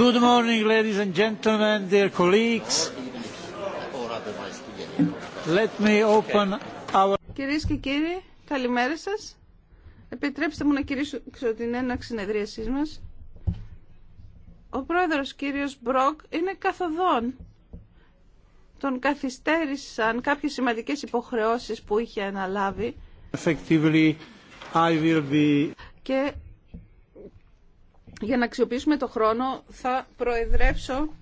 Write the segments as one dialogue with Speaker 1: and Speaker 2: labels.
Speaker 1: Good morning, ladies and gentlemen, dear colleagues. Let me open
Speaker 2: our... Κυρίες και κύριοι, καλημέρα σας. Επιτρέψτε μου να κηρύξω την έναξη συνεδρίασής μας. Ο πρόεδρος κύριος Μπροκ είναι καθοδόν. Τον καθυστέρησαν κάποιες σημαντικές υποχρεώσεις που είχε αναλάβει.
Speaker 3: Effectively, I will be...
Speaker 2: Και για να αξιοποιήσουμε το χρόνο θα προεδρεύσω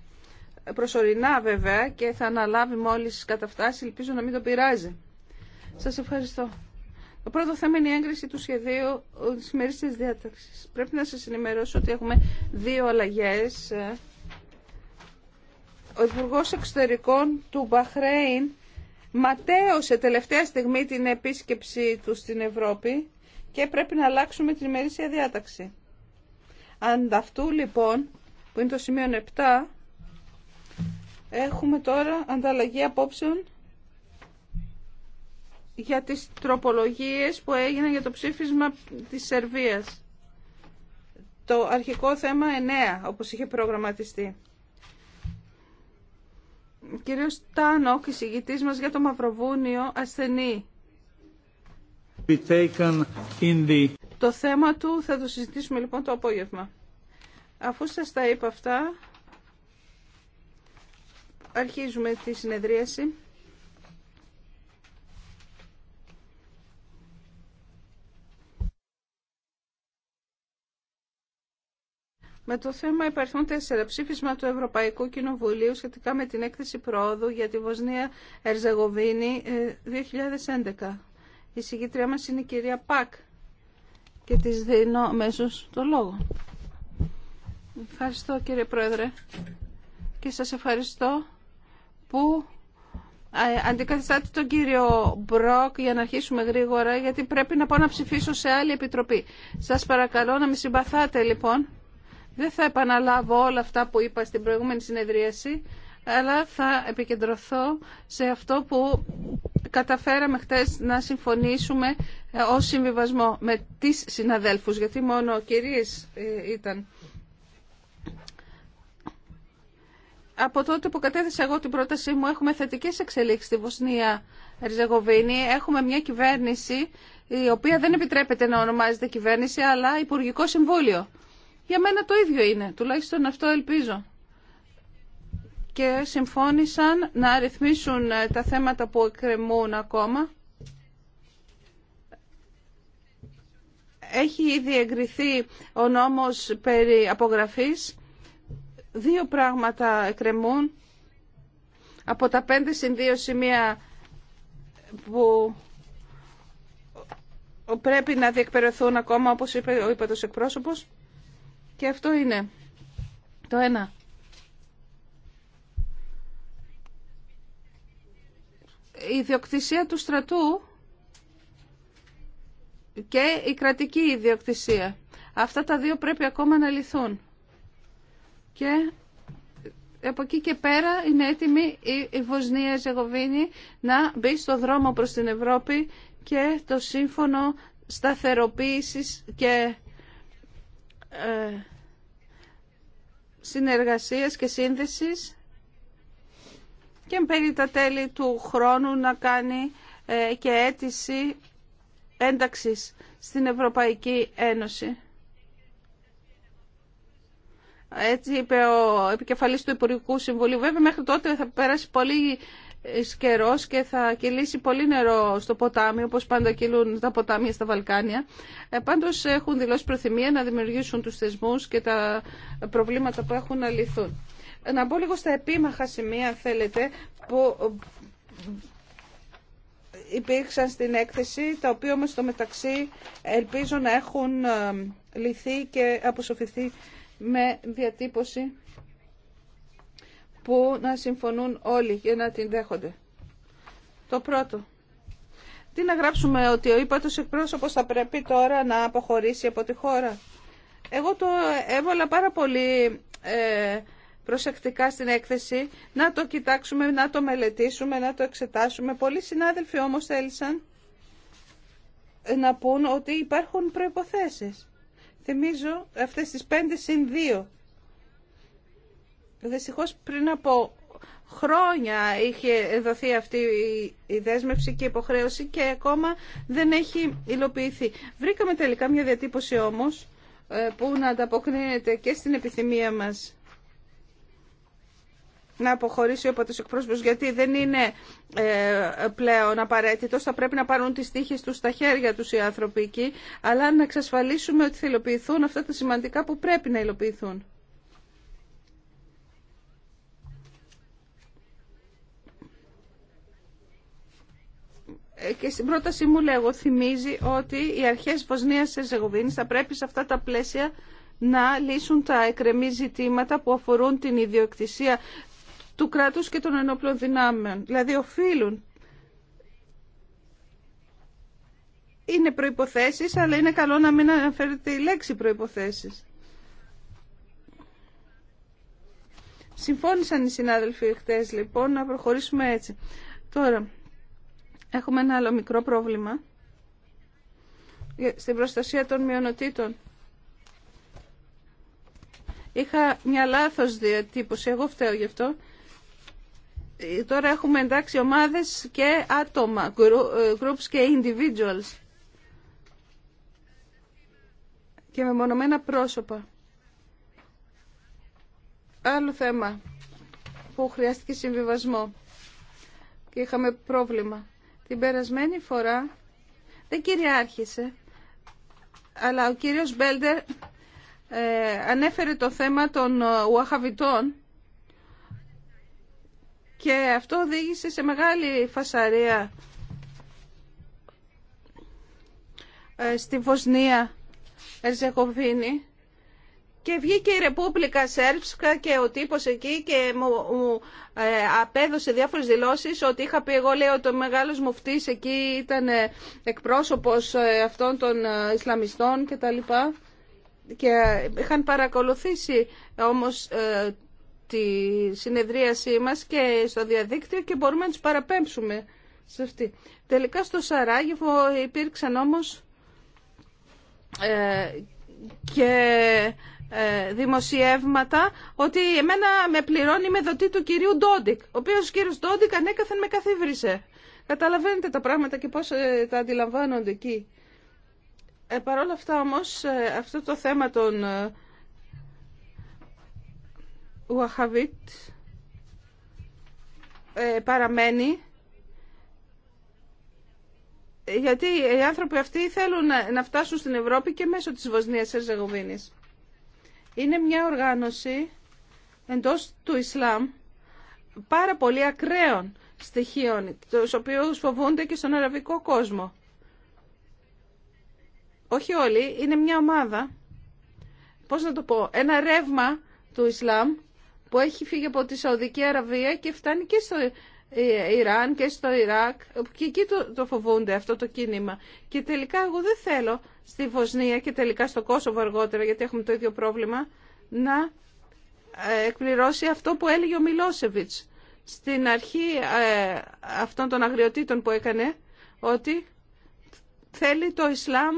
Speaker 2: προσωρινά βέβαια και θα αναλάβει μόλις καταφτάσει, ελπίζω να μην το πειράζει. Σας ευχαριστώ. Το πρώτο θέμα είναι η έγκριση του σχεδίου τη ημερήσια διάταξη. Πρέπει να σα ενημερώσω ότι έχουμε δύο αλλαγέ. Ο Υπουργό Εξωτερικών του Μπαχρέιν ματέωσε τελευταία στιγμή την επίσκεψή του στην Ευρώπη και πρέπει να αλλάξουμε την ημερήσια διάταξη. Ανταυτού λοιπόν, που είναι το σημείο 7, έχουμε τώρα ανταλλαγή απόψεων για τις τροπολογίες που έγιναν για το ψήφισμα της Σερβίας. Το αρχικό θέμα 9, όπως είχε προγραμματιστεί. Κύριο κύριος Τάνο, εισηγητής μας για το Μαυροβούνιο, ασθενή. Το θέμα του θα το συζητήσουμε λοιπόν το απόγευμα. Αφού σας τα είπα αυτά, αρχίζουμε τη συνεδρίαση. με το θέμα υπάρχουν τέσσερα ψήφισμα του Ευρωπαϊκού Κοινοβουλίου σχετικά με την έκθεση πρόοδου για τη Βοσνία Ερζεγοβίνη 2011. Ε, η συγκήτριά μας είναι η κυρία Πακ και της δίνω μέσω το λόγο. Ευχαριστώ κύριε Πρόεδρε και σας ευχαριστώ που αντικαθιστάτε τον κύριο Μπροκ για να αρχίσουμε γρήγορα γιατί πρέπει να πάω να ψηφίσω σε άλλη επιτροπή. Σας παρακαλώ να με συμπαθάτε λοιπόν. Δεν θα επαναλάβω όλα αυτά που είπα στην προηγούμενη συνεδρίαση αλλά θα επικεντρωθώ σε αυτό που καταφέραμε χτες να συμφωνήσουμε ε, ως συμβιβασμό με τις συναδέλφους, γιατί μόνο κυρίες ε, ήταν. Από τότε που κατέθεσα εγώ την πρότασή μου έχουμε θετικές εξελίξεις στη Βοσνία Ριζεγοβίνη. Έχουμε μια κυβέρνηση η οποία δεν επιτρέπεται να ονομάζεται κυβέρνηση αλλά Υπουργικό Συμβούλιο. Για μένα το ίδιο είναι, τουλάχιστον αυτό ελπίζω και συμφώνησαν να ρυθμίσουν ε, τα θέματα που εκκρεμούν ακόμα. Έχει ήδη εγκριθεί ο νόμος περί απογραφής. Δύο πράγματα εκκρεμούν από τα πέντε συν δύο σημεία που πρέπει να διεκπαιρεθούν ακόμα, όπως είπε ο υπέτος εκπρόσωπος. Και αυτό είναι το ένα η ιδιοκτησία του στρατού και η κρατική ιδιοκτησία. Αυτά τα δύο πρέπει ακόμα να λυθούν. Και από εκεί και πέρα είναι έτοιμη η Βοσνία Ζεγοβίνη να μπει στο δρόμο προς την Ευρώπη και το σύμφωνο σταθεροποίησης και ε, συνεργασίας και σύνδεσης και περί τα τέλη του χρόνου να κάνει ε, και αίτηση ένταξης στην Ευρωπαϊκή Ένωση. Έτσι είπε ο επικεφαλής του Υπουργικού Συμβουλίου. Βέβαια μέχρι τότε θα περάσει πολύ καιρό και θα κυλήσει πολύ νερό στο ποτάμι, όπως πάντα κυλούν τα ποτάμια στα Βαλκάνια. Ε, πάντως έχουν δηλώσει προθυμία να δημιουργήσουν τους θεσμούς και τα προβλήματα που έχουν να λυθούν να μπω λίγο στα επίμαχα σημεία, θέλετε, που υπήρξαν στην έκθεση, τα οποία όμως στο μεταξύ ελπίζω να έχουν ε, λυθεί και αποσοφηθεί με διατύπωση που να συμφωνούν όλοι για να την δέχονται. Το πρώτο. Τι να γράψουμε ότι ο ύπατος εκπρόσωπος θα πρέπει τώρα να αποχωρήσει από τη χώρα. Εγώ το έβαλα πάρα πολύ ε, προσεκτικά στην έκθεση, να το κοιτάξουμε, να το μελετήσουμε, να το εξετάσουμε. Πολλοί συνάδελφοι όμως θέλησαν να πούν ότι υπάρχουν προϋποθέσεις. Θυμίζω αυτές τις πέντε συν δύο. Δυστυχώς πριν από χρόνια είχε δοθεί αυτή η δέσμευση και η υποχρέωση και ακόμα δεν έχει υλοποιηθεί. Βρήκαμε τελικά μια διατύπωση όμως ε, που να ανταποκρίνεται και στην επιθυμία μας να αποχωρήσει από τους εκπρόσωπους γιατί δεν είναι ε, πλέον απαραίτητο. Θα πρέπει να πάρουν τις τύχες τους στα χέρια τους οι άνθρωποι εκεί, αλλά να εξασφαλίσουμε ότι θα υλοποιηθούν αυτά τα σημαντικά που πρέπει να υλοποιηθούν. Ε, και στην πρότασή μου λέγω θυμίζει ότι οι αρχές Βοσνίας ζεγοβίνης θα πρέπει σε αυτά τα πλαίσια να λύσουν τα εκρεμή ζητήματα που αφορούν την ιδιοκτησία του κράτους και των ενόπλων δυνάμεων. Δηλαδή οφείλουν. Είναι προϋποθέσεις, αλλά είναι καλό να μην αναφέρεται η λέξη προϋποθέσεις. Συμφώνησαν οι συνάδελφοι χτες λοιπόν να προχωρήσουμε έτσι. Τώρα, έχουμε ένα άλλο μικρό πρόβλημα στην προστασία των μειονοτήτων. Είχα μια λάθος διατύπωση, εγώ φταίω γι' αυτό. Τώρα έχουμε εντάξει ομάδες και άτομα, ε, groups και individuals και με μονομένα πρόσωπα. Άλλο θέμα που χρειάστηκε συμβιβασμό και είχαμε πρόβλημα. Την περασμένη φορά δεν κυριάρχησε, αλλά ο κύριος Μπέλτερ ε, ανέφερε το θέμα των ε, Ουαχαβητών και αυτό οδήγησε σε μεγάλη φασαρία ε, στη Βοσνία Ερζεγοβίνη και βγήκε η Ρεπούμπλικα Σέρψκα και ο τύπος εκεί και μου, ε, απέδωσε διάφορες δηλώσεις ότι είχα πει εγώ λέω ο μεγάλος μουφτής εκεί ήταν ε, εκπρόσωπος αυτών των Ισλαμιστών και τα λοιπά και είχαν παρακολουθήσει όμως τη συνεδρίασή μας και στο διαδίκτυο και μπορούμε να τους παραπέμψουμε σε αυτή. Τελικά στο Σαράγεφο υπήρξαν όμως ε, και ε, δημοσιεύματα ότι εμένα με πληρώνει με δοτή του κυρίου Ντόντικ, ο οποίος ο κύριος Ντόντικ ανέκαθεν με καθίβρισε. Καταλαβαίνετε τα πράγματα και πώς ε, τα αντιλαμβάνονται εκεί. Ε, Παρ' όλα αυτά όμως αυτό το θέμα των Ουαχαβίτ ε, παραμένει γιατί οι άνθρωποι αυτοί θέλουν να φτάσουν στην Ευρώπη και μέσω της Βοσνίας Ερζεγοβίνης. Είναι μια οργάνωση εντός του Ισλάμ πάρα πολύ ακραίων στοιχείων, τους οποίους φοβούνται και στον αραβικό κόσμο. Όχι όλοι, είναι μια ομάδα, πώς να το πω, ένα ρεύμα του Ισλάμ που έχει φύγει από τη Σαουδική Αραβία και φτάνει και στο ε, ε, Ιράν και στο Ιράκ και εκεί το, το φοβούνται αυτό το κίνημα και τελικά εγώ δεν θέλω στη Βοσνία και τελικά στο Κόσοβο αργότερα γιατί έχουμε το ίδιο πρόβλημα να ε, εκπληρώσει αυτό που έλεγε ο Μιλόσεβιτς στην αρχή ε, αυτών των αγριοτήτων που έκανε ότι θέλει το Ισλάμ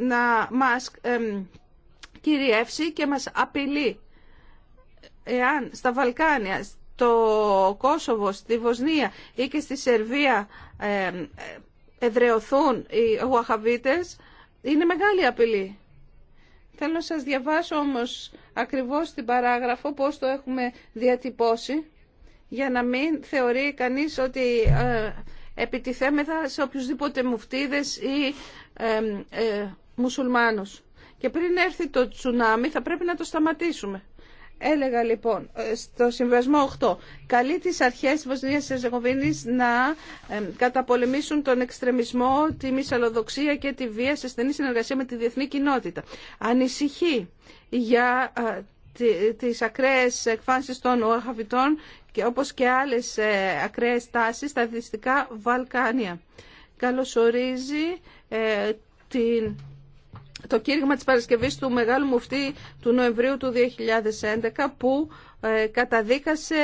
Speaker 2: να μας κυριεύσει και μας απειλεί εάν στα Βαλκάνια, στο Κόσοβο, στη Βοσνία ή και στη Σερβία ε, εδρεωθούν οι Γουαχαβίτες, είναι μεγάλη απειλή. Θέλω να σας διαβάσω όμως ακριβώς την παράγραφο πώς το έχουμε διατυπώσει για να μην θεωρεί κανείς ότι ε, επιτιθέμεθα σε οποιουσδήποτε μουφτίδες ή ε, ε μουσουλμάνους. Και πριν έρθει το τσουνάμι θα πρέπει να το σταματήσουμε. Έλεγα λοιπόν ε, στο συμβασμό 8, καλεί τις αρχές της Βοσνίας να καταπολεμήσουν τον εξτρεμισμό, τη μυσαλλοδοξία και τη βία σε στενή συνεργασία με τη διεθνή κοινότητα. Ανησυχεί για ε, τις ακραίες εκφάνσεις των ΟΑΧΑΒΙΤΟΝ και όπως και άλλες ε, ακραίες τάσεις στα Δυτικά Βαλκάνια. Καλωσορίζει την το κήρυγμα της Παρασκευής του Μεγάλου Μουφτή του Νοεμβρίου του 2011 που ε, καταδίκασε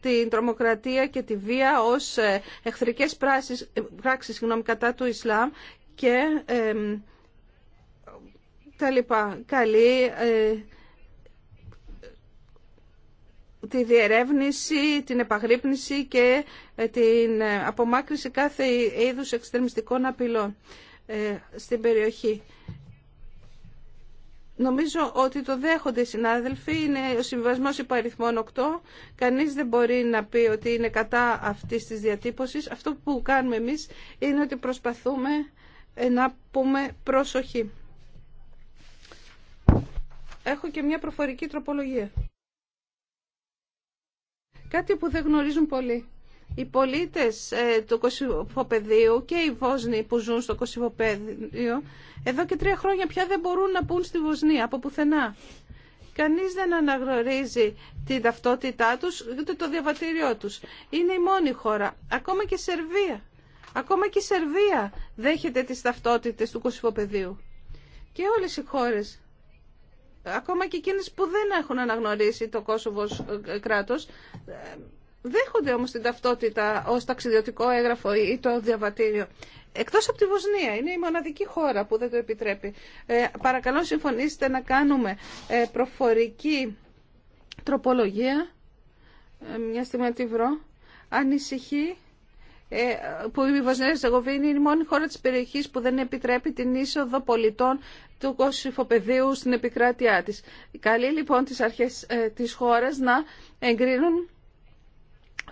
Speaker 2: την τρομοκρατία και τη βία ως ε, εχθρικές πράξεις, ε, πράξεις συγγνώμη, κατά του Ισλάμ και τα λοιπά. Καλή τη διερεύνηση, την επαγρύπνηση και την απομάκρυση κάθε είδους εξτρεμιστικών απειλών στην περιοχή. Νομίζω ότι το δέχονται οι συνάδελφοι, είναι ο συμβασμός υπαριθμών 8. Κανείς δεν μπορεί να πει ότι είναι κατά αυτής της διατύπωσης. Αυτό που κάνουμε εμείς είναι ότι προσπαθούμε ε, να πούμε προσοχή. Έχω και μια προφορική τροπολογία. Κάτι που δεν γνωρίζουν πολλοί οι πολίτες ε, του Κωσυφοπεδίου και οι Βόσνοι που ζουν στο Κωσυφοπεδίο εδώ και τρία χρόνια πια δεν μπορούν να πούν στη Βοσνία από πουθενά. Κανείς δεν αναγνωρίζει την ταυτότητά τους ούτε το διαβατήριό τους. Είναι η μόνη χώρα. Ακόμα και η Σερβία. Ακόμα και η Σερβία δέχεται τις ταυτότητες του Κωσυφοπεδίου. Και όλες οι χώρες ακόμα και εκείνες που δεν έχουν αναγνωρίσει το Κόσοβο ε, κράτος, ε, δέχονται όμως την ταυτότητα ως ταξιδιωτικό έγγραφο ή το διαβατήριο. Εκτός από τη Βοσνία, είναι η μοναδική χώρα που δεν το επιτρέπει. Ε, παρακαλώ συμφωνήστε να κάνουμε ε, προφορική τροπολογία, ε, μια στιγμή να τη βρω, ανησυχεί που η Βοσνία Ζεγοβίνη είναι η μόνη χώρα της περιοχής που δεν επιτρέπει την είσοδο πολιτών του κοσυφοπεδίου στην επικράτειά της. Καλεί λοιπόν τις αρχές της χώρας να εγκρίνουν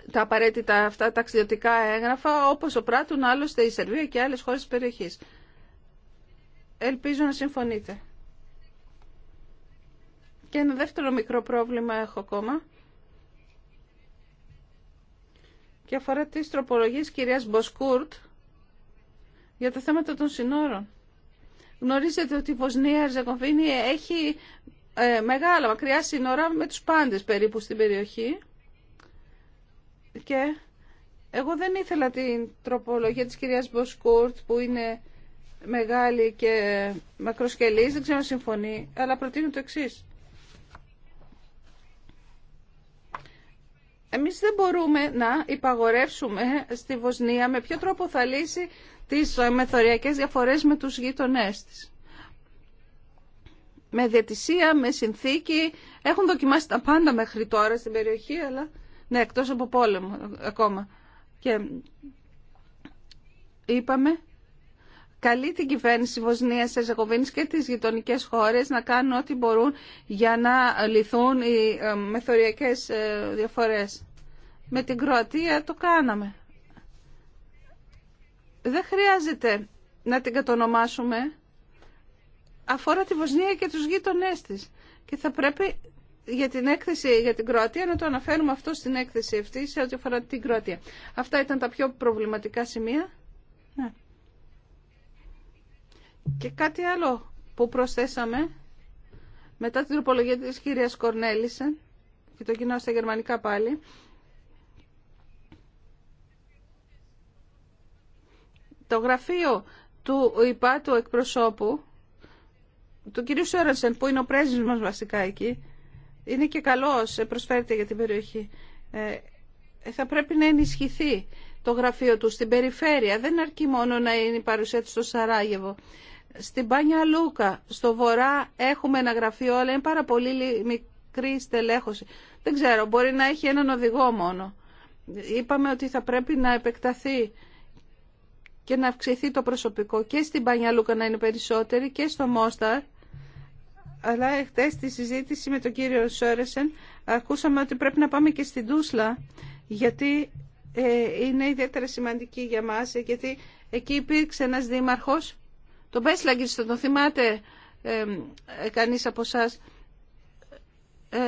Speaker 2: τα απαραίτητα αυτά ταξιδιωτικά έγγραφα, όπως ο πράττουν άλλωστε η Σερβία και άλλες χώρες της περιοχής. Ελπίζω να συμφωνείτε. Και ένα δεύτερο μικρό πρόβλημα έχω ακόμα. Και αφορά τις τροπολογίες κυρίας Μποσκούρτ για τα θέματα των συνόρων. Γνωρίζετε ότι η Βοσνία Ερζεγοβίνη έχει ε, μεγάλα μακριά σύνορα με τους πάντες περίπου στην περιοχή. Και εγώ δεν ήθελα την τροπολογία της κυρίας Μποσκούρτ που είναι μεγάλη και μακροσκελής, δεν ξέρω αν συμφωνεί, αλλά προτείνω το εξής. Εμείς δεν μπορούμε να υπαγορεύσουμε στη Βοσνία με ποιο τρόπο θα λύσει τις μεθοριακές διαφορές με τους γείτονές της. Με διατησία, με συνθήκη, έχουν δοκιμάσει τα πάντα μέχρι τώρα στην περιοχή, αλλά ναι, εκτό από πόλεμο ακόμα. Και είπαμε καλεί την κυβέρνηση Βοσνίας Ερζεγοβίνη και τι γειτονικέ χώρες να κάνουν ό,τι μπορούν για να λυθούν οι ε, μεθοριακέ ε, διαφορές. Με την Κροατία το κάναμε. Δεν χρειάζεται να την κατονομάσουμε. Αφορά τη Βοσνία και τους γείτονές της. Και θα πρέπει για την έκθεση για την Κροατία, να το αναφέρουμε αυτό στην έκθεση αυτή σε ό,τι αφορά την Κροατία. Αυτά ήταν τα πιο προβληματικά σημεία. Ναι. Και κάτι άλλο που προσθέσαμε μετά την τροπολογία της κυρίας Κορνέλησεν και το κοινό στα γερμανικά πάλι το γραφείο του υπάτου εκπροσώπου του κυρίου Σόρενσεν που είναι ο πρέσβης μας βασικά εκεί είναι και καλός, προσφέρεται για την περιοχή. Ε, θα πρέπει να ενισχυθεί το γραφείο του στην περιφέρεια. Δεν αρκεί μόνο να είναι η παρουσία του στο Σαράγεβο. Στην Πανιαλούκα, Λούκα, στο βορρά, έχουμε ένα γραφείο, αλλά είναι πάρα πολύ μικρή στελέχωση. Δεν ξέρω, μπορεί να έχει έναν οδηγό μόνο. Είπαμε ότι θα πρέπει να επεκταθεί και να αυξηθεί το προσωπικό και στην Πανιαλούκα να είναι περισσότεροι και στο Μόσταρ αλλά εχθές στη συζήτηση με τον κύριο Σόρεσεν ακούσαμε ότι πρέπει να πάμε και στην Τούσλα γιατί ε, είναι ιδιαίτερα σημαντική για μας γιατί εκεί υπήρξε ένας δήμαρχος τον Πέσλαγκης, τον θυμάται ε, κανείς από εσά. Ε,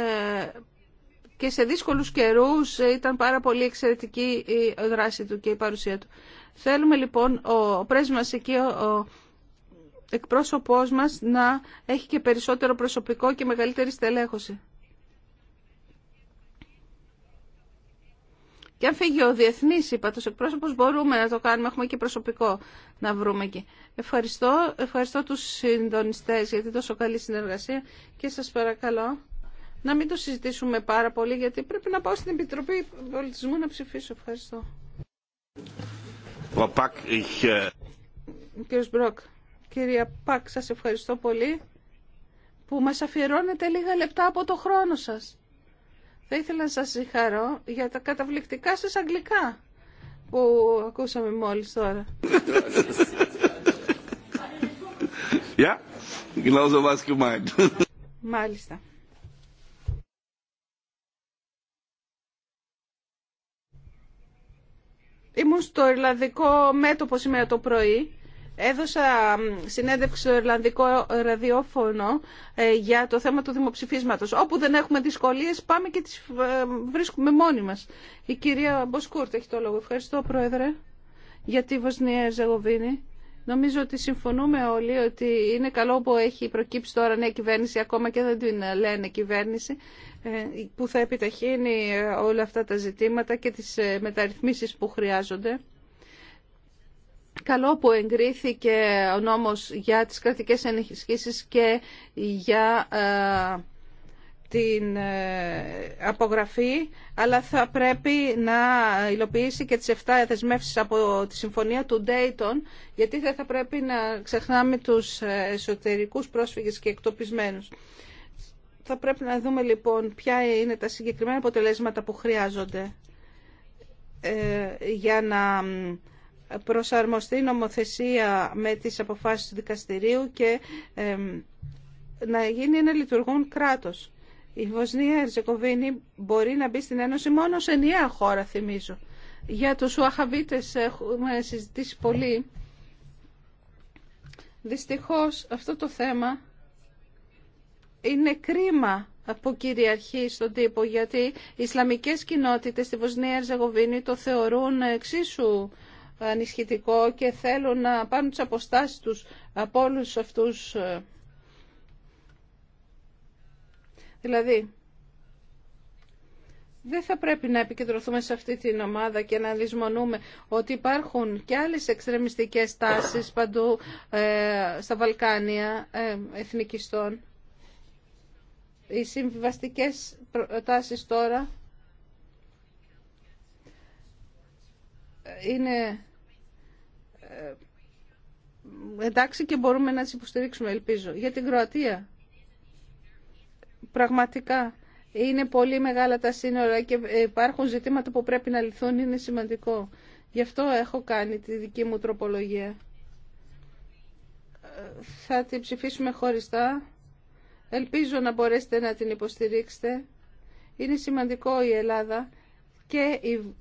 Speaker 2: και σε δύσκολους καιρούς ήταν πάρα πολύ εξαιρετική η δράση του και η παρουσία του. Θέλουμε λοιπόν ο, ο εκεί, ο, εκπρόσωπός μας να έχει και περισσότερο προσωπικό και μεγαλύτερη στελέχωση. Και αν φύγει ο διεθνή τους εκπρόσωπο, μπορούμε να το κάνουμε. Έχουμε και προσωπικό να βρούμε εκεί. Ευχαριστώ, ευχαριστώ του συντονιστέ για την τόσο καλή συνεργασία και σας παρακαλώ να μην το συζητήσουμε πάρα πολύ, γιατί πρέπει να πάω στην Επιτροπή Πολιτισμού να ψηφίσω. Ευχαριστώ. Κυρία Πακ, σας ευχαριστώ πολύ που μας αφιερώνετε λίγα λεπτά από το χρόνο σας. Θα ήθελα να σας συγχαρώ για τα καταβληκτικά σας αγγλικά που ακούσαμε μόλις τώρα. Μάλιστα. Ήμουν στο Ιρλανδικό μέτωπο σήμερα το πρωί Έδωσα συνέντευξη στο Ιρλανδικό ραδιόφωνο ε, για το θέμα του δημοψηφίσματος. Όπου δεν έχουμε δυσκολίες πάμε και τις ε, βρίσκουμε μόνοι μας. Η κυρία Μποσκούρτ έχει το λόγο. Ευχαριστώ Πρόεδρε για τη Βοσνία Ζεγοβίνη. Νομίζω ότι συμφωνούμε όλοι ότι είναι καλό που έχει προκύψει τώρα νέα κυβέρνηση, ακόμα και δεν την λένε κυβέρνηση, ε, που θα επιταχύνει όλα αυτά τα ζητήματα και τις μεταρρυθμίσεις που χρειάζονται. Καλό που εγκρίθηκε ο νόμος για τις κρατικές ενισχύσεις και για ε, την ε, απογραφή, αλλά θα πρέπει να υλοποιήσει και τις 7 δεσμεύσεις από τη Συμφωνία του Dayton, γιατί δεν θα πρέπει να ξεχνάμε τους εσωτερικούς πρόσφυγες και εκτοπισμένους. Θα πρέπει να δούμε λοιπόν ποια είναι τα συγκεκριμένα αποτελέσματα που χρειάζονται ε, για να προσαρμοστεί η νομοθεσία με τις αποφάσεις του δικαστηρίου και να γίνει ένα λειτουργούν κράτος. Η Βοσνία Ερζεκοβίνη μπορεί να μπει στην Ένωση μόνο σε ενιαία χώρα, θυμίζω. Για τους Ουαχαβίτες έχουμε συζητήσει πολύ. Δυστυχώς αυτό το θέμα είναι κρίμα από κυριαρχή στον τύπο, γιατί οι Ισλαμικές κοινότητες στη Βοσνία Ερζεγοβίνη το θεωρούν εξίσου ανισχυτικό και θέλουν να πάρουν τις αποστάσεις τους από όλους αυτούς. Ε, δηλαδή, δεν θα πρέπει να επικεντρωθούμε σε αυτή την ομάδα και να δυσμονούμε ότι υπάρχουν και άλλες εξτρεμιστικές τάσεις παντού ε, στα Βαλκάνια ε, εθνικιστών. Οι συμβιβαστικές τάσεις τώρα είναι ε, ε, εντάξει και μπορούμε να τις υποστηρίξουμε, ελπίζω. Για την Κροατία, πραγματικά, είναι πολύ μεγάλα τα σύνορα και ε, υπάρχουν ζητήματα που πρέπει να λυθούν, είναι σημαντικό. Γι' αυτό έχω κάνει τη δική μου τροπολογία. Θα την ψηφίσουμε χωριστά. Ελπίζω να μπορέσετε να την υποστηρίξετε. Είναι σημαντικό η Ελλάδα και η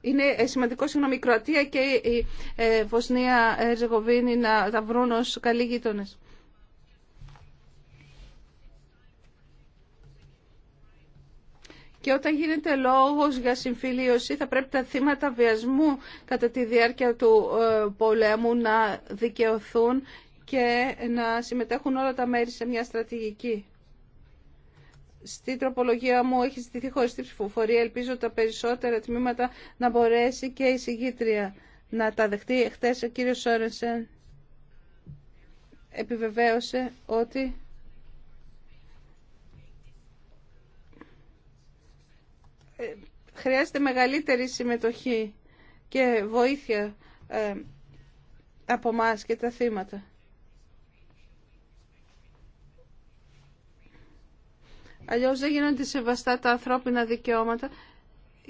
Speaker 2: είναι ε, σημαντικό συγγνώμη, η Κροατία και η ε, Βοσνία Ερζεγοβίνη να τα βρουν ως καλοί γείτονε. Και όταν γίνεται λόγος για συμφιλίωση θα πρέπει τα θύματα βιασμού κατά τη διάρκεια του ε, πολέμου να δικαιωθούν και να συμμετέχουν όλα τα μέρη σε μια στρατηγική στη τροπολογία μου έχει ζητηθεί τη ψηφοφορία. Ελπίζω τα περισσότερα τμήματα να μπορέσει και η συγγήτρια να τα δεχτεί. Χθε ο κύριος Σόρενσεν επιβεβαίωσε ότι ε, χρειάζεται μεγαλύτερη συμμετοχή και βοήθεια ε, από εμά και τα θύματα. Αλλιώς δεν γίνονται σεβαστά τα ανθρώπινα δικαιώματα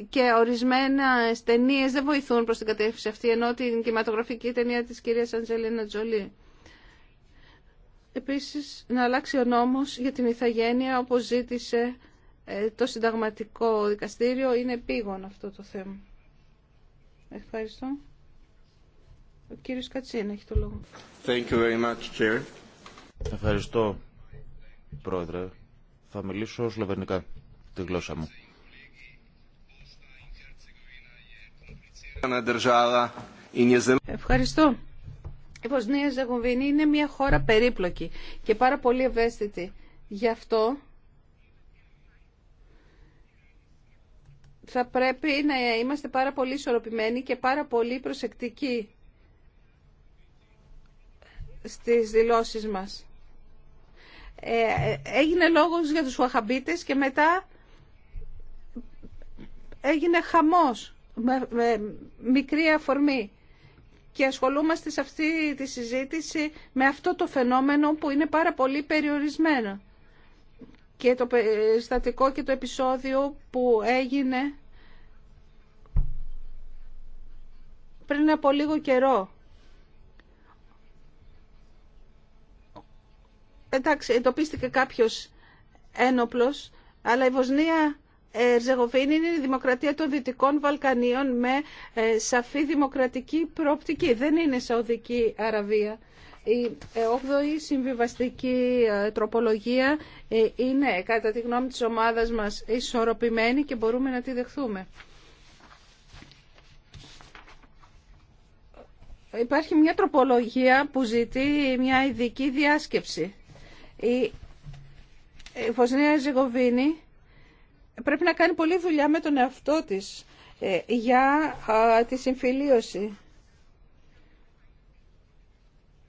Speaker 2: και ορισμένα ταινίε δεν βοηθούν προς την κατεύθυνση αυτή, ενώ την κινηματογραφική ταινία της κυρίας Αντζελίνα Τζολί. Επίσης, να αλλάξει ο νόμος για την ηθαγένεια, όπως ζήτησε ε, το συνταγματικό δικαστήριο. Είναι επίγον αυτό το θέμα. Ευχαριστώ. Ο κύριος Κατσίν έχει το λόγο.
Speaker 3: Thank you very much,
Speaker 4: Ευχαριστώ, Πρόεδρε. Θα μιλήσω σλοβενικά, τη γλώσσα μου.
Speaker 2: Ευχαριστώ. Η Βοσνία Ζεγοβίνη είναι μια χώρα περίπλοκη και πάρα πολύ ευαίσθητη. Γι' αυτό θα πρέπει να είμαστε πάρα πολύ ισορροπημένοι και πάρα πολύ προσεκτικοί στις δηλώσεις μας. Ε, έγινε λόγος για τους Βαχαμπίτες και μετά έγινε χαμός με μικρή αφορμή και ασχολούμαστε σε αυτή τη συζήτηση με αυτό το φαινόμενο που είναι πάρα πολύ περιορισμένο και το περιστατικό και το επεισόδιο που έγινε πριν από λίγο καιρό εντάξει, εντοπίστηκε κάποιος ένοπλος, αλλά η Βοσνία ε, Ερζεγοβίνη είναι η δημοκρατία των Δυτικών Βαλκανίων με ε, σαφή δημοκρατική προοπτική. Δεν είναι Σαουδική Αραβία. Η 8η ε, συμβιβαστική τροπολογία είναι κατά τη γνώμη της ομάδας μας ισορροπημένη και μπορούμε να τη δεχθούμε. Υπάρχει μια τροπολογία που ζητεί μια ειδική διάσκεψη η Βοσνία Ζεγοβίνη πρέπει να κάνει πολλή δουλειά με τον εαυτό της ε, για τη συμφιλίωση.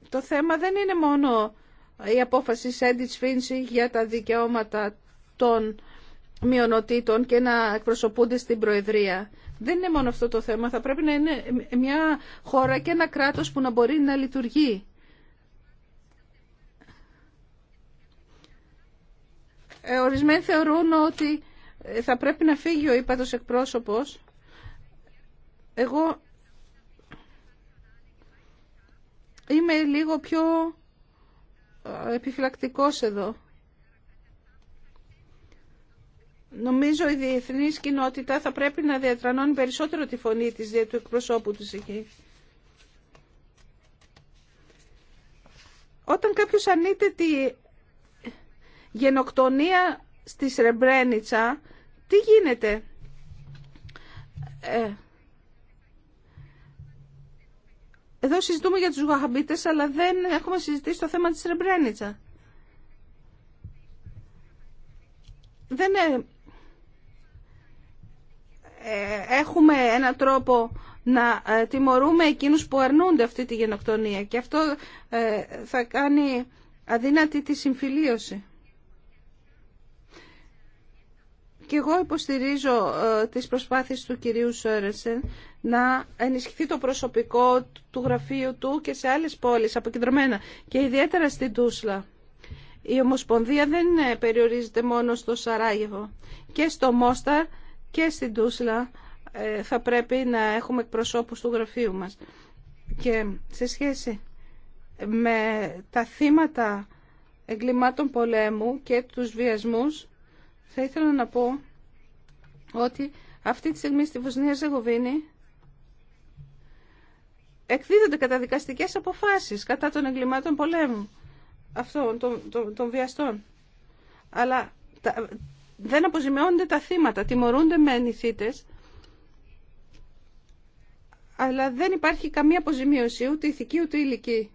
Speaker 2: Το θέμα δεν είναι μόνο η απόφαση Σέντιτς Φίνση για τα δικαιώματα των μειονοτήτων και να εκπροσωπούνται στην Προεδρία. Δεν είναι μόνο αυτό το θέμα. Θα πρέπει να είναι μια χώρα και ένα κράτος που να μπορεί να λειτουργεί. Ε, ορισμένοι θεωρούν ότι ε, θα πρέπει να φύγει ο ύπατος εκπρόσωπος. Εγώ είμαι λίγο πιο επιφυλακτικός εδώ. Νομίζω η διεθνή κοινότητα θα πρέπει να διατρανώνει περισσότερο τη φωνή της του εκπροσώπου της εκεί. Όταν κάποιος ανείται τη Γενοκτονία στη Σρεμπρένιτσα, τι γίνεται. Ε, εδώ συζητούμε για τους Γουαχαμπίτες, αλλά δεν έχουμε συζητήσει το θέμα της Σρεμπρένιτσα. Δεν ε, ε, έχουμε ένα τρόπο να τιμωρούμε εκείνους που αρνούνται αυτή τη γενοκτονία και αυτό θα κάνει αδύνατη τη συμφιλίωση. Και εγώ υποστηρίζω ε, τις προσπάθειες του κυρίου Σόρεσεν να ενισχυθεί το προσωπικό του γραφείου του και σε άλλες πόλεις αποκεντρωμένα και ιδιαίτερα στην Τούσλα. Η Ομοσπονδία δεν ε, περιορίζεται μόνο στο Σαράγεβο. Και στο Μόστα, και στην Τούσλα ε, θα πρέπει να έχουμε εκπροσώπους του γραφείου μας. Και σε σχέση με τα θύματα εγκλημάτων πολέμου και τους βιασμούς θα ήθελα να πω ότι αυτή τη στιγμή στη Βοσνία Ζεγοβίνη εκδίδονται καταδικαστικές αποφάσεις κατά των εγκλημάτων πολέμου αυτών των, βιαστών. Αλλά δεν αποζημιώνονται τα θύματα, τιμωρούνται με ενηθίτες, αλλά δεν υπάρχει καμία αποζημίωση ούτε ηθική ούτε ηλική.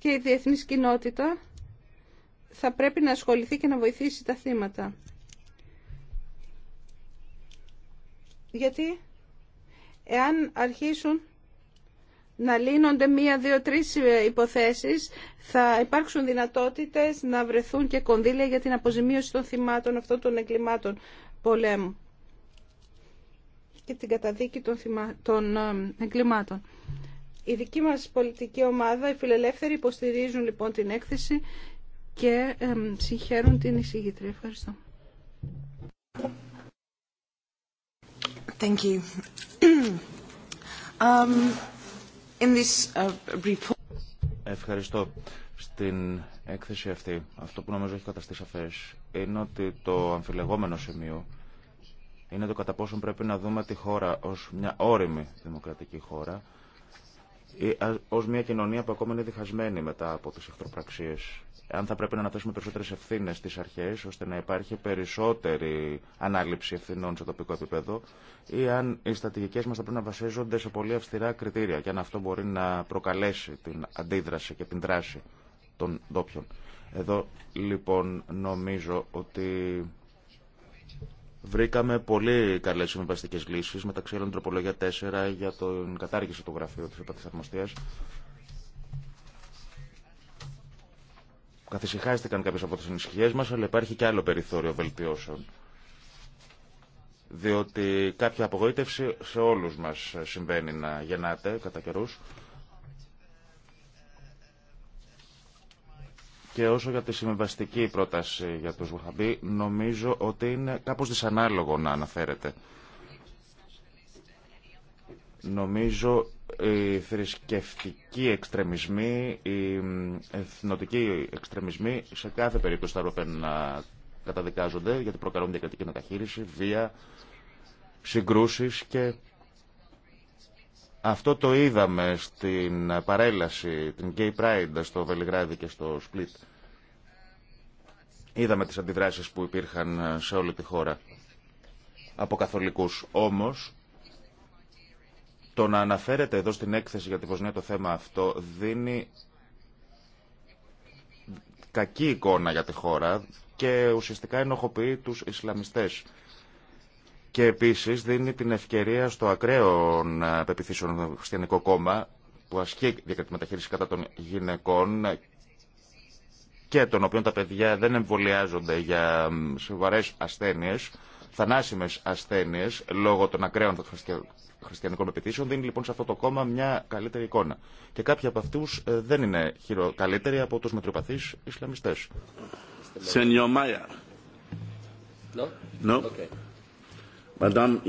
Speaker 2: Και η διεθνής κοινότητα θα πρέπει να ασχοληθεί και να βοηθήσει τα θύματα. Γιατί εάν αρχίσουν να λύνονται μία, δύο, τρεις υποθέσεις, θα υπάρξουν δυνατότητες να βρεθούν και κονδύλια για την αποζημίωση των θυμάτων αυτών των εγκλημάτων πολέμου και την καταδίκη των, ε, εγκλημάτων. Η δική μας πολιτική ομάδα, οι φιλελεύθεροι, υποστηρίζουν λοιπόν την έκθεση και συγχαίρουν την εισηγήτρια. Ευχαριστώ. Thank you. Um, in this uh,
Speaker 5: report...
Speaker 4: Ευχαριστώ. Στην έκθεση αυτή, αυτό που νομίζω έχει καταστεί σαφές, είναι ότι το αμφιλεγόμενο σημείο είναι το κατά πόσον πρέπει να δούμε τη χώρα ως μια όρημη δημοκρατική χώρα, Ω μια κοινωνία που ακόμα είναι διχασμένη μετά από τι εχθροπραξίες. Αν θα πρέπει να αναθέσουμε περισσότερε ευθύνε στις αρχές, ώστε να υπάρχει περισσότερη ανάληψη ευθυνών σε τοπικό επίπεδο, ή αν οι στρατηγικέ μας θα πρέπει να βασίζονται σε πολύ αυστηρά κριτήρια, και αν αυτό μπορεί να προκαλέσει την αντίδραση και την δράση των ντόπιων. Εδώ λοιπόν νομίζω ότι Βρήκαμε πολύ καλέ συμβαστικέ λύσει, μεταξύ άλλων τροπολογία 4 για την κατάργηση του γραφείου τη Επατηθαρμοστία. Καθησυχάστηκαν κάποιε από τι ανησυχίε μα, αλλά υπάρχει και άλλο περιθώριο βελτιώσεων. Διότι κάποια απογοήτευση σε όλου μα συμβαίνει να γεννάται κατά καιρού. Και όσο για τη συμβαστική πρόταση για τους Βουχαμπή, νομίζω ότι είναι κάπως δυσανάλογο να αναφέρεται. Νομίζω οι θρησκευτικοί εξτρεμισμοί, οι εθνοτικοί εξτρεμισμοί σε κάθε περίπτωση θα έπρεπε να καταδικάζονται γιατί προκαλούν διακριτική μεταχείριση, βία, συγκρούσεις και αυτό το είδαμε στην παρέλαση, την Gay Pride στο Βελιγράδι και στο Split. Είδαμε τις αντιδράσεις που υπήρχαν σε όλη τη χώρα από καθολικούς. Όμως, το να αναφέρεται εδώ στην έκθεση για τη Βοσνία το θέμα αυτό δίνει κακή εικόνα για τη χώρα και ουσιαστικά ενοχοποιεί τους Ισλαμιστές και επίσης δίνει την ευκαιρία στο ακραίων ε, το χριστιανικό κόμμα που ασκεί διακριτική μεταχείριση κατά των γυναικών και των οποίων τα παιδιά δεν εμβολιάζονται για σοβαρέ ασθένειες, θανάσιμες ασθένειες λόγω των ακραίων χριστιανικών επιθέσεων, δίνει λοιπόν σε αυτό το κόμμα μια καλύτερη εικόνα. Και κάποιοι από αυτού ε, δεν είναι καλύτεροι από του μετριοπαθεί Ισλαμιστές. Ehm,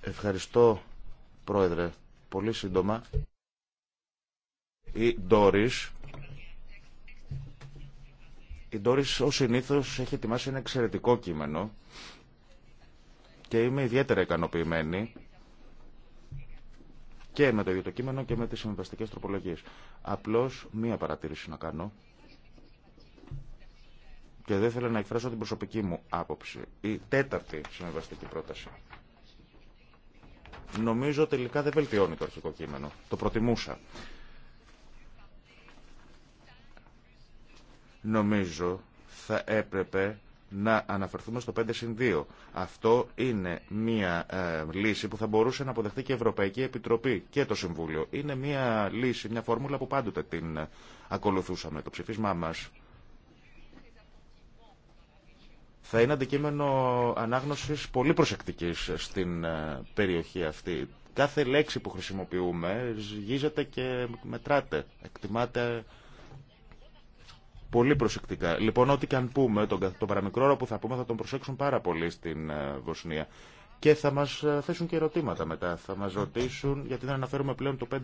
Speaker 4: Ευχαριστώ, Πρόεδρε. Πολύ σύντομα. Η Ντόρις, η Ντόρις ως συνήθως έχει ετοιμάσει ένα εξαιρετικό κείμενο και είμαι ιδιαίτερα ικανοποιημένη και με το ίδιο το κείμενο και με τις συμβαστικές τροπολογίες. Απλώς μία παρατήρηση να κάνω και δεν θέλω να εκφράσω την προσωπική μου άποψη. Η τέταρτη συμβαστική πρόταση. Νομίζω τελικά δεν βελτιώνει το αρχικό κείμενο. Το προτιμούσα. Νομίζω θα έπρεπε να αναφερθούμε στο 5 2. Αυτό είναι μια ε, λύση που θα μπορούσε να αποδεχτεί και η Ευρωπαϊκή Επιτροπή και το Συμβούλιο. Είναι μια λύση, μια φόρμουλα που πάντοτε την ε, ακολουθούσαμε. Το ψηφίσμά μας θα είναι αντικείμενο ανάγνωσης πολύ προσεκτικής στην ε, περιοχή αυτή. Κάθε λέξη που χρησιμοποιούμε γίζεται και μετράται, εκτιμάται πολύ προσεκτικά. Λοιπόν, ό,τι και αν πούμε, τον, τον παραμικρό που θα πούμε θα τον προσέξουν πάρα πολύ στην ε, Βοσνία. Και θα μας ε, θέσουν και ερωτήματα μετά. Θα μας ρωτήσουν γιατί δεν αναφέρουμε πλέον το 5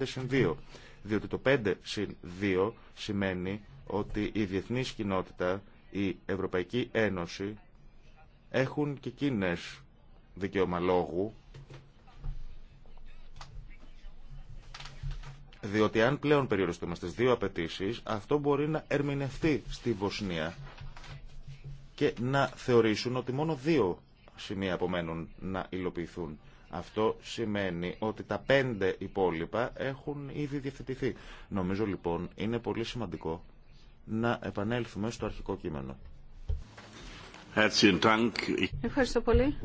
Speaker 4: 2. Διότι το 5 2 σημαίνει ότι η διεθνή κοινότητα, η Ευρωπαϊκή Ένωση έχουν και εκείνες δικαίωμα λόγου Διότι αν πλέον περιοριστούμε στις δύο απαιτήσει, αυτό μπορεί να ερμηνευτεί στη Βοσνία και να θεωρήσουν ότι μόνο δύο σημεία απομένουν να υλοποιηθούν. Αυτό σημαίνει ότι τα πέντε υπόλοιπα έχουν ήδη διευθετηθεί. Νομίζω λοιπόν είναι πολύ σημαντικό να επανέλθουμε στο αρχικό κείμενο.
Speaker 2: Ευχαριστώ πολύ.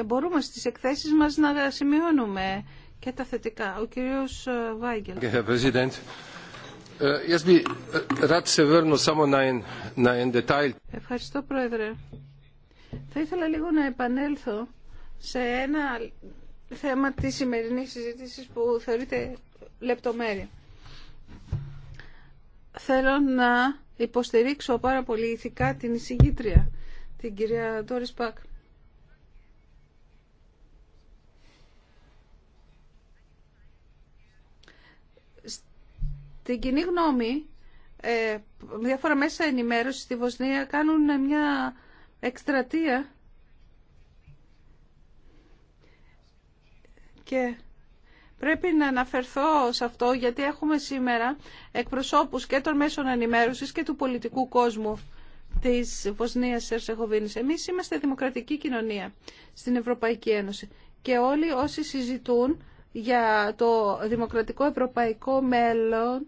Speaker 2: Ε, μπορούμε στις εκθέσεις μας να σημειώνουμε και τα θετικά. Ο κύριος ε, Βάγγελ. Ευχαριστώ, Πρόεδρε. Θα ήθελα λίγο να επανέλθω σε ένα θέμα της σημερινής συζήτησης που θεωρείται λεπτομέρεια. Θέλω να υποστηρίξω πάρα πολύ ηθικά την εισηγήτρια, την κυρία Ντόρις Πακ. την κοινή γνώμη, ε, διάφορα μέσα ενημέρωση στη Βοσνία κάνουν μια εκστρατεία και πρέπει να αναφερθώ σε αυτό γιατί έχουμε σήμερα εκπροσώπους και των μέσων ενημέρωσης και του πολιτικού κόσμου της Βοσνίας σερσεχοβινης Εμείς είμαστε δημοκρατική κοινωνία στην Ευρωπαϊκή Ένωση και όλοι όσοι συζητούν για το δημοκρατικό ευρωπαϊκό μέλλον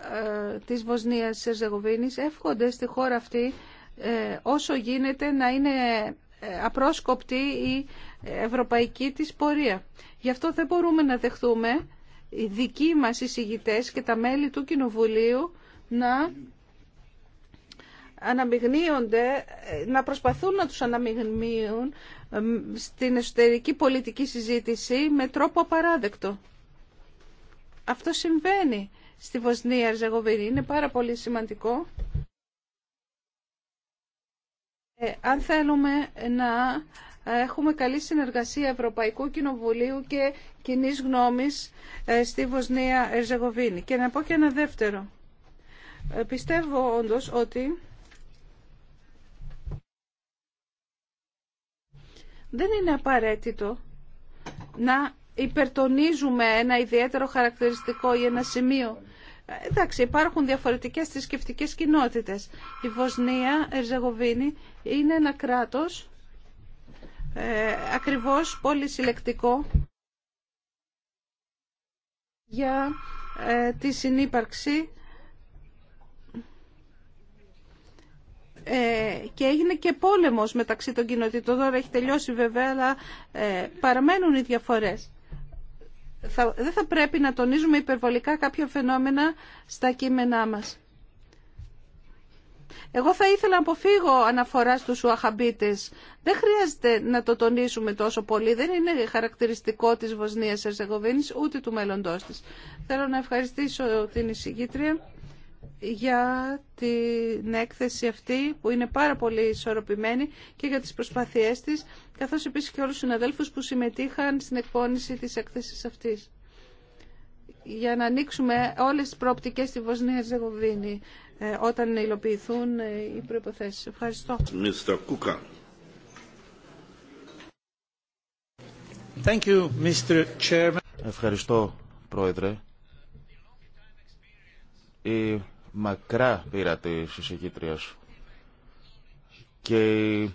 Speaker 2: ε, της Βοσνίας Ερζεγοβίνης εύχονται στη χώρα αυτή ε, όσο γίνεται να είναι ε, απρόσκοπτη η ευρωπαϊκή της πορεία. Γι' αυτό δεν μπορούμε να δεχθούμε οι δικοί μας εισηγητές και τα μέλη του Κοινοβουλίου να αναμειγνύονται, να προσπαθούν να τους αναμειγνύουν ε, στην εσωτερική πολιτική συζήτηση με τρόπο απαράδεκτο. Αυτό συμβαίνει στη Βοσνία Ερζεγοβίνη. Είναι πάρα πολύ σημαντικό. Ε, αν θέλουμε να έχουμε καλή συνεργασία Ευρωπαϊκού Κοινοβουλίου και κοινή γνώμης ε, στη Βοσνία Ερζεγοβίνη. Και να πω και ένα δεύτερο. πιστεύω όντως ότι δεν είναι απαραίτητο να υπερτονίζουμε ένα ιδιαίτερο χαρακτηριστικό ή ένα σημείο. Εντάξει, υπάρχουν διαφορετικές θρησκευτικέ κοινότητες. Η Βοσνία, Ερζεγοβίνη, είναι ένα κράτος ε, ακριβώς πολυσυλλεκτικό για ε, τη συνύπαρξη Ε, και έγινε και πόλεμος μεταξύ των κοινοτήτων. Τώρα έχει τελειώσει βέβαια, αλλά ε, παραμένουν οι διαφορές. Θα, δεν θα πρέπει να τονίζουμε υπερβολικά κάποια φαινόμενα στα κείμενά μας. Εγώ θα ήθελα να αποφύγω αναφορά στους Ουαχαμπίτες. Δεν χρειάζεται να το τονίσουμε τόσο πολύ. Δεν είναι χαρακτηριστικό της Βοσνίας Ερζεγοβίνης ούτε του μέλλοντός της. Θέλω να ευχαριστήσω την εισηγήτρια για την έκθεση αυτή που είναι πάρα πολύ ισορροπημένη και για τις προσπάθειές της, καθώς επίσης και όλους τους συναδέλφους που συμμετείχαν στην εκπόνηση της έκθεσης αυτής. Για να ανοίξουμε όλες τις προοπτικές στη Βοσνία Ζεγοβίνη ε, όταν υλοποιηθούν ε, οι προϋποθέσεις. Ευχαριστώ.
Speaker 4: Thank you, Mr. Chairman. Ευχαριστώ, Πρόεδρε η μακρά πείρα τη εισηγήτριας και η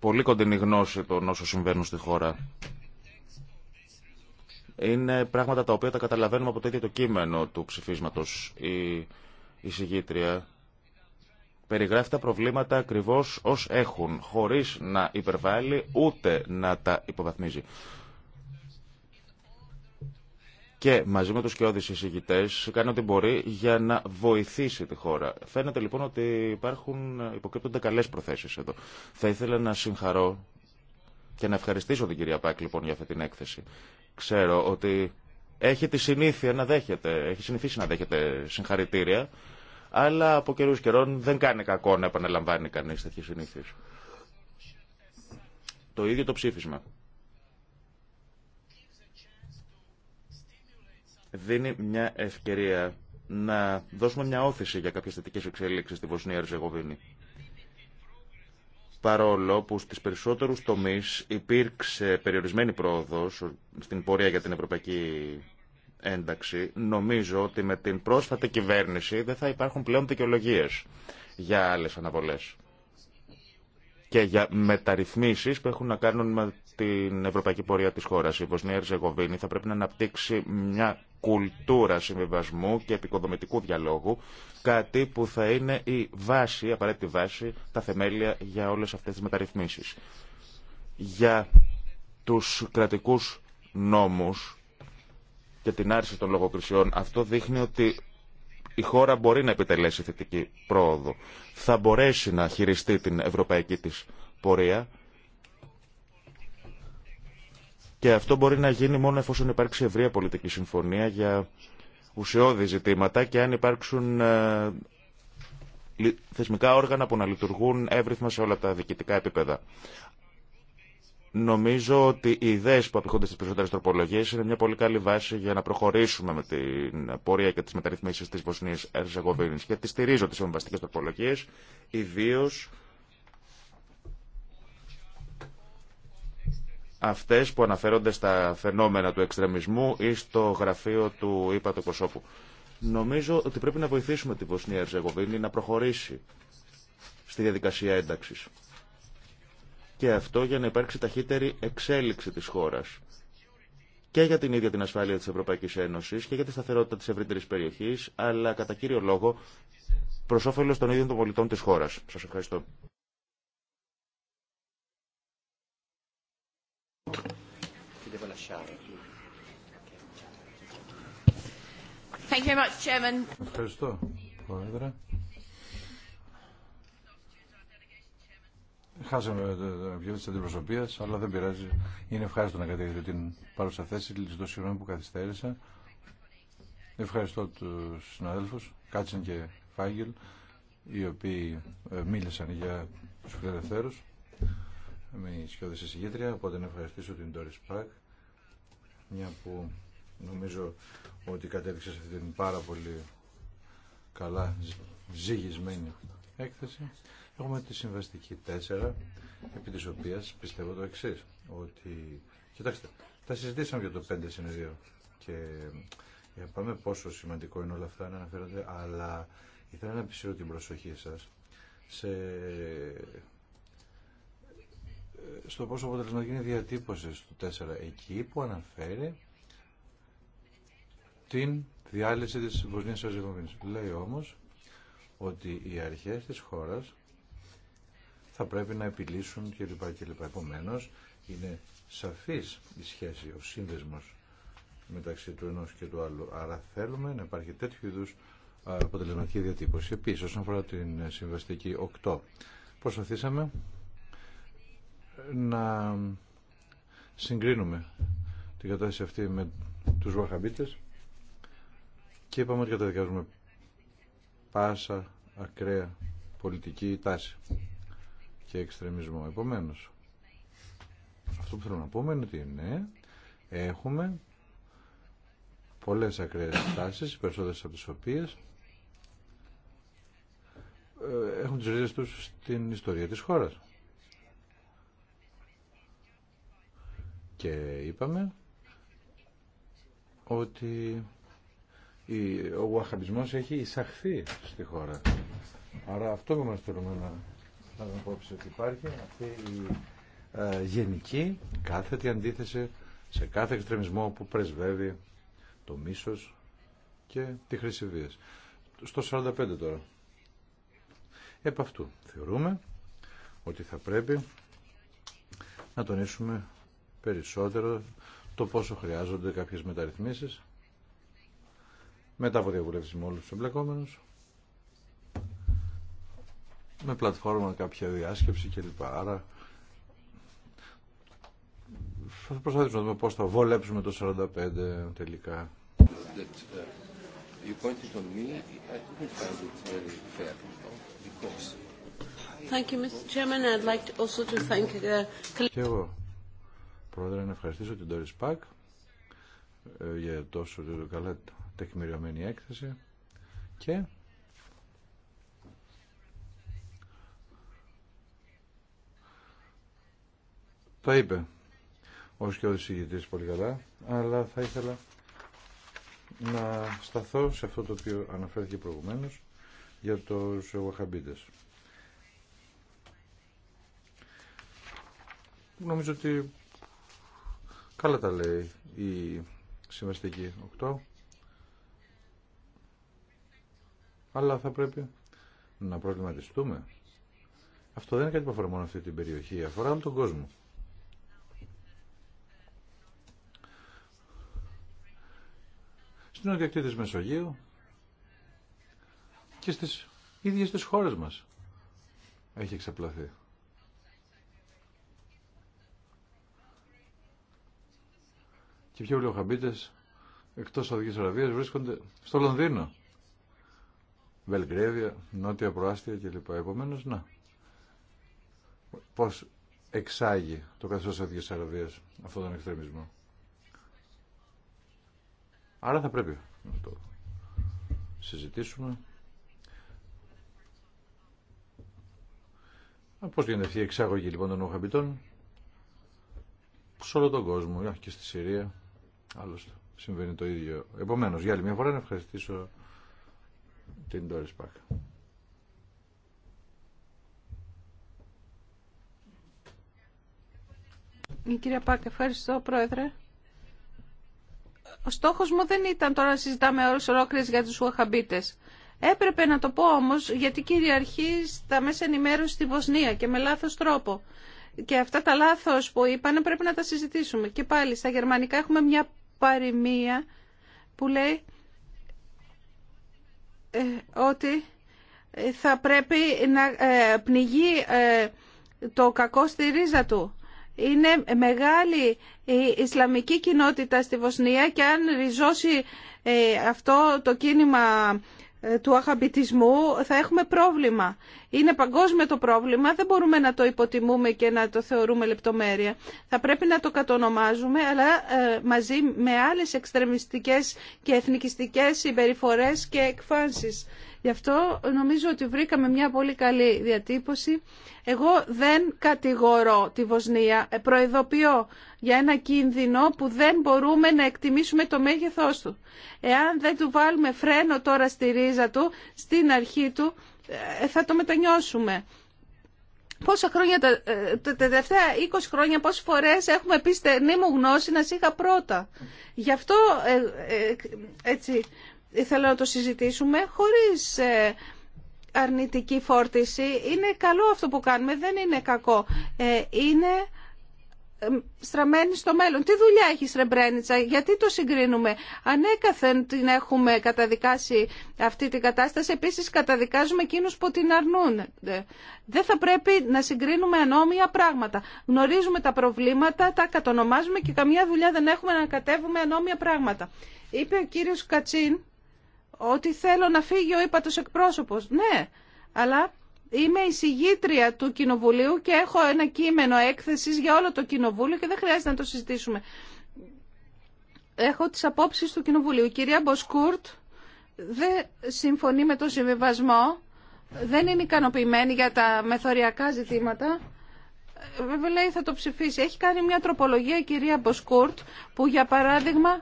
Speaker 4: πολύ κοντινή γνώση των όσων συμβαίνουν στη χώρα. Είναι πράγματα τα οποία τα καταλαβαίνουμε από το ίδιο το κείμενο του ψηφίσματος. Η εισηγήτρια περιγράφει τα προβλήματα ακριβώς ως έχουν, χωρίς να υπερβάλλει ούτε να τα υποβαθμίζει και μαζί με τους κοιόδης εισηγητές κάνει ό,τι μπορεί για να βοηθήσει τη χώρα. Φαίνεται λοιπόν ότι υπάρχουν, υποκρύπτονται καλές προθέσεις εδώ. Θα ήθελα να συγχαρώ και να ευχαριστήσω την κυρία Πάκ λοιπόν για αυτή την έκθεση. Ξέρω ότι έχει τη συνήθεια να δέχεται, έχει συνηθίσει να δέχεται συγχαρητήρια, αλλά από καιρούς καιρών δεν κάνει κακό να επαναλαμβάνει κανείς τέτοιες συνήθειες. Το ίδιο το ψήφισμα. δίνει μια ευκαιρία να δώσουμε μια όθηση για κάποιες θετικές εξέλιξεις στη Βοσνία-Ριζεγοβίνη παρόλο που στις περισσότερους τομείς υπήρξε περιορισμένη πρόοδος στην πορεία για την ευρωπαϊκή ένταξη, νομίζω ότι με την πρόσφατη κυβέρνηση δεν θα υπάρχουν πλέον δικαιολογίε για άλλες αναβολές και για μεταρρυθμίσεις που έχουν να κάνουν με την ευρωπαϊκή πορεία της χώρας. Η Βοσνία Ριζεγοβίνη θα πρέπει να αναπτύξει μια κουλτούρα συμβιβασμού και επικοδομητικού διαλόγου, κάτι που θα είναι η βάση, η απαραίτητη βάση, τα θεμέλια για όλες αυτές τις μεταρρυθμίσεις. Για τους κρατικούς νόμους και την άρση των λογοκρισιών, αυτό δείχνει ότι η χώρα μπορεί να επιτελέσει θετική πρόοδο. Θα μπορέσει να χειριστεί την ευρωπαϊκή της πορεία και αυτό μπορεί να γίνει μόνο εφόσον υπάρξει ευρεία πολιτική συμφωνία για ουσιώδη ζητήματα και αν υπάρξουν ε, θεσμικά όργανα που να λειτουργούν εύρυθμα σε όλα τα διοικητικά επίπεδα. Νομίζω ότι οι ιδέε που απηχούνται στι περισσότερε τροπολογίε είναι μια πολύ καλή βάση για να προχωρήσουμε με την πορεία και τι μεταρρυθμίσει τη Βοσνία Ερζεγοβίνη. Και τι στηρίζω τι συμβαστικέ τροπολογίε, ιδίω αυτές που αναφέρονται στα φαινόμενα του εξτρεμισμού ή στο γραφείο του ΙΠΑ του Νομίζω ότι πρέπει να βοηθήσουμε τη Βοσνία Ερζεγοβίνη να προχωρήσει στη διαδικασία ένταξης. Και αυτό για να υπάρξει ταχύτερη εξέλιξη της χώρας και για την ίδια την ασφάλεια της Ευρωπαϊκής Ένωσης και για τη σταθερότητα της ευρύτερης περιοχής, αλλά κατά κύριο λόγο προς όφελος των ίδιων των πολιτών της χώρας. Σας ευχαριστώ.
Speaker 6: Thank you very much, Chairman.
Speaker 7: Ευχαριστώ, Πρόεδρε. Χάσαμε το βιβλίο τη αντιπροσωπεία, αλλά δεν πειράζει. Είναι ευχάριστο να κατηγορήσω την παρούσα θέση. συγγνώμη που καθυστέρησα. Ευχαριστώ του συναδέλφου, Κάτσεν και Φάγγελ, οι οποίοι ε, μίλησαν για του φιλελευθέρου. Με ισχυώδη εισηγήτρια, οπότε να ευχαριστήσω την Τόρι Πακ, μια που νομίζω ότι κατέληξε σε αυτή την πάρα πολύ καλά ζυγισμένη έκθεση. Έχουμε τη συμβαστική 4, επί της οποίας πιστεύω το εξή ότι, κοιτάξτε, τα συζητήσαμε για το 5 συν και για ε, πάμε πόσο σημαντικό είναι όλα αυτά να αναφέρονται, αλλά ήθελα να επισύρω την προσοχή σας σε... Ε, στο πόσο αποτελεσματική είναι η διατύπωση του 4, εκεί που αναφέρει την διάλυση της Βοσνίας Αζεγοβίνης. Λέει όμως ότι οι αρχές της χώρας θα πρέπει να επιλύσουν κλπ. λοιπά. Επομένως, είναι σαφής η σχέση, ο σύνδεσμος μεταξύ του ενός και του άλλου. Άρα θέλουμε να υπάρχει τέτοιου είδους αποτελεσματική διατύπωση. Επίσης, όσον αφορά την συμβαστική 8, προσπαθήσαμε να συγκρίνουμε την κατάσταση αυτή με τους Βαχαμπίτες και είπαμε ότι καταδικάζουμε πάσα ακραία πολιτική τάση και εξτρεμισμό. Επομένως, αυτό που θέλω να πούμε είναι ότι ναι, έχουμε πολλές ακραίες τάσεις, οι περισσότερες από τις οποίες ε, έχουν τις ρίζες τους στην ιστορία της χώρας. Και είπαμε ότι ο Ουαχαμπισμός έχει εισαχθεί στη χώρα. Άρα αυτό που μας θέλουμε να να υπόψη ότι υπάρχει αυτή η ε, γενική κάθετη αντίθεση σε κάθε εξτρεμισμό που πρεσβεύει το μίσος και τη χρήση Στο 45 τώρα. Επ' αυτού θεωρούμε ότι θα πρέπει να τονίσουμε περισσότερο το πόσο χρειάζονται κάποιες μεταρρυθμίσεις μετά από διαβουλεύσεις με όλους τους εμπλεκόμενους, με πλατφόρμα κάποια διάσκεψη κλπ. Άρα θα προσπαθήσουμε να δούμε πώς θα βολέψουμε το 45 τελικά. Uh, Και εγώ, Πρόεδρε, να ευχαριστήσω την Doris Πακ ε, για τόσο καλά τεκμηριωμένη έκθεση και τα είπε ο σκιώδης πολύ καλά, αλλά θα ήθελα να σταθώ σε αυτό το οποίο αναφέρθηκε προηγουμένως για τους Βαχαμπίτες. Νομίζω ότι καλά τα λέει η συμβαστική 8 Αλλά θα πρέπει να προβληματιστούμε. Αυτό δεν είναι κάτι που αφορά μόνο αυτή την περιοχή, αφορά όλο τον κόσμο. Στην οδιακτή της Μεσογείου και στις ίδιες τις χώρες μας έχει εξαπλαθεί. Και πιο βλέπω εκτός Αδικής Αραβίας βρίσκονται στο Λονδίνο. Βελγκρέβια, Νότια Προάστια κλπ. Επομένως, να. Πώς εξάγει το καθεστώς Σαουδικής Αραβίας αυτόν τον εκτρεμισμό; Άρα θα πρέπει να το συζητήσουμε. Πώ γίνεται αυτή η εξάγωγη λοιπόν των Οχαμπιτών σε όλο τον κόσμο, και στη Συρία. Άλλωστε συμβαίνει το ίδιο. Επομένω, για άλλη μια φορά να ευχαριστήσω την Doris Πακ.
Speaker 2: Κύριε κυρία Πακ, ευχαριστώ πρόεδρε. Ο στόχος μου δεν ήταν τώρα να συζητάμε όλες ολόκληρες για τους Ουαχαμπίτες. Έπρεπε να το πω όμως γιατί κυριαρχεί στα μέσα ενημέρωση στη Βοσνία και με λάθος τρόπο. Και αυτά τα λάθος που είπαν πρέπει να τα συζητήσουμε. Και πάλι στα γερμανικά έχουμε μια παροιμία που λέει ε, ότι θα πρέπει να ε, πνιγεί ε, το κακό στη ρίζα του. Είναι μεγάλη η Ισλαμική κοινότητα στη Βοσνία και αν ριζώσει αυτό το κίνημα ε, του αγαπητισμού, θα έχουμε πρόβλημα. Είναι παγκόσμιο το πρόβλημα, δεν μπορούμε να το υποτιμούμε και να το θεωρούμε λεπτομέρεια. Θα πρέπει να το κατονομάζουμε, αλλά ε, μαζί με άλλες εξτρεμιστικές και εθνικιστικές συμπεριφορές και εκφάνσεις. Γι' αυτό νομίζω ότι βρήκαμε μια πολύ καλή διατύπωση. Εγώ δεν κατηγορώ τη Βοσνία, ε, προειδοποιώ για ένα κίνδυνο που δεν μπορούμε να εκτιμήσουμε το μέγεθός του. Εάν δεν του βάλουμε φρένο τώρα στη ρίζα του, στην αρχή του, ε, θα το μετανιώσουμε. Πόσα χρόνια, τα, ε, τα τελευταία 20 χρόνια, πόσες φορές έχουμε πει στενή μου γνώση να σήγα πρώτα. Γι' αυτό έτσι ήθελα να το συζητήσουμε χωρίς ε, αρνητική φόρτιση. Είναι καλό αυτό που κάνουμε, δεν είναι κακό. Ε, είναι ε, στραμμένη στο μέλλον. Τι δουλειά έχει η Σρεμπρένιτσα, γιατί το συγκρίνουμε. Ανέκαθεν την έχουμε καταδικάσει αυτή την κατάσταση, επίσης καταδικάζουμε εκείνους που την αρνούν. Δεν θα πρέπει να συγκρίνουμε ανώμια πράγματα. Γνωρίζουμε τα προβλήματα, τα κατονομάζουμε και καμιά δουλειά δεν έχουμε να κατέβουμε ανώμια πράγματα. Είπε ο κύριος Κατσίν, ότι θέλω να φύγει ο ύπατος εκπρόσωπος. Ναι, αλλά είμαι η συγγήτρια του Κοινοβουλίου και έχω ένα κείμενο έκθεσης για όλο το Κοινοβούλιο και δεν χρειάζεται να το συζητήσουμε. Έχω τις απόψεις του Κοινοβουλίου. Η κυρία Μποσκούρτ δεν συμφωνεί με το συμβιβασμό, δεν είναι ικανοποιημένη για τα μεθοριακά ζητήματα. Βέβαια λέει θα το ψηφίσει. Έχει κάνει μια τροπολογία η κυρία Μποσκούρτ που για παράδειγμα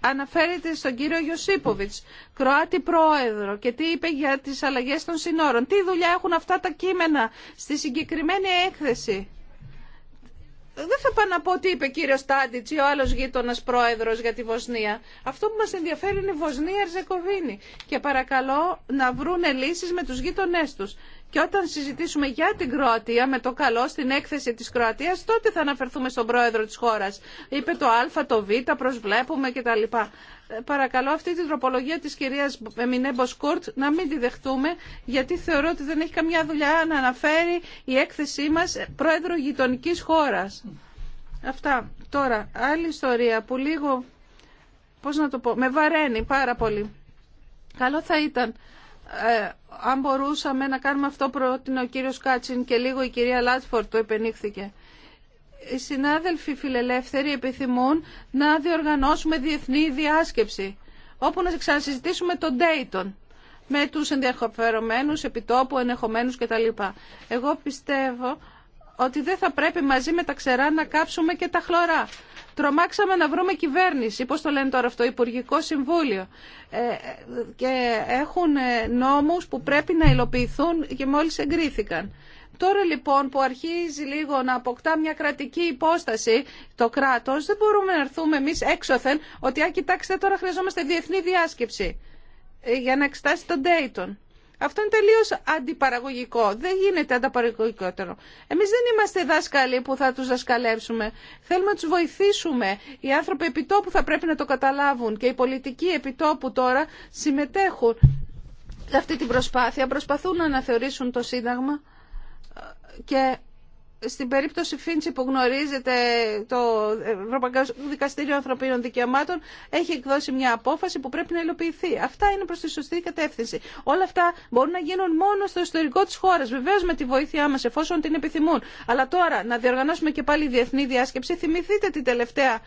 Speaker 2: αναφέρεται στον κύριο Γιωσίποβιτς, Κροάτι Πρόεδρο, και τι είπε για τις αλλαγές των συνόρων. Τι δουλειά έχουν αυτά τα κείμενα στη συγκεκριμένη έκθεση. Δεν θα πάω να πω τι είπε κύριο Τάντιτ ή ο άλλο γείτονα πρόεδρο για τη Βοσνία. Αυτό που μα ενδιαφέρει είναι η Βοσνία Ερζεκοβίνη. Και παρακαλώ να βρούνε λύσει με του γείτονέ του. Και όταν συζητήσουμε για την Κροατία με το καλό στην έκθεση της Κροατίας, τότε θα αναφερθούμε στον πρόεδρο της χώρας. Είπε το Α, το Β, προσβλέπουμε κτλ. Ε, παρακαλώ αυτή την τροπολογία της κυρίας Μινέμπο Κούρτ να μην τη δεχτούμε, γιατί θεωρώ ότι δεν έχει καμιά δουλειά να αναφέρει η έκθεσή μας πρόεδρο γειτονική χώρας. Αυτά. Τώρα, άλλη ιστορία που λίγο, πώς να το πω, με βαραίνει πάρα πολύ. Καλό θα ήταν ε, αν μπορούσαμε να κάνουμε αυτό πρότεινε ο κύριος Κάτσιν και λίγο η κυρία Λάτφορτ το επενήχθηκε. Οι συνάδελφοι φιλελεύθεροι επιθυμούν να διοργανώσουμε διεθνή διάσκεψη όπου να ξανασυζητήσουμε τον Dayton με τους ενδιαφερομένους, επιτόπου, ενεχομένους κτλ. Εγώ πιστεύω ότι δεν θα πρέπει μαζί με τα ξερά να κάψουμε και τα χλωρά. Τρομάξαμε να βρούμε κυβέρνηση, πώς το λένε τώρα αυτό, Υπουργικό Συμβούλιο. Ε, και έχουν ε, νόμους που πρέπει να υλοποιηθούν και μόλις εγκρίθηκαν. Τώρα λοιπόν που αρχίζει λίγο να αποκτά μια κρατική υπόσταση το κράτος, δεν μπορούμε να έρθουμε εμείς έξωθεν ότι, α, κοιτάξτε, τώρα χρειαζόμαστε διεθνή διάσκεψη για να εξετάσει τον Dayton. Αυτό είναι τελείω αντιπαραγωγικό. Δεν γίνεται ανταπαραγωγικότερο. Εμεί δεν είμαστε δάσκαλοι που θα του δασκαλέψουμε. Θέλουμε να του βοηθήσουμε. Οι άνθρωποι επιτόπου θα πρέπει να το καταλάβουν και οι πολιτικοί επιτόπου τώρα συμμετέχουν σε αυτή την προσπάθεια. Προσπαθούν να αναθεωρήσουν το Σύνταγμα και στην περίπτωση Φίντσι που γνωρίζετε το Ευρωπαϊκό Δικαστήριο Ανθρωπίνων Δικαιωμάτων έχει εκδώσει μια απόφαση που πρέπει να υλοποιηθεί. Αυτά είναι προς τη σωστή κατεύθυνση. Όλα αυτά μπορούν να γίνουν μόνο στο ιστορικό της χώρας. Βεβαίως με τη βοήθειά μας εφόσον την επιθυμούν. Αλλά τώρα να διοργανώσουμε και πάλι διεθνή διάσκεψη. Θυμηθείτε την τελευταία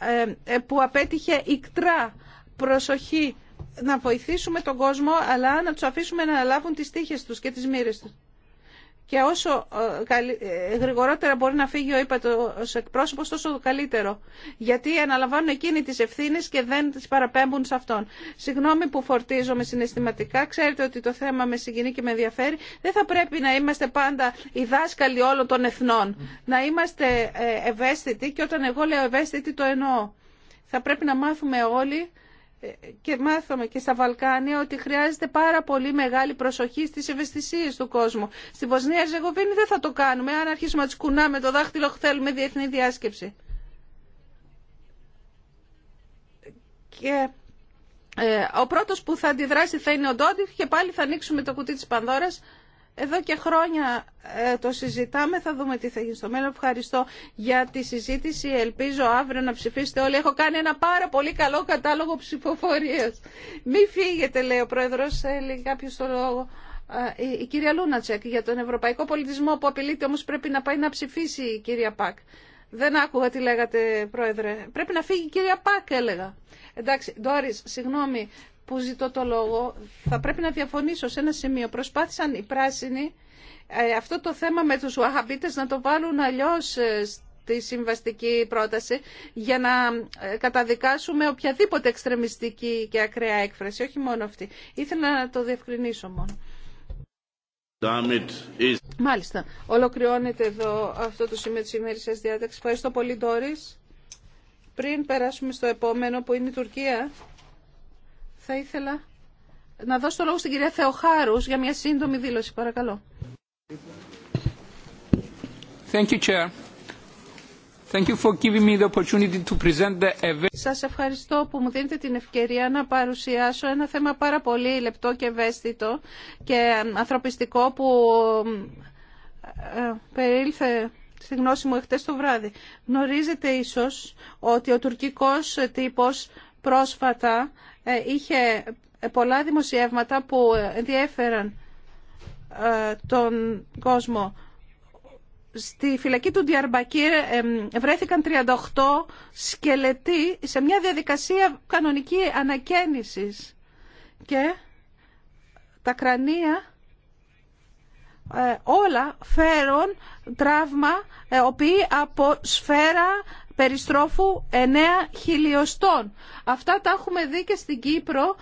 Speaker 2: ε, ε, που απέτυχε ικτρά προσοχή να βοηθήσουμε τον κόσμο αλλά να του αφήσουμε να αναλάβουν τις τύχες τους και τις μοίρες του. Και όσο ε, ε, γρηγορότερα μπορεί να φύγει ο ύπατος εκπρόσωπος, τόσο καλύτερο. Γιατί αναλαμβάνουν εκείνοι τις ευθύνες και δεν τις παραπέμπουν σε αυτόν. Συγγνώμη που φορτίζομαι συναισθηματικά. Ξέρετε ότι το θέμα με συγκινεί και με ενδιαφέρει. Δεν θα πρέπει να είμαστε πάντα οι δάσκαλοι όλων των εθνών. Να είμαστε ε, ευαίσθητοι και όταν εγώ λέω ευαίσθητοι το εννοώ. Θα πρέπει να μάθουμε όλοι και μάθαμε και στα Βαλκάνια ότι χρειάζεται πάρα πολύ μεγάλη προσοχή στις ευαισθησίες του κόσμου. Στη Βοσνία Ζεγοβίνη δεν θα το κάνουμε αν αρχίσουμε να τις κουνάμε το δάχτυλο θέλουμε διεθνή διάσκεψη. Και ε, ο πρώτος που θα αντιδράσει θα είναι ο Ντόντιφ και πάλι θα ανοίξουμε το κουτί της Πανδώρας εδώ και χρόνια ε, το συζητάμε, θα δούμε τι θα γίνει στο μέλλον. Ευχαριστώ για τη συζήτηση. Ελπίζω αύριο να ψηφίσετε όλοι. Έχω κάνει ένα πάρα πολύ καλό κατάλογο ψηφοφορία. Μη φύγετε, λέει ο Πρόεδρο, ε, λέει κάποιο το λόγο. Ε, η, κυρία Λούνατσεκ για τον ευρωπαϊκό πολιτισμό που απειλείται όμως πρέπει να πάει να ψηφίσει η κυρία Πακ. Δεν άκουγα τι λέγατε, Πρόεδρε. Πρέπει να φύγει η κυρία Πακ, έλεγα. Εντάξει, Ντόρι, συγγνώμη, που ζητώ το λόγο, θα πρέπει να διαφωνήσω σε ένα σημείο. Προσπάθησαν οι πράσινοι ε, αυτό το θέμα με τους Ουαχαμπίτες να το βάλουν αλλιώς ε, στη συμβαστική πρόταση για να ε, καταδικάσουμε οποιαδήποτε εξτρεμιστική και ακραία έκφραση, όχι μόνο αυτή. Ήθελα να το διευκρινίσω μόνο. Is... Μάλιστα. Ολοκληρώνεται εδώ αυτό το σημείο της ημέρησης διάταξης. Ευχαριστώ πολύ, Ντόρις. Πριν περάσουμε στο επόμενο που είναι η Τουρκία... Θα ήθελα να δώσω το λόγο στην κυρία Θεοχάρους για μια σύντομη δήλωση. Παρακαλώ.
Speaker 6: Thank
Speaker 1: you, Chair. Thank you for giving me the opportunity to present the...
Speaker 2: Σας ευχαριστώ που μου δίνετε την ευκαιρία να παρουσιάσω ένα θέμα πάρα πολύ λεπτό και ευαίσθητο και ανθρωπιστικό που ε, περίλθε στη γνώση μου εχθές το βράδυ. Γνωρίζετε ίσως ότι ο τουρκικός τύπος πρόσφατα ε, είχε πολλά δημοσιεύματα που ενδιέφεραν ε, τον κόσμο. Στη φυλακή του Διαρμπακύρ βρέθηκαν 38 σκελετοί σε μια διαδικασία κανονική ανακαίνησης και τα κρανία ε, όλα φέρουν τραύμα οποίοι από σφαίρα περιστρόφου 9 χιλιοστών. Αυτά τα έχουμε δει και στην Κύπρο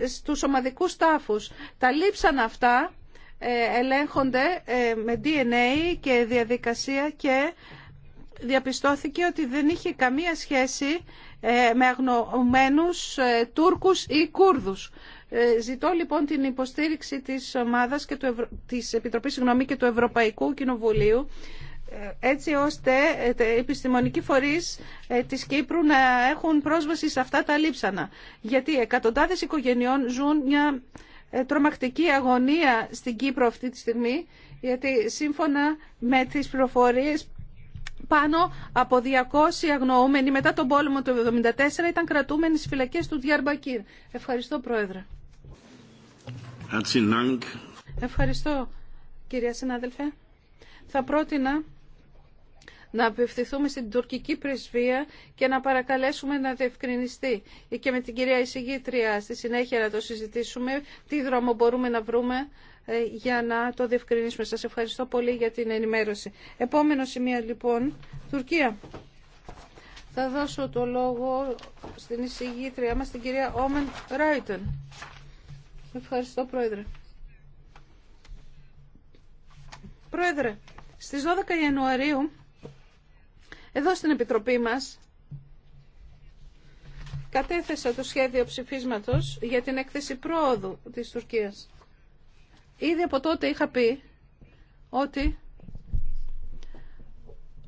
Speaker 2: ε, στους ομαδικούς τάφους. Τα λείψαν αυτά, ε, ελέγχονται ε, με DNA και διαδικασία και διαπιστώθηκε ότι δεν είχε καμία σχέση με αγνοομένους Τούρκους ή Κούρδους. Ζητώ λοιπόν την υποστήριξη της ομάδας και του της Επιτροπής συγγνώμη, και του Ευρωπαϊκού Κοινοβουλίου έτσι ώστε ε, οι επιστημονικοί φορείς ε, της Κύπρου να έχουν πρόσβαση σε αυτά τα λείψανα. Γιατί εκατοντάδες οικογενειών ζουν μια ε, τρομακτική αγωνία στην Κύπρο αυτή τη στιγμή, γιατί σύμφωνα με τις πληροφορίες πάνω από 200 αγνοούμενοι μετά τον πόλεμο του 1974 ήταν κρατούμενοι στις φυλακές του Διαρμπακίρ. Ευχαριστώ, Πρόεδρε. Ευχαριστώ, κυρία συνάδελφε. Θα πρότεινα να απευθυνθούμε στην τουρκική πρεσβεία και να παρακαλέσουμε να διευκρινιστεί. Και με την κυρία εισηγήτρια στη συνέχεια να το συζητήσουμε, τι δρόμο μπορούμε να βρούμε ε, για να το διευκρινίσουμε. Σας ευχαριστώ πολύ για την ενημέρωση. Επόμενο σημείο λοιπόν, Τουρκία. Θα δώσω το λόγο στην εισηγήτρια μας, την κυρία Όμεν Ράιτεν. Ευχαριστώ, Πρόεδρε. Πρόεδρε, στις 12 Ιανουαρίου εδώ στην Επιτροπή μας κατέθεσα το σχέδιο ψηφίσματος για την έκθεση πρόοδου της Τουρκίας. Ήδη από τότε είχα πει ότι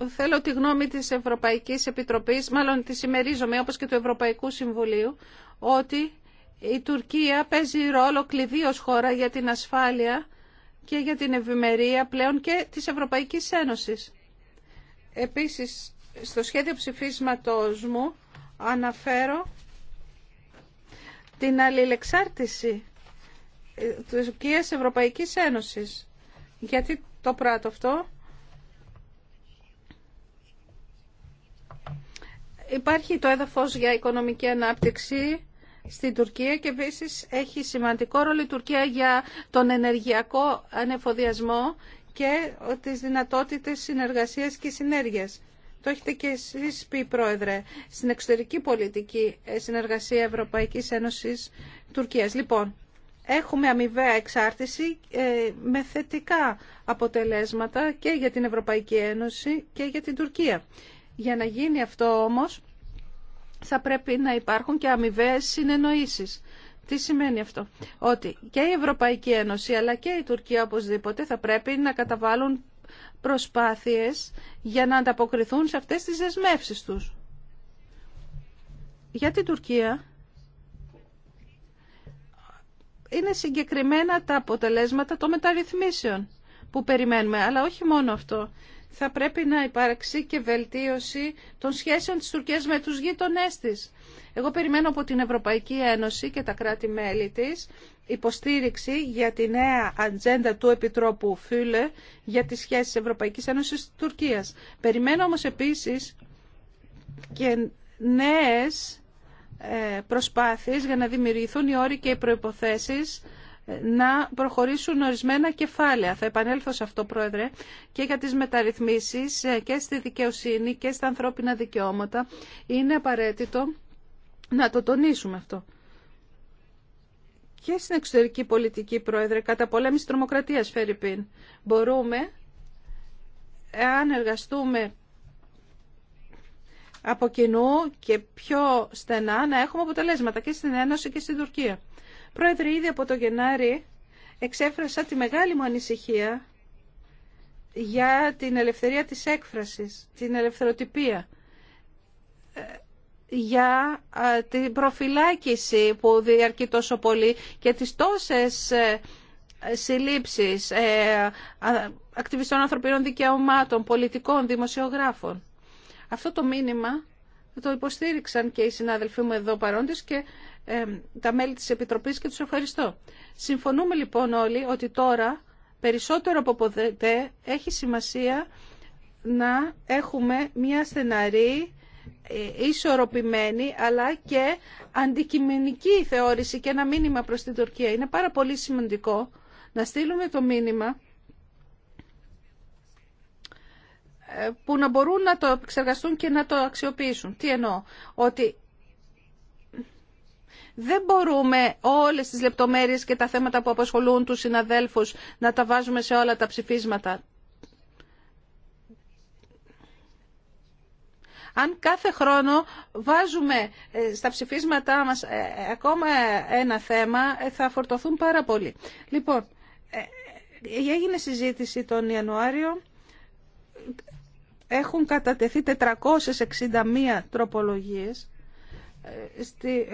Speaker 2: θέλω τη γνώμη της Ευρωπαϊκής Επιτροπής, μάλλον τη συμμερίζομαι όπως και του Ευρωπαϊκού Συμβουλίου, ότι η Τουρκία παίζει ρόλο κλειδί ως χώρα για την ασφάλεια και για την ευημερία πλέον και της Ευρωπαϊκής Ένωσης. Επίσης, στο σχέδιο ψηφίσματός μου αναφέρω την αλληλεξάρτηση ε, της Ευρωπαϊκή Ευρωπαϊκής Ένωσης. Γιατί το πράττω αυτό. Υπάρχει το έδαφος για οικονομική ανάπτυξη στην Τουρκία και επίση έχει σημαντικό ρόλο η Τουρκία για τον ενεργειακό ανεφοδιασμό και τις δυνατότητες συνεργασίας και συνέργειας. Το έχετε και εσείς πει, Πρόεδρε, στην εξωτερική πολιτική ε, συνεργασία Ευρωπαϊκής Ένωσης Τουρκίας. Λοιπόν, έχουμε αμοιβαία εξάρτηση ε, με θετικά αποτελέσματα και για την Ευρωπαϊκή Ένωση και για την Τουρκία. Για να γίνει αυτό όμως θα πρέπει να υπάρχουν και αμοιβαίε συνεννοήσεις. Τι σημαίνει αυτό. Ότι και η Ευρωπαϊκή Ένωση αλλά και η Τουρκία οπωσδήποτε θα πρέπει να καταβάλουν προσπάθειες για να ανταποκριθούν σε αυτές τις δεσμεύσει τους. Για την Τουρκία είναι συγκεκριμένα τα αποτελέσματα των μεταρρυθμίσεων που περιμένουμε, αλλά όχι μόνο αυτό θα πρέπει να υπάρξει και βελτίωση των σχέσεων της Τουρκίας με τους γείτονές της. Εγώ περιμένω από την Ευρωπαϊκή Ένωση και τα κράτη-μέλη της υποστήριξη για τη νέα ατζέντα του Επιτρόπου Φύλε για τις σχέσεις Ευρωπαϊκής Ένωσης Τουρκίας. Περιμένω όμως επίσης και νέες ε, προσπάθειες για να δημιουργηθούν οι όροι και οι προϋποθέσεις να προχωρήσουν ορισμένα κεφάλαια. Θα επανέλθω σε αυτό, Πρόεδρε, και για τις μεταρρυθμίσεις ε, και στη δικαιοσύνη και στα ανθρώπινα δικαιώματα. Είναι απαραίτητο να το τονίσουμε αυτό. Και στην εξωτερική πολιτική, Πρόεδρε, κατά πολέμηση τρομοκρατίας, Φερρυπίν, μπορούμε, εάν εργαστούμε από κοινού και πιο στενά, να έχουμε αποτελέσματα και στην Ένωση και στην Τουρκία. Πρόεδρε, ήδη από το Γενάρη εξέφρασα τη μεγάλη μου ανησυχία για την ελευθερία της έκφρασης, την ελευθεροτυπία, ε, για την προφυλάκηση που διαρκεί τόσο πολύ και τις τόσες ε, συλλήψεις ε, ακτιβιστών ανθρωπίνων δικαιωμάτων, πολιτικών, δημοσιογράφων. Αυτό το μήνυμα το υποστήριξαν και οι συνάδελφοί μου εδώ παρόντες και τα μέλη της Επιτροπής και τους ευχαριστώ. Συμφωνούμε λοιπόν όλοι ότι τώρα περισσότερο από ποτέ έχει σημασία να έχουμε μια στεναρή, ε, ισορροπημένη αλλά και αντικειμενική θεώρηση και ένα μήνυμα προς την Τουρκία. Είναι πάρα πολύ σημαντικό να στείλουμε το μήνυμα ε, που να μπορούν να το εξεργαστούν και να το αξιοποιήσουν. Τι εννοώ, ότι δεν μπορούμε όλες τις λεπτομέρειες και τα θέματα που απασχολούν τους συναδέλφους να τα βάζουμε σε όλα τα ψηφίσματα. Αν κάθε χρόνο βάζουμε ε, στα ψηφίσματά μας ε, ε, ακόμα ένα θέμα, θα φορτωθούν πάρα πολύ. Λοιπόν, έγινε συζήτηση τον Ιανουάριο. Έχουν κατατεθεί 461 τροπολογίες στη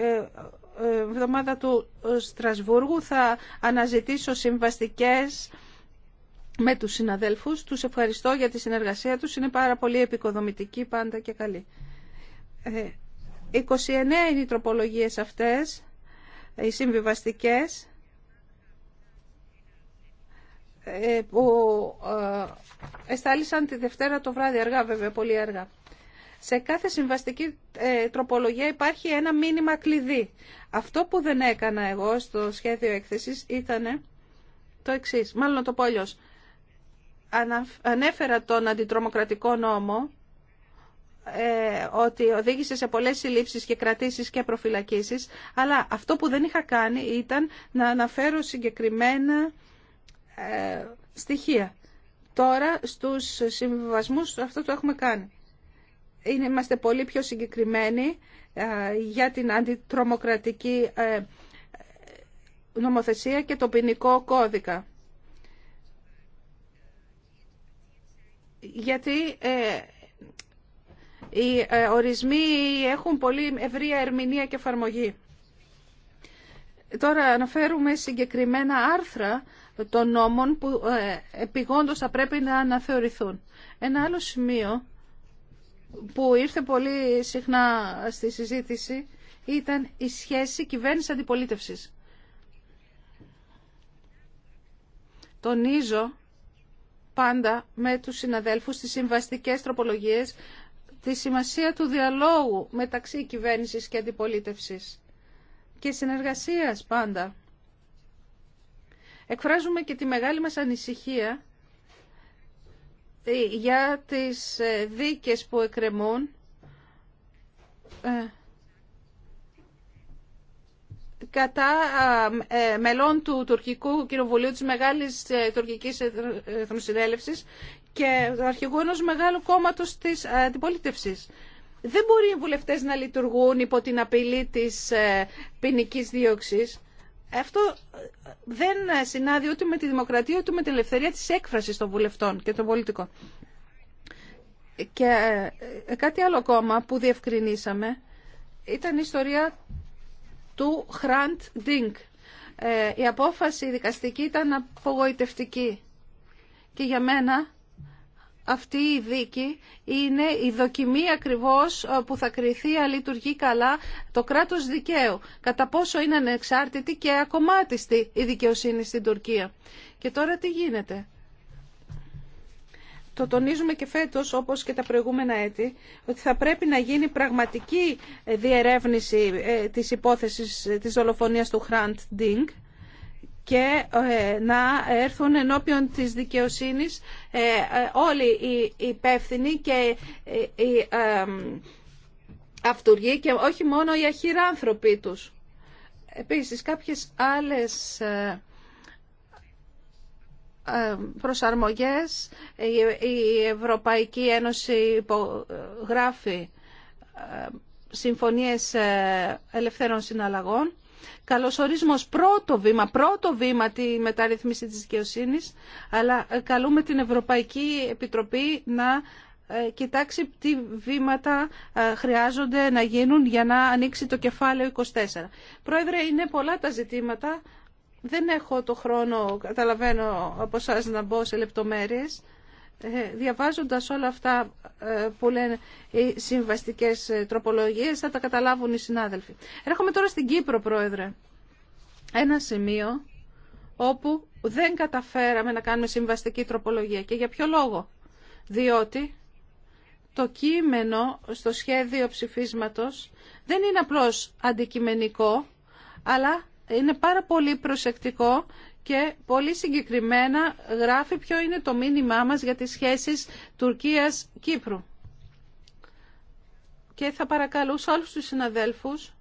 Speaker 2: εβδομάδα του Στρασβούργου θα αναζητήσω συμβαστικές με τους συναδέλφους. Τους ευχαριστώ για τη συνεργασία τους. Είναι πάρα πολύ επικοδομητική πάντα και καλή. 29 ε, είναι οι τροπολογίες αυτές, οι συμβιβαστικές, ε, που ε, εστάλησαν τη Δευτέρα το βράδυ, αργά βέβαια, πολύ αργά σε κάθε συμβαστική ε, τροπολογία υπάρχει ένα μήνυμα κλειδί. Αυτό που δεν έκανα εγώ στο σχέδιο έκθεσης ήταν το εξή, Μάλλον το πω Ανέφερα τον αντιτρομοκρατικό νόμο ε, ότι οδήγησε σε πολλές συλλήψεις και κρατήσεις και προφυλακίσεις, αλλά αυτό που δεν είχα κάνει ήταν να αναφέρω συγκεκριμένα ε, στοιχεία. Τώρα στους συμβιβασμούς αυτό το έχουμε κάνει είμαστε πολύ πιο συγκεκριμένοι ε, για την αντιτρομοκρατική ε, νομοθεσία και το ποινικό κώδικα. Γιατί ε, οι ορισμοί έχουν πολύ ευρία ερμηνεία και εφαρμογή. Τώρα αναφέρουμε συγκεκριμένα άρθρα των νόμων που επιγόντως θα πρέπει να αναθεωρηθούν. Ένα άλλο σημείο που ήρθε πολύ συχνά στη συζήτηση ήταν η σχέση κυβέρνηση αντιπολίτευσης. Τονίζω πάντα με τους συναδέλφους ...τις συμβαστικές τροπολογίες τη σημασία του διαλόγου μεταξύ κυβέρνησης και αντιπολίτευσης και συνεργασίας πάντα. Εκφράζουμε και τη μεγάλη μας ανησυχία για τις ε, δίκες που εκκρεμούν ε, κατά ε, μελών του τουρκικού κοινοβουλίου της μεγάλης τουρκικής εθνοσυνέλευσης και αρχηγού μεγάλου κόμματος της αντιπολίτευσης. Δεν μπορεί οι βουλευτές να λειτουργούν υπό την απειλή της ποινική δίωξης. Αυτό δεν συνάδει ούτε με τη δημοκρατία ούτε με την ελευθερία της έκφρασης των βουλευτών και των πολιτικών. Και ε, κάτι άλλο ακόμα που διευκρινίσαμε ήταν η ιστορία του Χραντ Ντίνκ. Ε, η απόφαση δικαστική ήταν απογοητευτική. Και για μένα αυτή η δίκη είναι η δοκιμή ακριβώς ε, που θα κριθεί αν λειτουργεί καλά το κράτος δικαίου, κατά πόσο είναι ανεξάρτητη και ακομάτιστη η δικαιοσύνη στην Τουρκία. Και τώρα τι γίνεται. Το τονίζουμε και φέτος, όπως και τα προηγούμενα έτη, ότι θα πρέπει να γίνει πραγματική διερεύνηση ε, της υπόθεσης ε, της δολοφονίας του Χραντ Ντίνγκ και ε, να έρθουν ενώπιον της δικαιοσύνης ε, ε, όλοι οι υπεύθυνοι και οι αυτούργοι και όχι μόνο οι αχυράνθρωποι τους. Επίσης, κάποιες άλλες προσαρμογές η Ευρωπαϊκή Ένωση υπογράφει συμφωνίες ελευθέρων συναλλαγών καλωσορίζουμε ως πρώτο βήμα, πρώτο βήμα τη μεταρρύθμιση της δικαιοσύνη, αλλά ε, καλούμε την Ευρωπαϊκή Επιτροπή να ε, κοιτάξει τι βήματα ε, χρειάζονται να γίνουν για να ανοίξει το κεφάλαιο 24. Πρόεδρε, είναι πολλά τα ζητήματα. Δεν έχω το χρόνο, καταλαβαίνω από εσά να μπω σε λεπτομέρειες. Ε, διαβάζοντας όλα αυτά ε, που λένε οι συμβαστικές ε, τροπολογίες θα τα καταλάβουν οι συνάδελφοι. Έρχομαι τώρα στην Κύπρο, Πρόεδρε. Ένα σημείο όπου δεν καταφέραμε να κάνουμε συμβαστική τροπολογία. Και για ποιο λόγο. Διότι το κείμενο στο σχέδιο ψηφίσματος δεν είναι απλώς αντικειμενικό, αλλά είναι πάρα πολύ προσεκτικό και πολύ συγκεκριμένα γράφει ποιο είναι το μήνυμά μας για τις σχέσεις Τουρκίας-Κύπρου. Και θα παρακαλούσα όλους τους συναδέλφους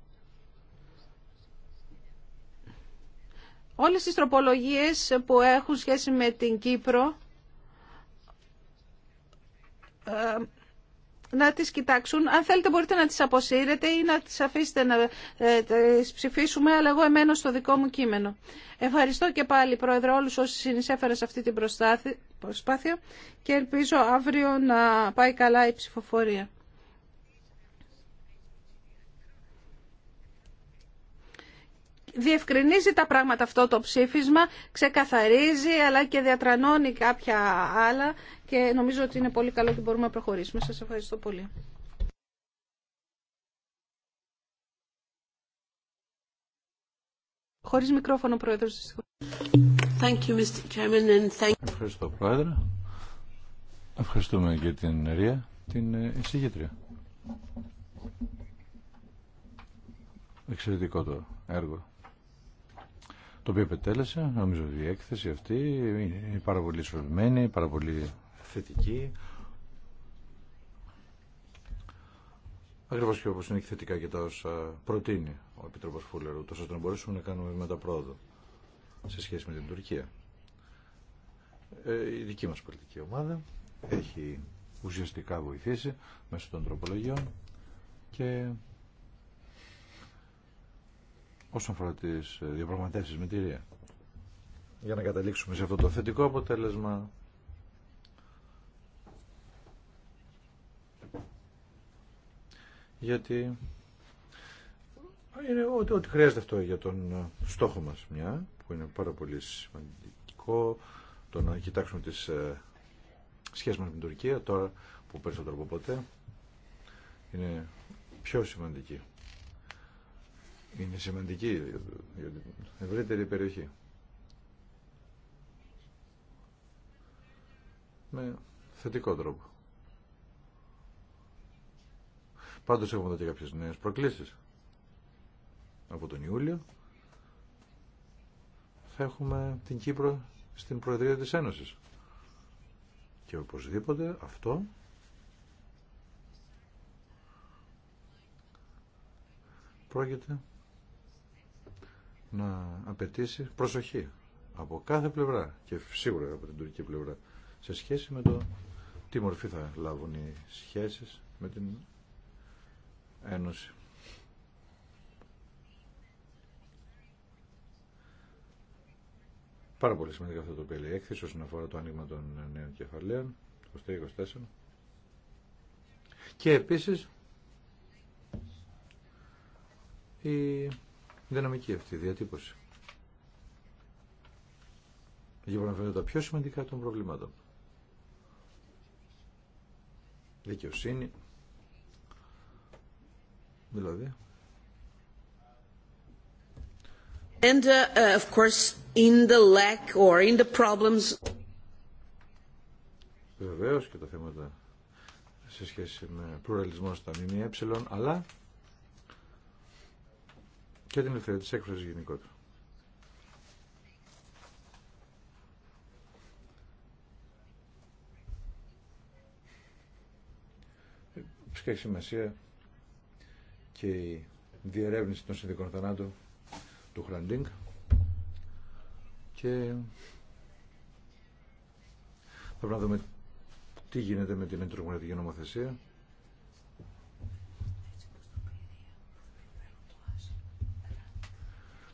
Speaker 2: όλες τις τροπολογίες που έχουν σχέση με την Κύπρο ε, να τις κοιτάξουν. Αν θέλετε μπορείτε να τις αποσύρετε ή να τις αφήσετε να ε, τις ψηφίσουμε, αλλά εγώ εμένω στο δικό μου κείμενο. Ευχαριστώ και πάλι, Πρόεδρε, όλους όσοι συνεισέφεραν σε αυτή την προσπάθεια και ελπίζω αύριο να πάει καλά η ψηφοφορία. διευκρινίζει τα πράγματα αυτό το ψήφισμα, ξεκαθαρίζει αλλά και διατρανώνει κάποια άλλα και νομίζω ότι είναι πολύ καλό και μπορούμε να προχωρήσουμε. Σας ευχαριστώ πολύ. Χωρίς μικρόφωνο, Πρόεδρος, Thank you, Mr. Chairman, and thank...
Speaker 3: Ευχαριστώ,
Speaker 7: Πρόεδρε. Ευχαριστούμε για την Ρία, την ε, εισηγήτρια. Εξαιρετικό το έργο το οποίο επετέλεσε. Νομίζω ότι η έκθεση αυτή είναι πάρα πολύ σωσμένη, πάρα πολύ θετική. Ακριβώ και όπω είναι και θετικά και τα όσα προτείνει ο Επίτροπο Φούλερου, ούτω ώστε να μπορέσουμε να κάνουμε βήματα πρόοδο σε σχέση με την Τουρκία. Ε, η δική μα πολιτική ομάδα έχει ουσιαστικά βοηθήσει μέσω των τροπολογιών και όσον αφορά τι διαπραγματεύσει με τη Ρία. Για να καταλήξουμε σε αυτό το θετικό αποτέλεσμα γιατί είναι ό,τι, ό,τι χρειάζεται αυτό για τον ε, στόχο μας μια, που είναι πάρα πολύ σημαντικό, το να κοιτάξουμε τις ε, σχέσεις μας με την Τουρκία, τώρα που περισσότερο από ποτέ, είναι πιο σημαντική. Είναι σημαντική για την ευρύτερη περιοχή. Με θετικό τρόπο. Πάντως έχουμε εδώ και κάποιες νέες προκλήσεις. Από τον Ιούλιο θα έχουμε την Κύπρο στην Προεδρία της Ένωσης. Και οπωσδήποτε αυτό πρόκειται να απαιτήσει προσοχή από κάθε πλευρά και σίγουρα από την τουρκική πλευρά σε σχέση με το τι μορφή θα λάβουν οι σχέσεις με την Ένωση. Πάρα πολύ σημαντικό αυτό το οποίο λέει έκθεση όσον αφορά το άνοιγμα των νέων κεφαλαίων, 23-24. Και επίσης η δυναμική αυτή, η διατύπωση. Εκεί να φαίνονται τα πιο σημαντικά των προβλημάτων. Δικαιοσύνη, δηλαδή.
Speaker 2: And uh, uh, of course in the lack or in the problems.
Speaker 7: Βεβαίως και τα θέματα σε σχέση με πλουραλισμό στα ΜΜΕ, αλλά και την ελευθερία της έκφραση γενικότερα. Ε, φυσικά έχει σημασία και η διερεύνηση των συνδικών θανάτων του Χραντίνγκ και πρέπει να δούμε τι γίνεται με την εντρογνωτική νομοθεσία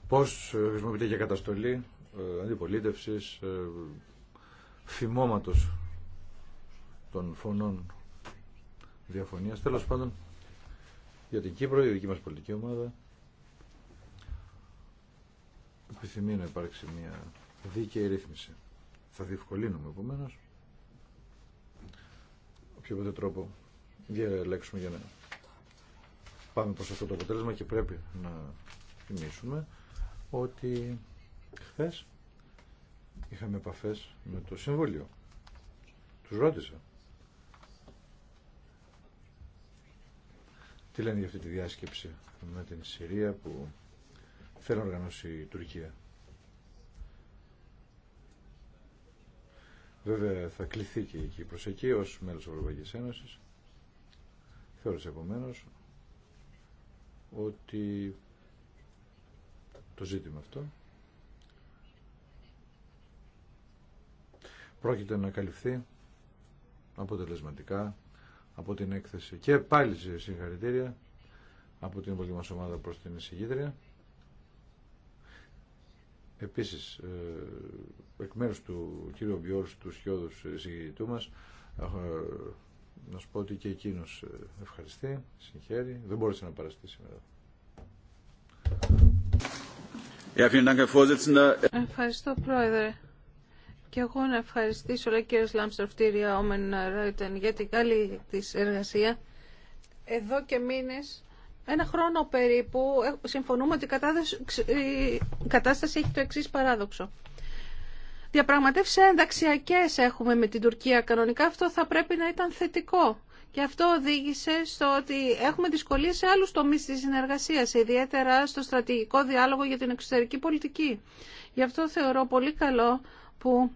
Speaker 7: πώς ε, χρησιμοποιείται για καταστολή ε, αντιπολίτευσης ε, φημώματος των φωνών διαφωνίας τέλος πάντων για την Κύπρο, η δική μας πολιτική ομάδα επιθυμεί να υπάρξει μια δίκαιη ρύθμιση. Θα διευκολύνουμε επομένω οποιοδήποτε τρόπο διαλέξουμε για να πάμε προς αυτό το αποτέλεσμα και πρέπει να θυμίσουμε ότι χθες είχαμε επαφές με το Συμβούλιο. Τους ρώτησα Τι λένε για αυτή τη διάσκεψη με την Συρία που θέλει να οργανώσει η Τουρκία. Βέβαια θα κληθεί και η Κύπρος εκεί ως μέλος της Ευρωπαϊκής Ένωσης. Θεώρησε επομένω ότι το ζήτημα αυτό πρόκειται να καλυφθεί αποτελεσματικά από την έκθεση. Και πάλι σε συγχαρητήρια από την υπόλοιπη μας ομάδα προς την εισηγήτρια. Επίσης, ε, εκ μέρους του κύριου Μπιόρς, του Σιώδους εισηγητού μας, ε, να σου πω ότι και εκείνος ε, ευχαριστεί, συγχαίρει. Δεν μπόρεσε να παραστεί σήμερα.
Speaker 2: Ευχαριστώ, Πρόεδρε. Και εγώ να ευχαριστήσω λέει κύριο Λάμστροφτήρια Όμεν Ρόιτεν για την καλή τη εργασία. Εδώ και μήνες, ένα χρόνο περίπου, ε, συμφωνούμε ότι η κατάσταση έχει το εξή παράδοξο. Διαπραγματεύσεις ενταξιακέ έχουμε με την Τουρκία. Κανονικά αυτό θα πρέπει να ήταν θετικό. Και αυτό οδήγησε στο ότι έχουμε δυσκολίες σε άλλου τομείς της συνεργασίας, ιδιαίτερα στο στρατηγικό διάλογο για την εξωτερική πολιτική. Γι' αυτό θεωρώ πολύ καλό που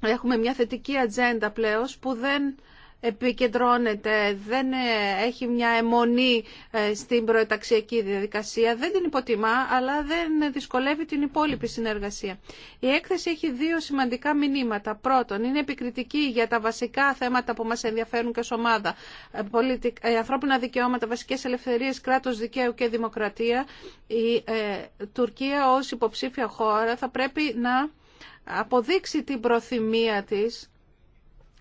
Speaker 2: έχουμε μια θετική ατζέντα πλέον που δεν επικεντρώνεται, δεν ε, έχει μια αιμονή ε, στην προεταξιακή διαδικασία, δεν την υποτιμά, αλλά δεν δυσκολεύει την υπόλοιπη συνεργασία. Η έκθεση έχει δύο σημαντικά μηνύματα. Πρώτον, είναι επικριτική για τα βασικά θέματα που μας ενδιαφέρουν και ως ομάδα. Ε, ανθρώπινα δικαιώματα, βασικές ελευθερίες, κράτος δικαίου και δημοκρατία. Η Τουρκία ως υποψήφια χώρα θα πρέπει να αποδείξει την προθυμία της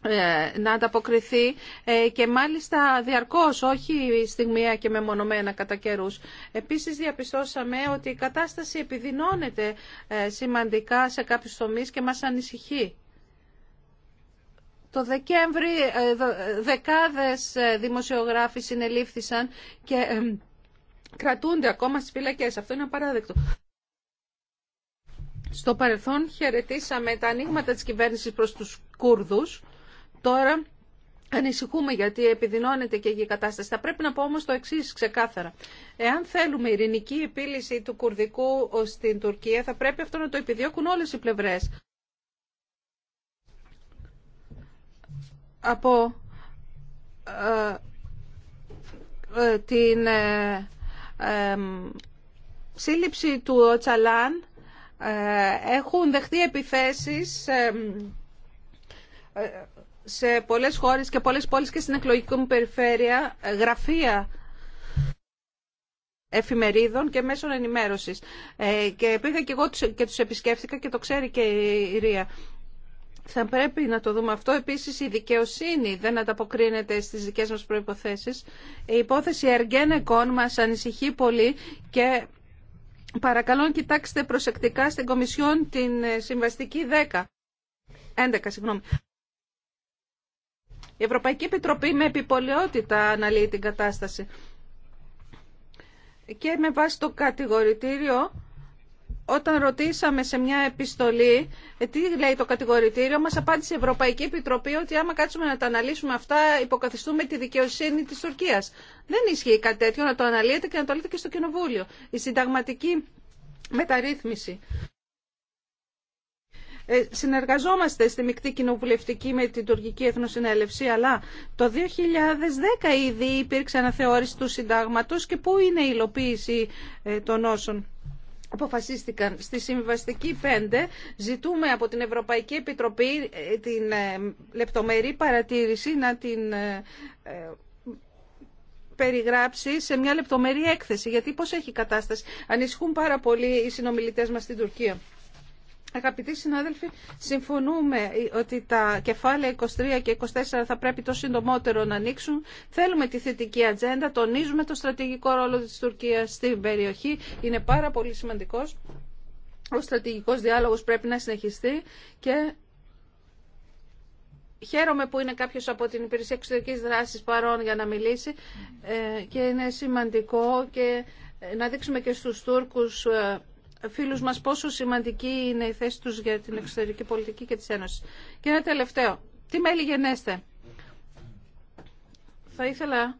Speaker 2: ε, να ανταποκριθεί ε, και μάλιστα διαρκώς, όχι στιγμία και μεμονωμένα κατά καιρού. Επίσης διαπιστώσαμε ότι η κατάσταση επιδεινώνεται ε, σημαντικά σε κάποιους τομείς και μας ανησυχεί. Το Δεκέμβρη δεκάδες δημοσιογράφοι συνελήφθησαν και κρατούνται ακόμα στις φυλακές. Αυτό είναι απαράδεκτο. Στο παρελθόν χαιρετήσαμε τα ανοίγματα της κυβέρνησης προς τους Κούρδους. Τώρα ανησυχούμε γιατί επιδεινώνεται και η κατάσταση. Θα πρέπει να πω όμως το εξή ξεκάθαρα. Εάν θέλουμε ειρηνική επίλυση του Κουρδικού στην Τουρκία, θα πρέπει αυτό να το επιδιώκουν όλες οι πλευρές. Από ε, ε, την ε, σύλληψη του Τσαλάν ε, έχουν δεχτεί επιθέσεις ε, ε, σε πολλές χώρες και πολλές πόλεις και στην εκλογική μου περιφέρεια γραφεία εφημερίδων και μέσων ενημέρωσης. και πήγα και εγώ και τους επισκέφθηκα και το ξέρει και η Ρία. Θα πρέπει να το δούμε αυτό. Επίσης η δικαιοσύνη δεν ανταποκρίνεται στις δικές μας προϋποθέσεις. Η υπόθεση Εργένεκον μας ανησυχεί πολύ και Παρακαλώ κοιτάξτε προσεκτικά στην Κομισιόν την ε, συμβαστική 10. 11, συγγνώμη. Η Ευρωπαϊκή Επιτροπή με επιπολαιότητα αναλύει την κατάσταση. Και με βάση το κατηγορητήριο όταν ρωτήσαμε σε μια επιστολή ε, τι λέει το κατηγορητήριο, μα απάντησε η Ευρωπαϊκή Επιτροπή ότι άμα κάτσουμε να τα αναλύσουμε αυτά, υποκαθιστούμε τη δικαιοσύνη τη Τουρκία. Δεν ισχύει κάτι τέτοιο να το αναλύετε και να το λέτε και στο Κοινοβούλιο. Η συνταγματική μεταρρύθμιση. Ε, συνεργαζόμαστε στη μεικτή Κοινοβουλευτική με την Τουρκική Εθνοσυνέλευση, αλλά το 2010 ήδη υπήρξε αναθεώρηση του συντάγματος και πού είναι η υλοποίηση ε, των όσων αποφασίστηκαν στη συμβαστική 5 ζητούμε από την Ευρωπαϊκή Επιτροπή ε, την ε, λεπτομερή παρατήρηση να την ε, περιγράψει σε μια λεπτομερή έκθεση γιατί πώς έχει η κατάσταση. Ανησυχούν πάρα πολύ οι συνομιλητές μας στην Τουρκία. Αγαπητοί συνάδελφοι, συμφωνούμε ότι τα κεφάλαια 23 και 24 θα πρέπει το συντομότερο να ανοίξουν. Θέλουμε τη θετική ατζέντα, τονίζουμε το στρατηγικό ρόλο της Τουρκίας στην περιοχή. Είναι πάρα πολύ σημαντικός. Ο στρατηγικός διάλογος πρέπει να συνεχιστεί και Χαίρομαι που είναι κάποιος από την Υπηρεσία Εξωτερική Δράση παρόν για να μιλήσει ε, και είναι σημαντικό και να δείξουμε και στου Τούρκου ε, φίλους μας πόσο σημαντική είναι η θέση τους για την εξωτερική πολιτική και της Ένωσης. Και ένα τελευταίο. Τι μέλη γενέστε. Θα ήθελα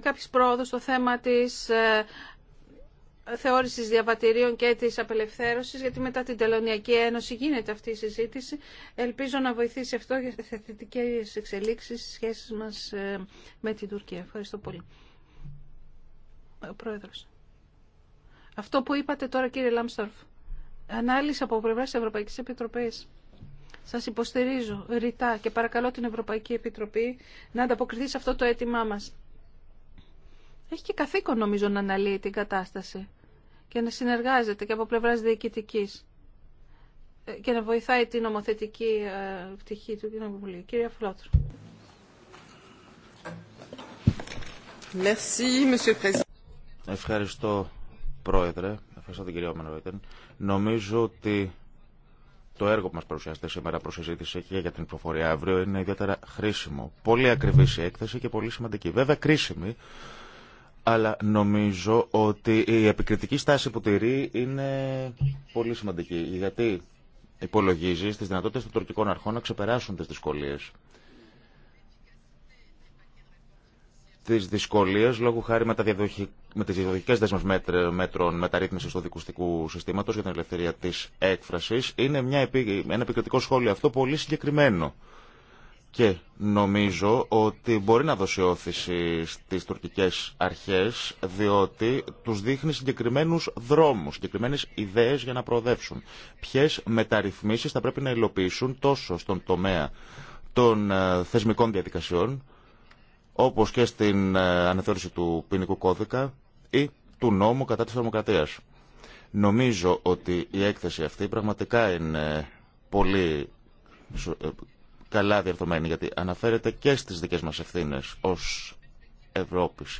Speaker 2: κάποιες πρόοδο στο θέμα της ε, θεώρησης διαβατηρίων και της απελευθέρωσης, γιατί μετά την Τελωνιακή Ένωση γίνεται αυτή η συζήτηση. Ελπίζω να βοηθήσει αυτό για θετικές εξελίξεις στις σχέσεις μας ε, με την Τουρκία. Ευχαριστώ πολύ. Ο Πρόεδρος. Αυτό που είπατε τώρα κύριε Λάμστορφ, ανάλυση από πλευρά τη Ευρωπαϊκή Επιτροπή. Σας υποστηρίζω ρητά και παρακαλώ την Ευρωπαϊκή Επιτροπή να ανταποκριθεί σε αυτό το αίτημά μας. Έχει και καθήκον νομίζω να αναλύει την κατάσταση και να συνεργάζεται και από πλευρά διοικητική ε, και να βοηθάει την νομοθετική ε, πτυχή του Κοινοβουλίου. Κύριε Φλότρου.
Speaker 4: Ευχαριστώ Πρόεδρε. Ευχαριστώ την κυρία Νομίζω ότι το έργο που μα παρουσιάσετε σήμερα προ συζήτηση και για την προφορία αύριο είναι ιδιαίτερα χρήσιμο. Πολύ ακριβή η έκθεση και πολύ σημαντική. Βέβαια κρίσιμη, αλλά νομίζω ότι η επικριτική στάση που τηρεί είναι πολύ σημαντική. Γιατί υπολογίζει τι δυνατότητε των τουρκικών αρχών να ξεπεράσουν τι δυσκολίε τι δυσκολίε, λόγω χάρη με, με τις διαδοχικές δέσμες μέτρων μεταρρύθμιση του δικουστικού συστήματο για την ελευθερία τη έκφραση, είναι μια επί... ένα επικριτικό σχόλιο αυτό πολύ συγκεκριμένο. Και νομίζω ότι μπορεί να δώσει όθηση στις τουρκικές αρχές διότι τους δείχνει συγκεκριμένους δρόμους, συγκεκριμένες ιδέες για να προοδεύσουν. Ποιες μεταρρυθμίσεις θα πρέπει να υλοποιήσουν τόσο στον τομέα των ε, θεσμικών διαδικασιών όπως και στην ε, αναθεώρηση του ποινικού κώδικα ή του νόμου κατά της θερμοκρατίας. Νομίζω ότι η έκθεση αυτή πραγματικά είναι πολύ ε, καλά διαρθωμένη γιατί αναφέρεται και στις δικές μας ευθύνες ως Ευρώπης,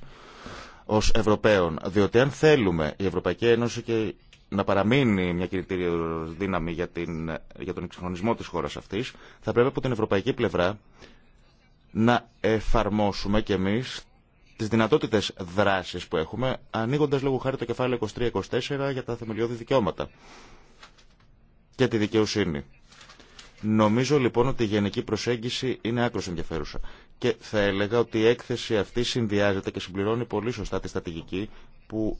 Speaker 4: ως Ευρωπαίων, διότι αν θέλουμε η Ευρωπαϊκή Ένωση και να παραμείνει μια κινητήρια δύναμη για, την, ε, για τον εξυγχρονισμό της χώρας αυτής, θα πρέπει από την ευρωπαϊκή πλευρά να εφαρμόσουμε κι εμείς τις δυνατότητες δράσης που έχουμε, ανοίγοντας λόγω χάρη το κεφάλαιο 23-24 για τα θεμελιώδη δικαιώματα και τη δικαιοσύνη. Νομίζω λοιπόν ότι η γενική προσέγγιση είναι άκρω ενδιαφέρουσα και θα έλεγα ότι η έκθεση αυτή συνδυάζεται και συμπληρώνει πολύ σωστά τη στατηγική που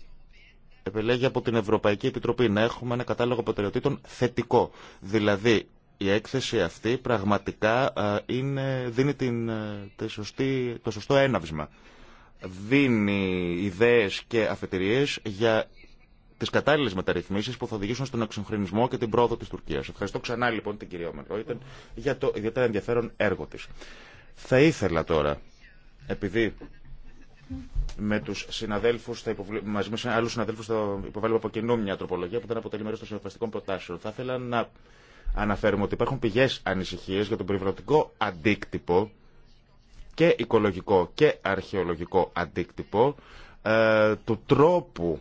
Speaker 4: επελέγει από την Ευρωπαϊκή Επιτροπή να έχουμε ένα κατάλογο προτεραιοτήτων θετικό. Δηλαδή η έκθεση αυτή πραγματικά είναι, δίνει την, τη σωστή, το σωστό έναυσμα. Δίνει ιδέες και αφετηρίες για τις κατάλληλες μεταρρυθμίσεις που θα οδηγήσουν στον εξυγχρονισμό και την πρόοδο της Τουρκίας. Ευχαριστώ ξανά λοιπόν την κυρία Ομερόιτεν για το ιδιαίτερα ενδιαφέρον έργο της. Θα ήθελα τώρα, επειδή με τους συναδέλφους, θα υποβλ... μαζί με άλλους συναδέλφους θα υποβάλουμε από κοινού μια τροπολογία που δεν αποτελεί μέρος των συνεργαστικών προτάσεων. Θα ήθελα να αναφέρουμε ότι υπάρχουν πηγές ανησυχίε για τον περιβαλλοντικό αντίκτυπο και οικολογικό και αρχαιολογικό αντίκτυπο ε, του τρόπου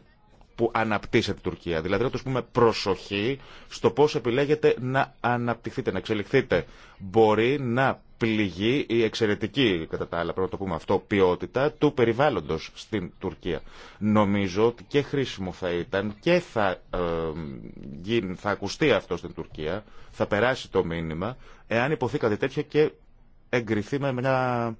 Speaker 4: που αναπτύσσεται η Τουρκία. Δηλαδή να του πούμε προσοχή στο πώς επιλέγετε να αναπτυχθείτε, να εξελιχθείτε. Μπορεί να πληγεί η εξαιρετική, κατά τα άλλα πρέπει να το πούμε αυτό, ποιότητα του περιβάλλοντος στην Τουρκία. Νομίζω ότι και χρήσιμο θα ήταν και θα, ε, θα ακουστεί αυτό στην Τουρκία, θα περάσει το μήνυμα, εάν υποθεί κάτι τέτοιο και εγκριθεί με μια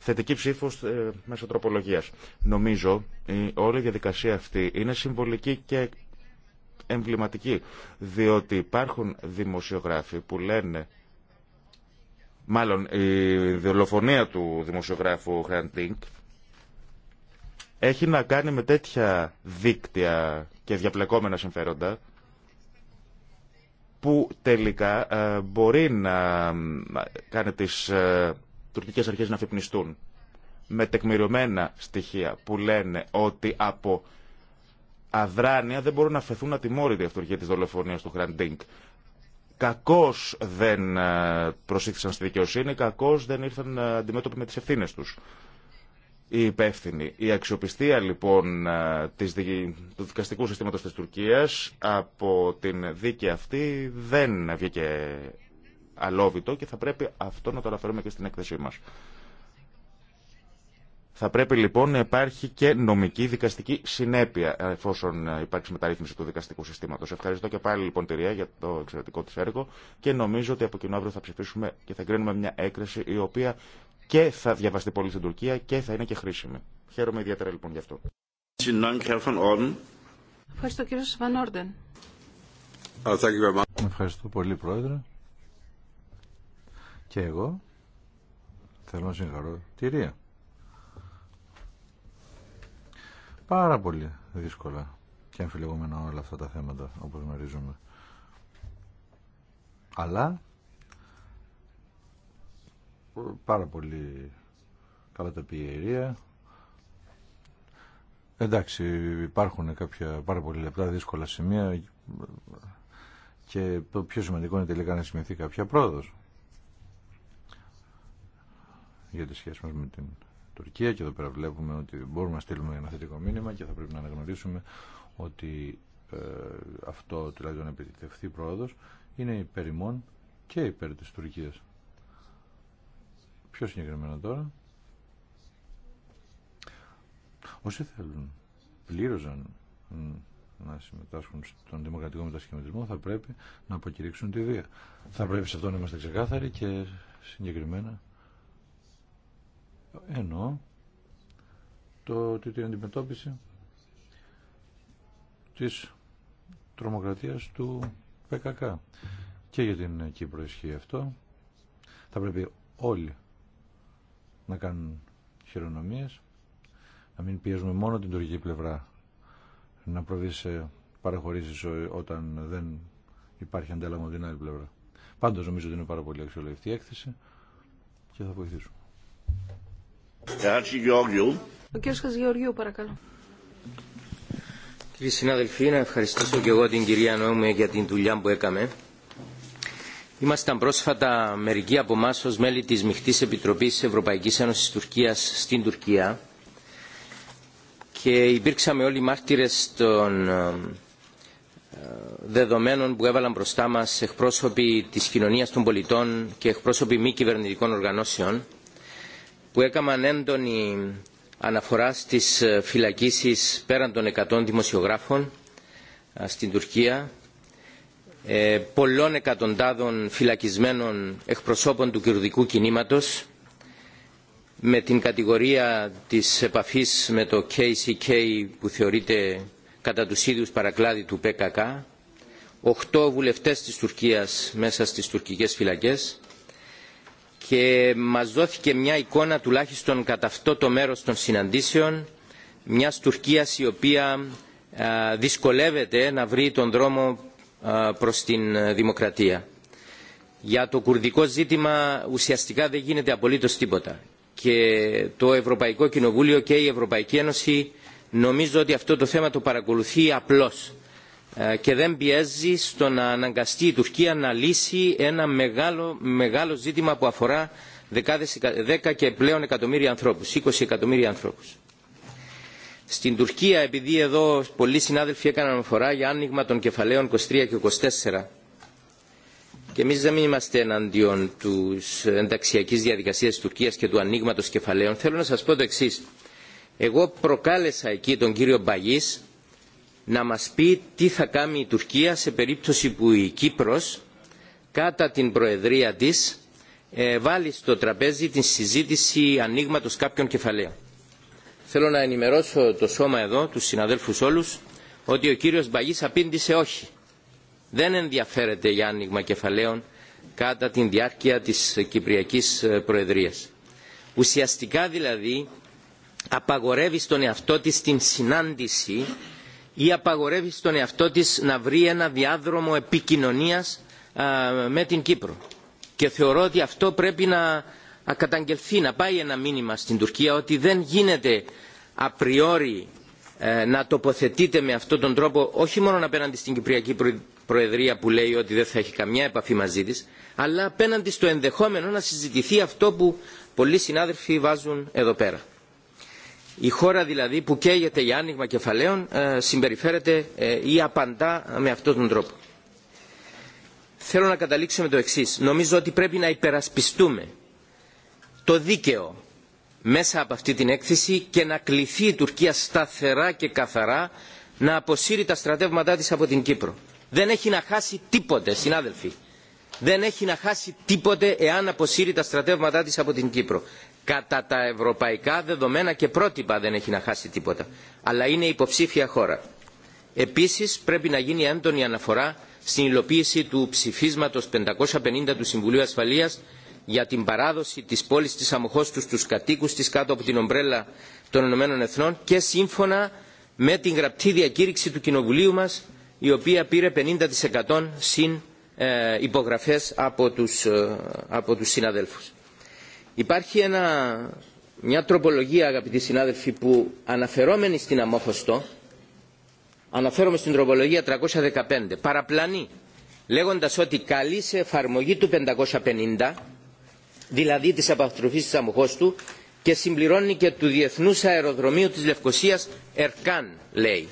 Speaker 4: θετική ψήφο ε, μέσω τροπολογία. Νομίζω η όλη διαδικασία αυτή είναι συμβολική και εμβληματική, διότι υπάρχουν δημοσιογράφοι που λένε μάλλον η δολοφονία του δημοσιογράφου Χραντίνκ έχει να κάνει με τέτοια δίκτυα και διαπλεκόμενα συμφέροντα που τελικά ε, μπορεί να κάνει τις ε, τουρκικές αρχές να αφυπνιστούν με τεκμηριωμένα στοιχεία που λένε ότι από αδράνεια δεν μπορούν να φεθούν ατιμόρυτοι αυτοργοί της δολοφονίας του Χραντίνκ. Κακώς δεν ε, προσήθησαν στη δικαιοσύνη, κακώς δεν ήρθαν ε, αντιμέτωποι με τις ευθύνε τους οι υπεύθυνοι. Η αξιοπιστία λοιπόν ε, της, του δικαστικού συστήματος της Τουρκίας από την δίκη αυτή δεν βγήκε αλόβητο και θα πρέπει αυτό να το αναφέρουμε και στην έκθεσή μας. Θα πρέπει λοιπόν να υπάρχει και νομική δικαστική συνέπεια εφόσον υπάρξει μεταρρύθμιση του δικαστικού συστήματο. Ευχαριστώ και πάλι λοιπόν τη Ρία για το εξαιρετικό τη έργο και νομίζω ότι από κοινό αύριο θα ψηφίσουμε και θα κρίνουμε μια έκθεση η οποία και θα διαβαστεί πολύ στην Τουρκία και θα είναι και χρήσιμη. Χαίρομαι ιδιαίτερα λοιπόν γι' αυτό. Ευχαριστώ κύριο uh,
Speaker 7: Ευχαριστώ πολύ πρόεδρε. Και εγώ θέλω να συγχαρώ τη Ρία. Πάρα πολύ δύσκολα και αμφιλεγόμενα όλα αυτά τα θέματα όπως γνωρίζουμε. Αλλά πάρα πολύ καλά τα η Ρία. Εντάξει, υπάρχουν κάποια πάρα πολύ λεπτά δύσκολα σημεία και το πιο σημαντικό είναι τελικά να σημειωθεί κάποια πρόοδος για τη σχέση μας με την Τουρκία και εδώ πέρα βλέπουμε ότι μπορούμε να στείλουμε ένα θετικό μήνυμα και θα πρέπει να αναγνωρίσουμε ότι ε, αυτό δηλαδή τουλάχιστον να επιτευχθεί πρόοδος είναι υπέρ ημών και υπέρ της Τουρκίας. Πιο συγκεκριμένα τώρα όσοι θέλουν πλήρωζαν να συμμετάσχουν στον δημοκρατικό μετασχηματισμό θα πρέπει να αποκηρύξουν τη βία. Θα πρέπει σε αυτό να είμαστε ξεκάθαροι και συγκεκριμένα ενώ το, την αντιμετώπιση της τρομοκρατίας του ΠΚΚ. Και για την Κύπρο ισχύει αυτό. Θα πρέπει όλοι να κάνουν χειρονομίες, να μην πιέζουμε μόνο την τουρκική πλευρά να προβεί σε παραχωρήσεις όταν δεν υπάρχει αντέλαμο την άλλη πλευρά. Πάντως νομίζω ότι είναι πάρα πολύ αξιολογητή έκθεση και θα βοηθήσουμε.
Speaker 6: Ο Χατζηγεωργίου, παρακαλώ. Κύριοι συναδελφοί, να ευχαριστήσω και εγώ την κυρία Νόμου για την δουλειά που έκαμε. Ήμασταν πρόσφατα μερικοί από εμά ω μέλη τη Μιχτή Επιτροπή Ευρωπαϊκή Ένωση Τουρκία στην Τουρκία και υπήρξαμε όλοι μάρτυρε των ε, ε, δεδομένων που έβαλαν μπροστά μα εκπρόσωποι τη κοινωνία των πολιτών και εκπρόσωποι μη κυβερνητικών οργανώσεων που έκαναν έντονη αναφορά στις ε, φυλακίσεις πέραν των 100 δημοσιογράφων ε, στην Τουρκία, ε, πολλών εκατοντάδων φυλακισμένων εκπροσώπων του κυρδικού κινήματος, με την κατηγορία της επαφής με το KCK που θεωρείται κατά τους ίδιους παρακλάδι του ΠΚΚ, οχτώ βουλευτές της Τουρκίας μέσα στις τουρκικές φυλακές, και μας δόθηκε μια εικόνα τουλάχιστον κατά αυτό το μέρος των συναντήσεων μια Τουρκίας η οποία δυσκολεύεται να βρει τον δρόμο προς την ε, δημοκρατία. Για το κουρδικό ζήτημα ουσιαστικά δεν γίνεται απολύτως τίποτα και το Ευρωπαϊκό Κοινοβούλιο και η Ευρωπαϊκή Ένωση νομίζω ότι αυτό το θέμα το παρακολουθεί απλώς ε, και δεν πιέζει στο να αναγκαστεί η Τουρκία να λύσει ένα μεγάλο, μεγάλο ζήτημα που αφορά δεκάδες, δέκα και πλέον εκατομμύρια ανθρώπους, 20 εκατομμύρια ανθρώπους. Στην Τουρκία, επειδή εδώ πολλοί συνάδελφοι έκαναν αναφορά για άνοιγμα των κεφαλαίων 23 και 24, και εμεί δεν είμαστε εναντίον τη ενταξιακή διαδικασία τη Τουρκία και του ανοίγματο κεφαλαίων. Θέλω να σα πω το εξή. Εγώ προκάλεσα εκεί τον κύριο Μπαγής να μας πει τι θα κάνει η Τουρκία σε περίπτωση που η Κύπρος κατά την προεδρία της ε, βάλει στο τραπέζι την συζήτηση ανοίγματο κάποιων κεφαλαίων. Θέλω να ενημερώσω το σώμα εδώ, τους συναδέλφους όλους, ότι ο κύριος Μπαγής απήντησε όχι. Δεν ενδιαφέρεται για άνοιγμα κεφαλαίων κατά την διάρκεια της Κυπριακής ε, Προεδρίας. Ουσιαστικά δηλαδή απαγορεύει στον εαυτό της την συνάντηση ή απαγορεύει στον εαυτό της να βρει ένα διάδρομο επικοινωνίας με την Κύπρο. Και θεωρώ ότι αυτό πρέπει να καταγγελθεί, να πάει ένα μήνυμα στην Τουρκία ότι δεν γίνεται απριόρι ε, να τοποθετείται με αυτόν τον τρόπο όχι μόνο απέναντι στην Κυπριακή Προεδρία που λέει ότι δεν θα έχει καμιά επαφή μαζί της αλλά απέναντι στο ενδεχόμενο να συζητηθεί αυτό που πολλοί συνάδελφοι βάζουν εδώ πέρα. Η χώρα δηλαδή που καίγεται για άνοιγμα κεφαλαίων ε, συμπεριφέρεται ε, ή απαντά με αυτόν τον τρόπο. Θέλω να καταλήξω με το εξή. Νομίζω ότι πρέπει να υπερασπιστούμε το δίκαιο μέσα από αυτή την έκθεση και να κληθεί η Τουρκία σταθερά και καθαρά να αποσύρει τα στρατεύματά της από την Κύπρο. Δεν έχει να χάσει τίποτε, συνάδελφοι. Δεν έχει να χάσει τίποτε εάν αποσύρει τα στρατεύματά της από την Κύπρο κατά τα ευρωπαϊκά δεδομένα και πρότυπα δεν έχει να χάσει τίποτα. Αλλά είναι υποψήφια χώρα. Επίσης πρέπει να γίνει έντονη αναφορά στην υλοποίηση του ψηφίσματος 550 του Συμβουλίου Ασφαλείας για την παράδοση της πόλης της Αμοχώστου στους κατοίκους της κάτω από την ομπρέλα των Ηνωμένων Εθνών και σύμφωνα με την γραπτή διακήρυξη του Κοινοβουλίου μας η οποία πήρε 50% συν ε, υπογραφές από τους, ε, από τους συναδέλφους. Υπάρχει ένα, μια τροπολογία, αγαπητοί συνάδελφοι, που αναφερόμενη στην αμόχωστο, αναφέρομαι στην τροπολογία 315, παραπλανεί, λέγοντας ότι καλή σε εφαρμογή του 550, δηλαδή της απαστροφής της αμοχώστου, και συμπληρώνει και του Διεθνούς Αεροδρομίου της Λευκοσίας Ερκάν, λέει.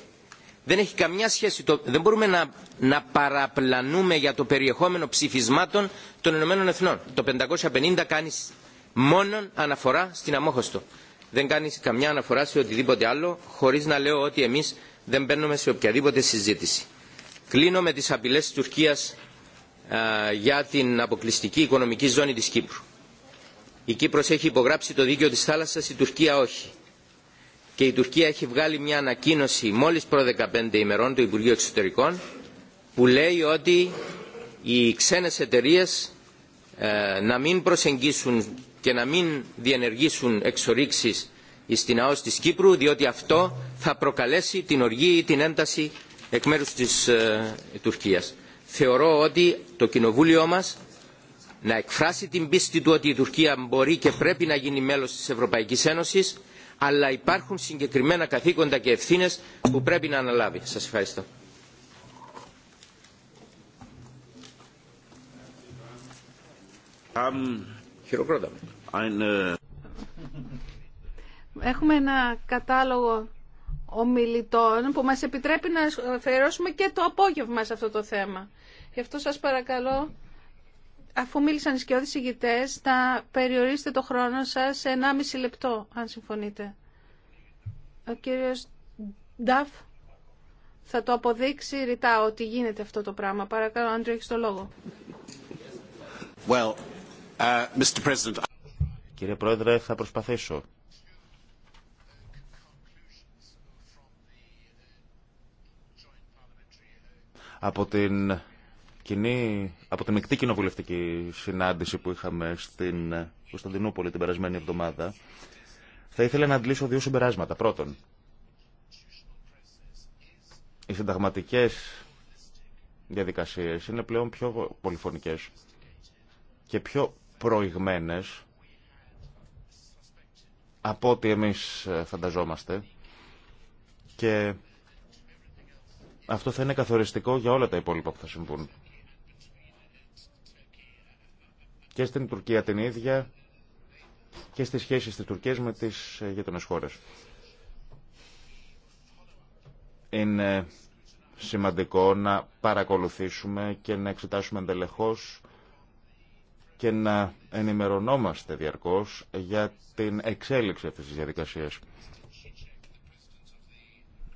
Speaker 6: Δεν έχει καμιά σχέση, δεν μπορούμε να, να παραπλανούμε για το περιεχόμενο ψηφισμάτων των Ηνωμένων Εθνών. Το 550 κάνει μόνον αναφορά στην αμόχωστο. Δεν κάνει καμιά αναφορά σε οτιδήποτε άλλο, χωρί να λέω ότι εμεί δεν μπαίνουμε σε οποιαδήποτε συζήτηση. Κλείνω με τι απειλέ τη Τουρκία για την αποκλειστική οικονομική ζώνη τη Κύπρου. Η Κύπρος έχει υπογράψει το δίκαιο της θάλασσας, η Τουρκία όχι. Και η Τουρκία έχει βγάλει μια ανακοίνωση μόλις προ 15 ημερών του Υπουργείου Εξωτερικών που λέει ότι οι ξένες εταιρείε ε, να μην προσεγγίσουν και να μην διενεργήσουν εξορίξεις στην ΑΟΣ της Κύπρου διότι αυτό θα προκαλέσει την οργή ή την ένταση εκ μέρους της ε, Τουρκίας. Θεωρώ ότι το Κοινοβούλιο μας να εκφράσει την πίστη του ότι η Τουρκία μπορεί και πρέπει να γίνει μέλος της Ευρωπαϊκής Ένωσης αλλά υπάρχουν συγκεκριμένα καθήκοντα και ευθύνες που πρέπει να αναλάβει. Σας ευχαριστώ.
Speaker 2: Έχουμε ένα κατάλογο ομιλητών που μας επιτρέπει να αφιερώσουμε και το απόγευμα σε αυτό το θέμα. Γι' αυτό σας παρακαλώ, αφού μίλησαν οι σκιώδεις ηγητές, να περιορίσετε το χρόνο σας σε 1,5 λεπτό, αν συμφωνείτε. Ο κύριος Νταφ θα το αποδείξει ρητά ότι γίνεται αυτό το πράγμα. Παρακαλώ, Άντριο, έχεις το λόγο.
Speaker 4: Well, uh, Mr. President... Κύριε Πρόεδρε, θα προσπαθήσω. Από την, κοινή, από την μεικτή κοινοβουλευτική συνάντηση που είχαμε στην Κωνσταντινούπολη την περασμένη εβδομάδα, θα ήθελα να αντλήσω δύο συμπεράσματα. Πρώτον, οι συνταγματικέ διαδικασίες είναι πλέον πιο πολυφωνικές και πιο προηγμένες από ό,τι εμείς ε, φανταζόμαστε και αυτό θα είναι καθοριστικό για όλα τα υπόλοιπα που θα συμβούν. Και στην Τουρκία την ίδια και στις σχέσεις της Τουρκίας με τις ε, γείτονες χώρες. Είναι σημαντικό να παρακολουθήσουμε και να εξετάσουμε εντελεχώς και να ενημερωνόμαστε διαρκώς για την εξέλιξη αυτής της διαδικασίας.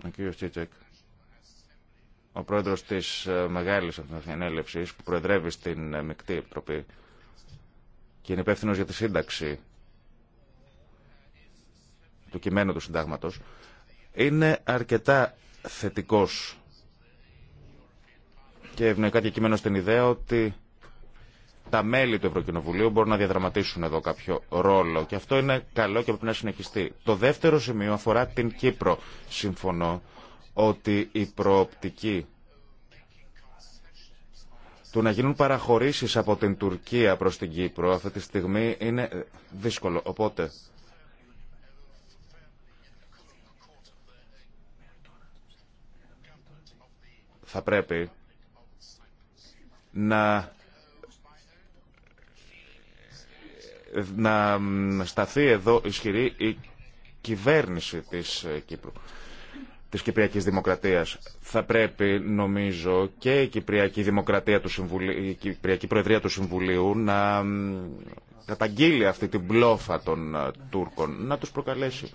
Speaker 4: Ο κ. Τσίτσεκ, ο πρόεδρος της ε, Μεγάλης Εθνοφιανέλευσης που προεδρεύει στην ε, Μεκτή Επιτροπή και είναι υπεύθυνο για τη σύνταξη του κειμένου του συντάγματος, είναι αρκετά θετικός και ευνοϊκά και κείμενο στην ιδέα ότι τα μέλη του Ευρωκοινοβουλίου μπορούν να διαδραματίσουν εδώ κάποιο ρόλο και αυτό είναι καλό και πρέπει να συνεχιστεί. Το δεύτερο σημείο αφορά την Κύπρο. Συμφωνώ ότι η προοπτική του να γίνουν παραχωρήσεις από την Τουρκία προς την Κύπρο αυτή τη στιγμή είναι δύσκολο. Οπότε θα πρέπει να να σταθεί εδώ ισχυρή η κυβέρνηση της ε, Κύπρου της Κυπριακής Δημοκρατίας. Θα πρέπει, νομίζω, και η Κυπριακή, Δημοκρατία του Συμβουλίου, η Κυπριακή Προεδρία του Συμβουλίου να καταγγείλει αυτή την πλόφα των ε, Τούρκων, να τους προκαλέσει.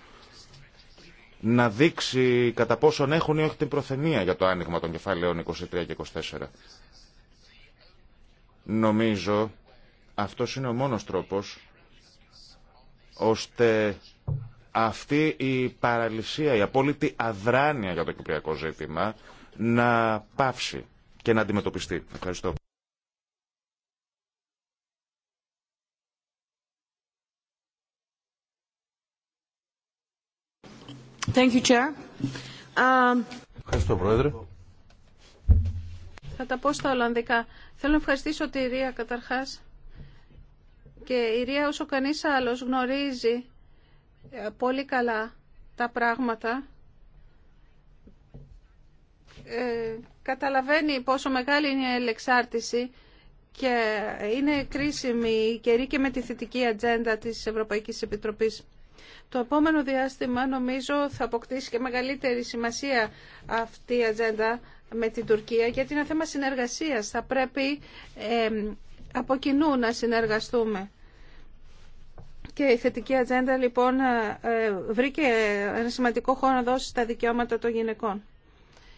Speaker 4: Να δείξει κατά πόσον έχουν ή όχι την προθενία για το άνοιγμα των κεφαλαίων 23 και 24. Νομίζω αυτός είναι ο μόνος τρόπος ώστε αυτή η παραλυσία, η απόλυτη αδράνεια για το κυπριακό ζήτημα να πάψει και να αντιμετωπιστεί. Ευχαριστώ.
Speaker 5: Thank you, Chair. Um,
Speaker 7: Ευχαριστώ, Πρόεδρε.
Speaker 2: Θα τα πω στα Ολλανδικά. Θέλω να ευχαριστήσω τη Ρία καταρχάς και η Ρία όσο κανείς άλλος γνωρίζει ε, πολύ καλά τα πράγματα, ε, καταλαβαίνει πόσο μεγάλη είναι η ελεξάρτηση και είναι κρίσιμη η καιρή και με τη θετική ατζέντα της Ευρωπαϊκής Επιτροπής. Το επόμενο διάστημα νομίζω θα αποκτήσει και μεγαλύτερη σημασία αυτή η ατζέντα με την Τουρκία γιατί είναι θέμα συνεργασίας. Θα πρέπει ε, από κοινού να συνεργαστούμε. Και η θετική ατζέντα λοιπόν ε, ε, βρήκε ένα σημαντικό χώρο να δώσει στα δικαιώματα των γυναικών.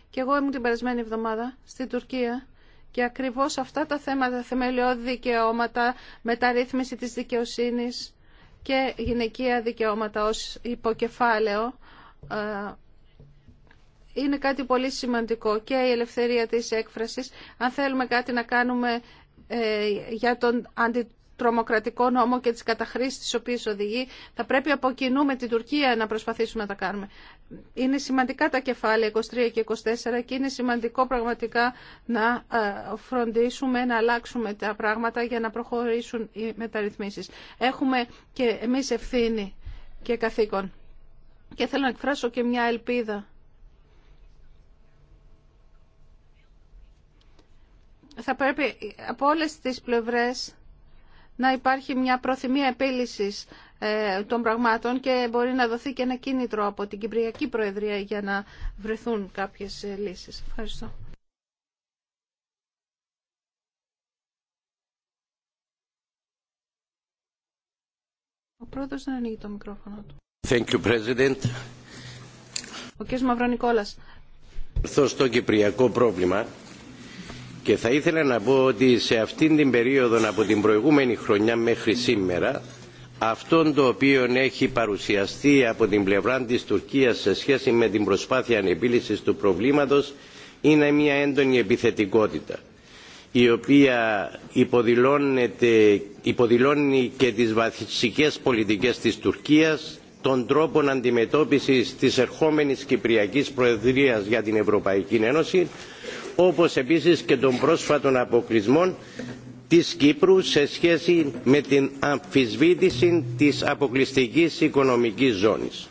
Speaker 2: Και εγώ ήμουν την περασμένη εβδομάδα στην Τουρκία και ακριβώς αυτά τα θέματα, θεμελιώδη δικαιώματα, μεταρρύθμιση της δικαιοσύνης και γυναικεία δικαιώματα ως υποκεφάλαιο ε, είναι κάτι πολύ σημαντικό και η ελευθερία της έκφρασης. Αν θέλουμε κάτι να κάνουμε ε, για τον αντιτρομοκρατικό νόμο και τις καταχρήσεις τις οποίες οδηγεί. Θα πρέπει από κοινού με την Τουρκία να προσπαθήσουμε να τα κάνουμε. Είναι σημαντικά τα κεφάλαια 23 και 24 και είναι σημαντικό πραγματικά να ε, φροντίσουμε, να αλλάξουμε τα πράγματα για να προχωρήσουν οι μεταρρυθμίσεις. Έχουμε και εμείς ευθύνη και καθήκον. Και θέλω να εκφράσω και μια ελπίδα θα πρέπει από όλες τις πλευρές να υπάρχει μια προθυμία επίλυσης ε, των πραγμάτων και μπορεί να δοθεί και ένα κίνητρο από την Κυπριακή Προεδρία για να βρεθούν κάποιες ε, λύσεις. Ευχαριστώ. Ο πρόεδρος δεν ανοίγει το μικρόφωνο του.
Speaker 3: Thank you, President.
Speaker 2: Ο κ. Μαυρονικόλας.
Speaker 3: Στο κυπριακό πρόβλημα και θα ήθελα να πω ότι σε αυτήν την περίοδο από την προηγούμενη χρονιά μέχρι σήμερα αυτό το οποίο έχει παρουσιαστεί από την πλευρά της Τουρκίας σε σχέση με την προσπάθεια ανεπίλησης του προβλήματος είναι μια έντονη επιθετικότητα η οποία υποδηλώνει και τις βασικές πολιτικές της Τουρκίας των τρόπων αντιμετώπισης της ερχόμενης Κυπριακής Προεδρίας για την Ευρωπαϊκή Ένωση όπως επίσης και των πρόσφατων αποκλεισμών της Κύπρου σε σχέση με την αμφισβήτηση της αποκλειστικής οικονομικής ζώνης.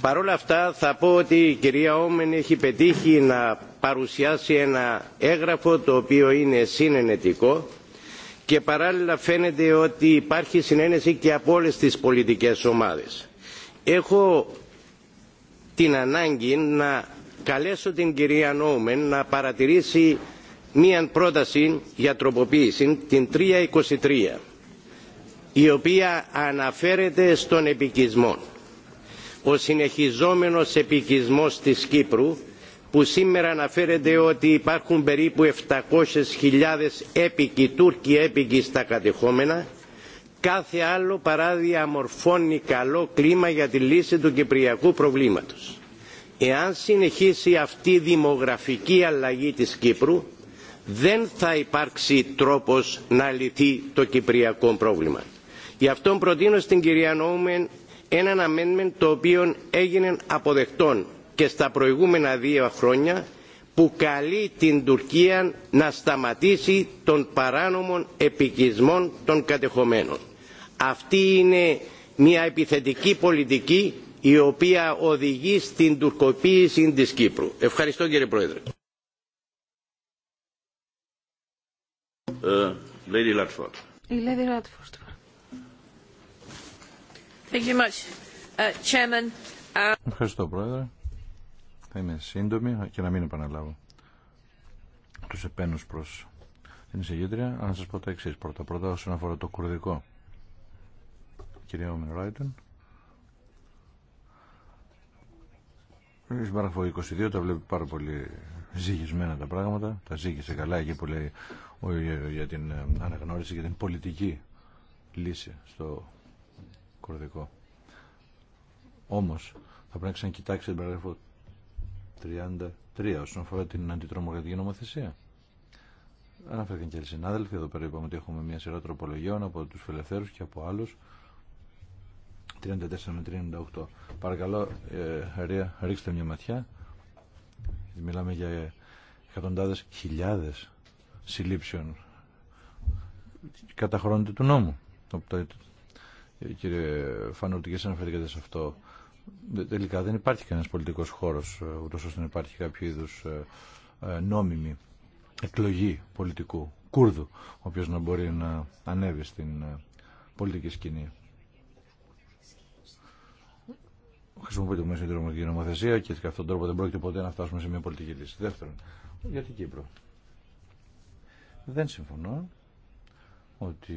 Speaker 3: Παρ' όλα αυτά θα πω ότι η κυρία Όμεν έχει πετύχει να παρουσιάσει ένα έγγραφο το οποίο είναι συνενετικό και παράλληλα φαίνεται ότι υπάρχει συνένεση και από όλες τις πολιτικές ομάδες. Έχω την ανάγκη να καλέσω την κυρία Νόουμεν να παρατηρήσει μία πρόταση για τροποποίηση, την 323, η οποία αναφέρεται στον επικισμό. Ο συνεχιζόμενος επικισμός της Κύπρου, που σήμερα αναφέρεται ότι υπάρχουν περίπου 700.000 έπικοι, Τούρκοι έπικοι στα κατεχόμενα, κάθε άλλο παρά διαμορφώνει καλό κλίμα για τη λύση του κυπριακού προβλήματος εάν συνεχίσει αυτή η δημογραφική αλλαγή της Κύπρου δεν θα υπάρξει τρόπος να λυθεί το κυπριακό πρόβλημα. Γι' αυτό προτείνω στην κυρία Νόουμεν έναν amendment το οποίο έγινε αποδεκτόν και στα προηγούμενα δύο χρόνια που καλεί την Τουρκία να σταματήσει των παράνομων επικισμών των κατεχομένων. Αυτή είναι μια επιθετική πολιτική η οποία οδηγεί στην τουρκοποίηση της Κύπρου. Ευχαριστώ κύριε Πρόεδρε.
Speaker 7: Ευχαριστώ Πρόεδρε. Θα είμαι σύντομη και να μην επαναλάβω τους επένους προς την εισηγήτρια. Αν σας πω τα εξής πρώτα. Πρώτα όσον αφορά το κουρδικό. Κυρία Ομιν Ράιτον Στην παράγραφο 22 τα βλέπει πάρα πολύ ζυγισμένα τα πράγματα. Τα ζύγισε καλά εκεί που λέει για την ε, αναγνώριση και την πολιτική λύση στο κορδικό. Όμως θα πρέπει να ξανακοιτάξει την παράγραφο 33 όσον αφορά την αντιτρομοκρατική νομοθεσία. Αναφέρθηκαν και άλλοι συνάδελφοι, εδώ πέρα είπαμε ότι έχουμε μια σειρά τροπολογιών από τους φιλελευθέρους και από άλλους 34 με 38. Παρακαλώ, ε, ρίξτε μια ματιά. Μιλάμε για εκατοντάδες χιλιάδες συλλήψεων κατά χρόνο του νόμου. Ε, κύριε Φανούρτη, και αναφερθήκατε σε αυτό. Τελικά δεν υπάρχει κανένας πολιτικός χώρος, ε, ούτως ώστε να υπάρχει κάποιο είδους ε, νόμιμη εκλογή πολιτικού Κούρδου, ο οποίος να μπορεί να ανέβει στην πολιτική σκηνή. χρησιμοποιείται μέσα στην τρομοκρατική νομοθεσία και κατά αυτόν τον τρόπο δεν πρόκειται ποτέ να φτάσουμε σε μια πολιτική λύση. Δεύτερον, για την Κύπρο. Δεν συμφωνώ ότι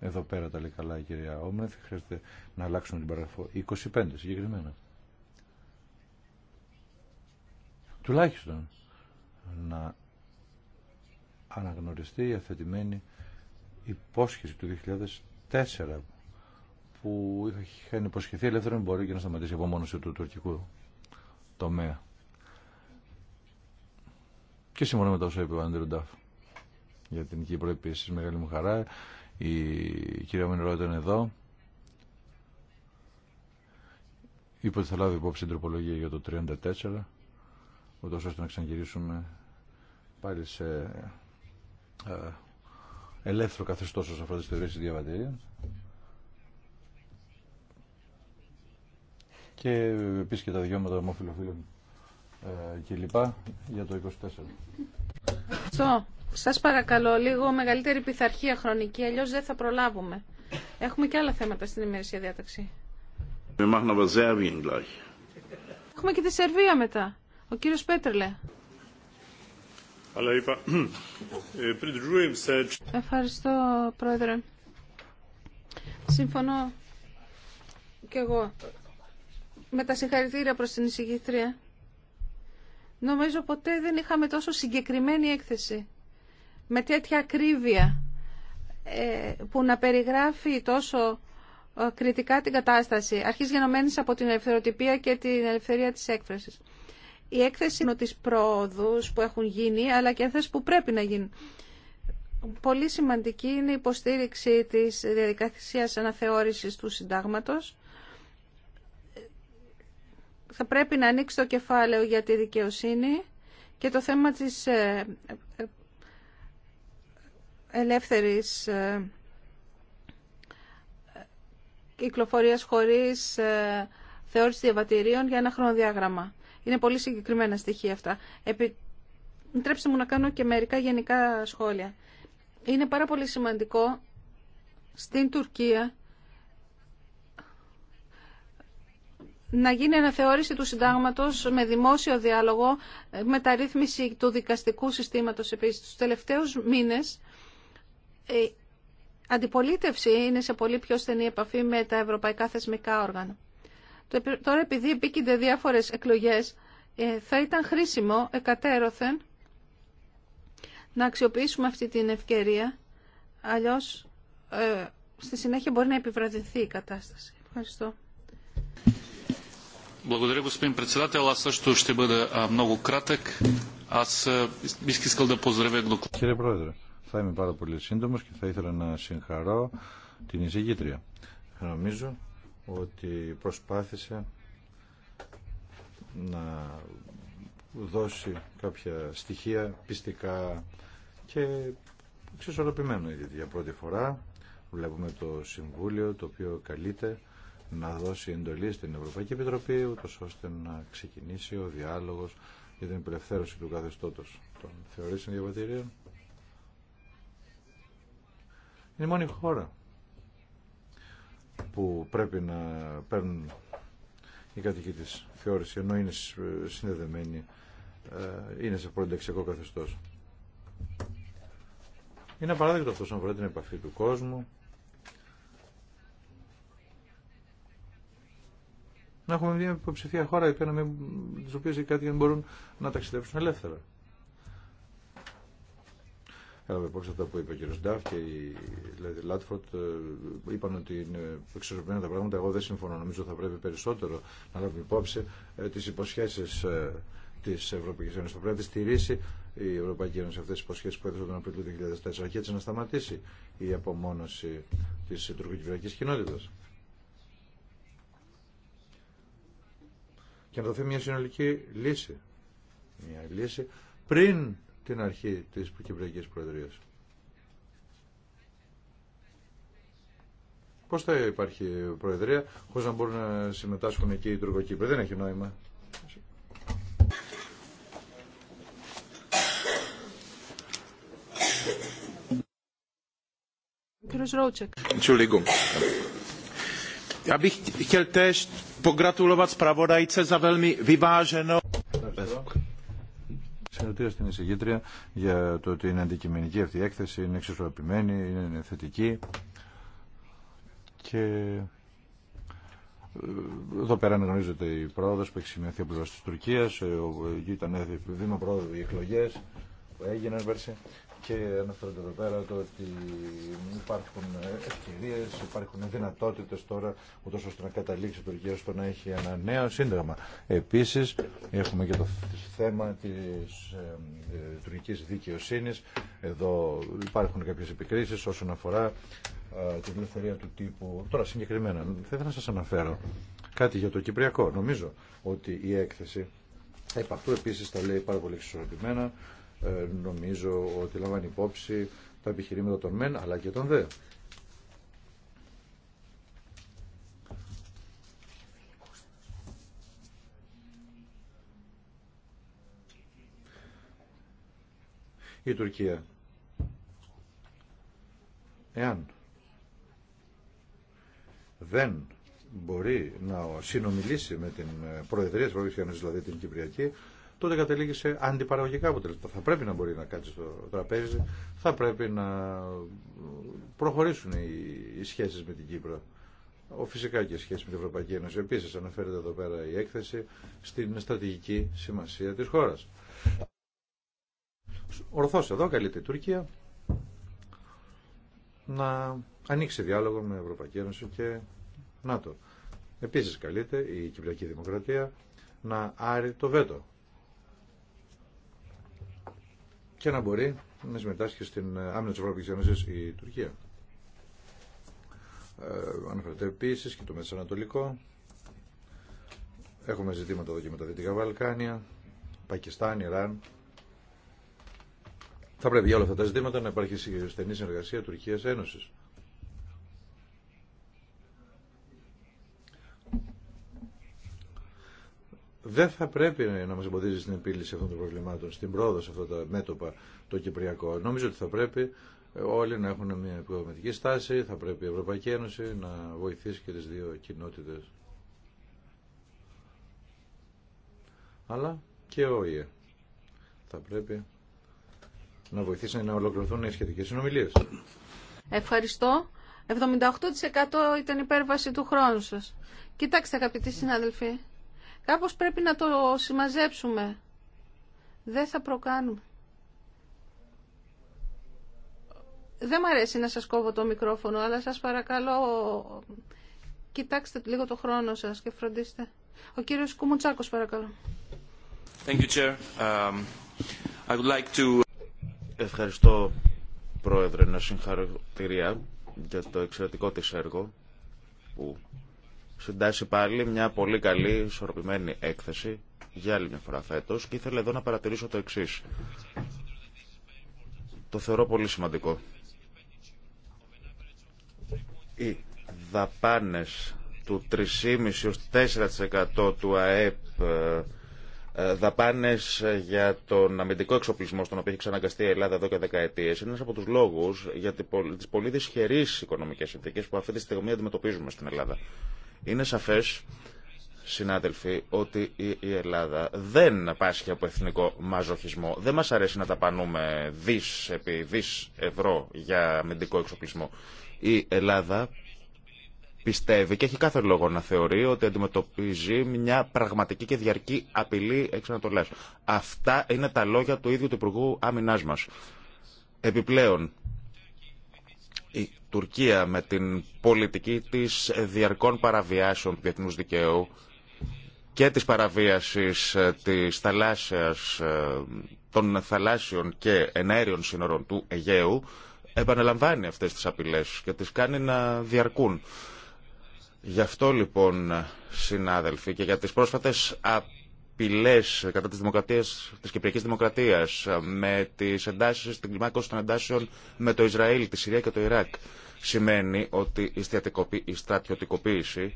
Speaker 7: εδώ πέρα τα λέει καλά η κυρία Όμεθ, χρειάζεται να αλλάξουμε την παραγραφό 25 συγκεκριμένα. Τουλάχιστον να αναγνωριστεί η αθετημένη υπόσχεση του 2004 που είχαν υποσχεθεί ελεύθερο εμπόριο και να σταματήσει η απομόνωση του τουρκικού τομέα. Και συμφωνώ με τα όσα είπε ο Άντριου Ντάφ για την Κύπρο επίση. Μεγάλη μου χαρά. Η, κυρία Μενερό ήταν εδώ. Είπε ότι θα λάβει υπόψη την τροπολογία για το 34, ούτω ώστε να ξαναγυρίσουμε πάλι σε ε, ε ελεύθερο καθεστώ όσο αφορά τι θεωρίε διαβατήρια. και επίσης και τα δικαιώματα ομοφυλοφίλων ε, και λοιπά για το
Speaker 2: 24. Σω. Σας παρακαλώ λίγο μεγαλύτερη πειθαρχία χρονική, αλλιώς δεν θα προλάβουμε. Έχουμε και άλλα θέματα στην ημερήσια διάταξη. Έχουμε και τη Σερβία μετά. Ο κύριος Πέτρελε. Ε, Ευχαριστώ, Πρόεδρε. Συμφωνώ και εγώ με τα συγχαρητήρια προς την εισηγήτρια. Νομίζω ποτέ δεν είχαμε τόσο συγκεκριμένη έκθεση, με τέτοια ακρίβεια, ε, που να περιγράφει τόσο ε, κριτικά την κατάσταση, αρχής γενομένης από την ελευθεροτυπία και την ελευθερία της έκφρασης. Η έκθεση είναι τις πρόοδους που έχουν γίνει, αλλά και έκθεση που πρέπει να γίνει. Πολύ σημαντική είναι η υποστήριξη της διαδικασίας αναθεώρησης του συντάγματος, θα πρέπει να ανοίξει το κεφάλαιο για τη δικαιοσύνη και το θέμα της ε, ε, ελεύθερης ε, κυκλοφορίας χωρίς θεώρηση διαβατηρίων για ένα χρονοδιάγραμμα. Είναι πολύ συγκεκριμένα στοιχεία αυτά. Επιτρέψτε μου να κάνω και μερικά γενικά σχόλια. Είναι πάρα πολύ σημαντικό στην Τουρκία να γίνει αναθεώρηση του συντάγματος με δημόσιο διάλογο, μεταρρύθμιση του δικαστικού συστήματος επίσης. Τους τελευταίους μήνες η ε, αντιπολίτευση είναι σε πολύ πιο στενή επαφή με τα ευρωπαϊκά θεσμικά όργανα. Τώρα επειδή επίκυνται διάφορες εκλογές, ε, θα ήταν χρήσιμο εκατέρωθεν να αξιοποιήσουμε αυτή την ευκαιρία, αλλιώς ε, στη συνέχεια μπορεί να επιβραδυνθεί η κατάσταση. Ευχαριστώ.
Speaker 7: Κύριε Πρόεδρε, θα είμαι πάρα πολύ σύντομο και θα ήθελα να συγχαρώ την εισηγήτρια. Νομίζω ότι προσπάθησε να δώσει κάποια στοιχεία πιστικά και εξισορροπημένα για πρώτη φορά. Βλέπουμε το Συμβούλιο το οποίο καλείται να δώσει εντολή στην Ευρωπαϊκή Επιτροπή, ούτως ώστε να ξεκινήσει ο διάλογος για την απελευθέρωση του καθεστώτος των θεωρήσεων διαβατηρίων. Είναι η μόνη χώρα που πρέπει να παίρνουν οι κατοικοί τη θεώρηση, ενώ είναι συνδεδεμένοι, ε, είναι σε προενταξιακό καθεστώς. Είναι απαράδεκτο αυτό όσον αφορά την επαφή του κόσμου, να έχουμε μια υποψηφία χώρα η οποία τις οποίες οι κάτοικοι μπορούν να ταξιδέψουν ελεύθερα. Έλαβε υπόψη αυτά που είπε ο κ. Νταφ και η Λέδη Λάτφορτ ε, είπαν ότι είναι εξορροπημένα τα πράγματα. Εγώ δεν συμφωνώ. Νομίζω θα πρέπει περισσότερο να λάβουμε υπόψη ε, τι υποσχέσει ε, τη Ευρωπαϊκή Ένωση. Θα πρέπει να τη στηρίσει η Ευρωπαϊκή Ένωση αυτέ τι υποσχέσει που έδωσε τον Απρίλιο 2004 και έτσι να σταματήσει η απομόνωση τη τουρκοκυπριακή κοινότητα. και να δοθεί μια συνολική λύση. Μια λύση πριν την αρχή της Κυπριακής Προεδρίας. Πώς θα υπάρχει Προεδρία χωρίς να μπορούν να συμμετάσχουν εκεί οι Τουρκοκύπροι. Δεν έχει νόημα. Κύριος Ρότσεκ. Já bych chtěl též pogratulovat zpravodajce za velmi vyváženou. Συγχαρητήρια στην εισηγήτρια για το ότι είναι αντικειμενική αυτή η έκθεση, είναι εξισορροπημένη, είναι θετική και εδώ πέρα αναγνωρίζεται η πρόοδο που έχει σημειωθεί από πλευρά τη Τουρκία. Ήταν βήμα πρόοδο οι εκλογέ που έγιναν πέρσι και αναφέρονται εδώ πέρα το ότι υπάρχουν ευκαιρίε, υπάρχουν δυνατότητε τώρα, ούτω ώστε να καταλήξει η Τουρκία στο να έχει ένα νέο σύνταγμα. Επίση, έχουμε και το θέμα τη ε, τουρκική δικαιοσύνη. Εδώ υπάρχουν κάποιε επικρίσει όσον αφορά την ελευθερία του τύπου. Τώρα, συγκεκριμένα, θα ήθελα να σα αναφέρω κάτι για το Κυπριακό. Νομίζω ότι η έκθεση. Επ' αυτού επίσης τα λέει πάρα πολύ εξισορροπημένα ε, νομίζω ότι λαμβάνει υπόψη τα επιχειρήματα των μεν αλλά και των δε. Η Τουρκία. Εάν δεν μπορεί να συνομιλήσει με την Προεδρία της Προεδρίας, δηλαδή την Κυπριακή, τότε καταλήγει σε αντιπαραγωγικά αποτελέσματα. Θα πρέπει να μπορεί να κάτσει στο τραπέζι, θα πρέπει να προχωρήσουν οι σχέσει με την Κύπρο. Φυσικά και σχέση με την Ευρωπαϊκή Ένωση. Επίση, αναφέρεται εδώ πέρα η έκθεση στην στρατηγική σημασία τη χώρα. Ορθώ εδώ καλείται η Τουρκία να ανοίξει διάλογο με Ευρωπαϊκή Ένωση και ΝΑΤΟ. Επίση καλείται η Κυπριακή Δημοκρατία να άρει το βέτο και να μπορεί να συμμετάσχει στην άμυνα τη Ευρωπαϊκή Ένωση η Τουρκία. Ε, αναφέρεται επίση και το Μεσανατολικό. Έχουμε ζητήματα εδώ και με τα Δυτικά Βαλκάνια, Πακιστάν, Ιράν. Θα πρέπει για όλα αυτά τα ζητήματα να υπάρχει στενή συνεργασία Τουρκία-Ένωση. δεν θα πρέπει να μας εμποδίζει στην επίλυση αυτών των προβλημάτων, στην πρόοδο σε αυτά τα μέτωπα το κυπριακό. Νομίζω ότι θα πρέπει ε, όλοι να έχουν μια επικοδομητική στάση, θα πρέπει η Ευρωπαϊκή Ένωση να βοηθήσει και τις δύο κοινότητες. Αλλά και ο ΙΕ θα πρέπει να βοηθήσει να ολοκληρωθούν οι σχετικές συνομιλίες.
Speaker 2: Ευχαριστώ. 78% ήταν υπέρβαση του χρόνου σας. Κοιτάξτε αγαπητοί συνάδελφοι. Κάπως πρέπει να το συμμαζέψουμε. Δεν θα προκάνουμε. Δεν μ' αρέσει να σας κόβω το μικρόφωνο, αλλά σας παρακαλώ κοιτάξτε λίγο το χρόνο σας και φροντίστε. Ο κύριος Κουμουτσάκος παρακαλώ. Thank you, Chair.
Speaker 4: Um, I Ευχαριστώ Πρόεδρε να συγχαρητηριά για το εξαιρετικό της έργο που συντάσσει πάλι μια πολύ καλή ισορροπημένη έκθεση για άλλη μια φορά φέτο και ήθελα εδώ να παρατηρήσω το εξή. Το θεωρώ πολύ σημαντικό. Οι δαπάνες του 3,5-4% του ΑΕΠ ε, ε, δαπάνε ε, για τον αμυντικό εξοπλισμό, στον οποίο έχει ξαναγκαστεί η Ελλάδα εδώ και δεκαετίε, είναι ένα από του λόγου για τι πολύ δυσχερεί οικονομικέ συνθήκε που αυτή τη στιγμή αντιμετωπίζουμε στην Ελλάδα. Είναι σαφέ, συνάδελφοι, ότι η Ελλάδα δεν πάσχει από εθνικό μαζοχισμό. Δεν μα αρέσει να ταπανούμε δι επί δι ευρώ για αμυντικό εξοπλισμό. Η Ελλάδα πιστεύει και έχει κάθε λόγο να θεωρεί ότι αντιμετωπίζει μια πραγματική και διαρκή απειλή εξ Αυτά είναι τα λόγια του ίδιου του Υπουργού Άμυνάς μας. Επιπλέον, η Τουρκία με την πολιτική της διαρκών παραβιάσεων του διεθνούς δικαίου και της παραβίασης ε, της θαλάσσιας, ε, των θαλάσσιων και ενέριων σύνορων του Αιγαίου επαναλαμβάνει αυτές τις απειλές και τις κάνει να διαρκούν. Γι' αυτό λοιπόν, συνάδελφοι, και για τις πρόσφατες απειλές κατά της, δημοκρατίας, της Κυπριακής Δημοκρατίας, με τις εντάσεις, την κλιμάκωση των εντάσεων με το Ισραήλ, τη Συρία και το Ιράκ, σημαίνει ότι η στρατιωτικοποίηση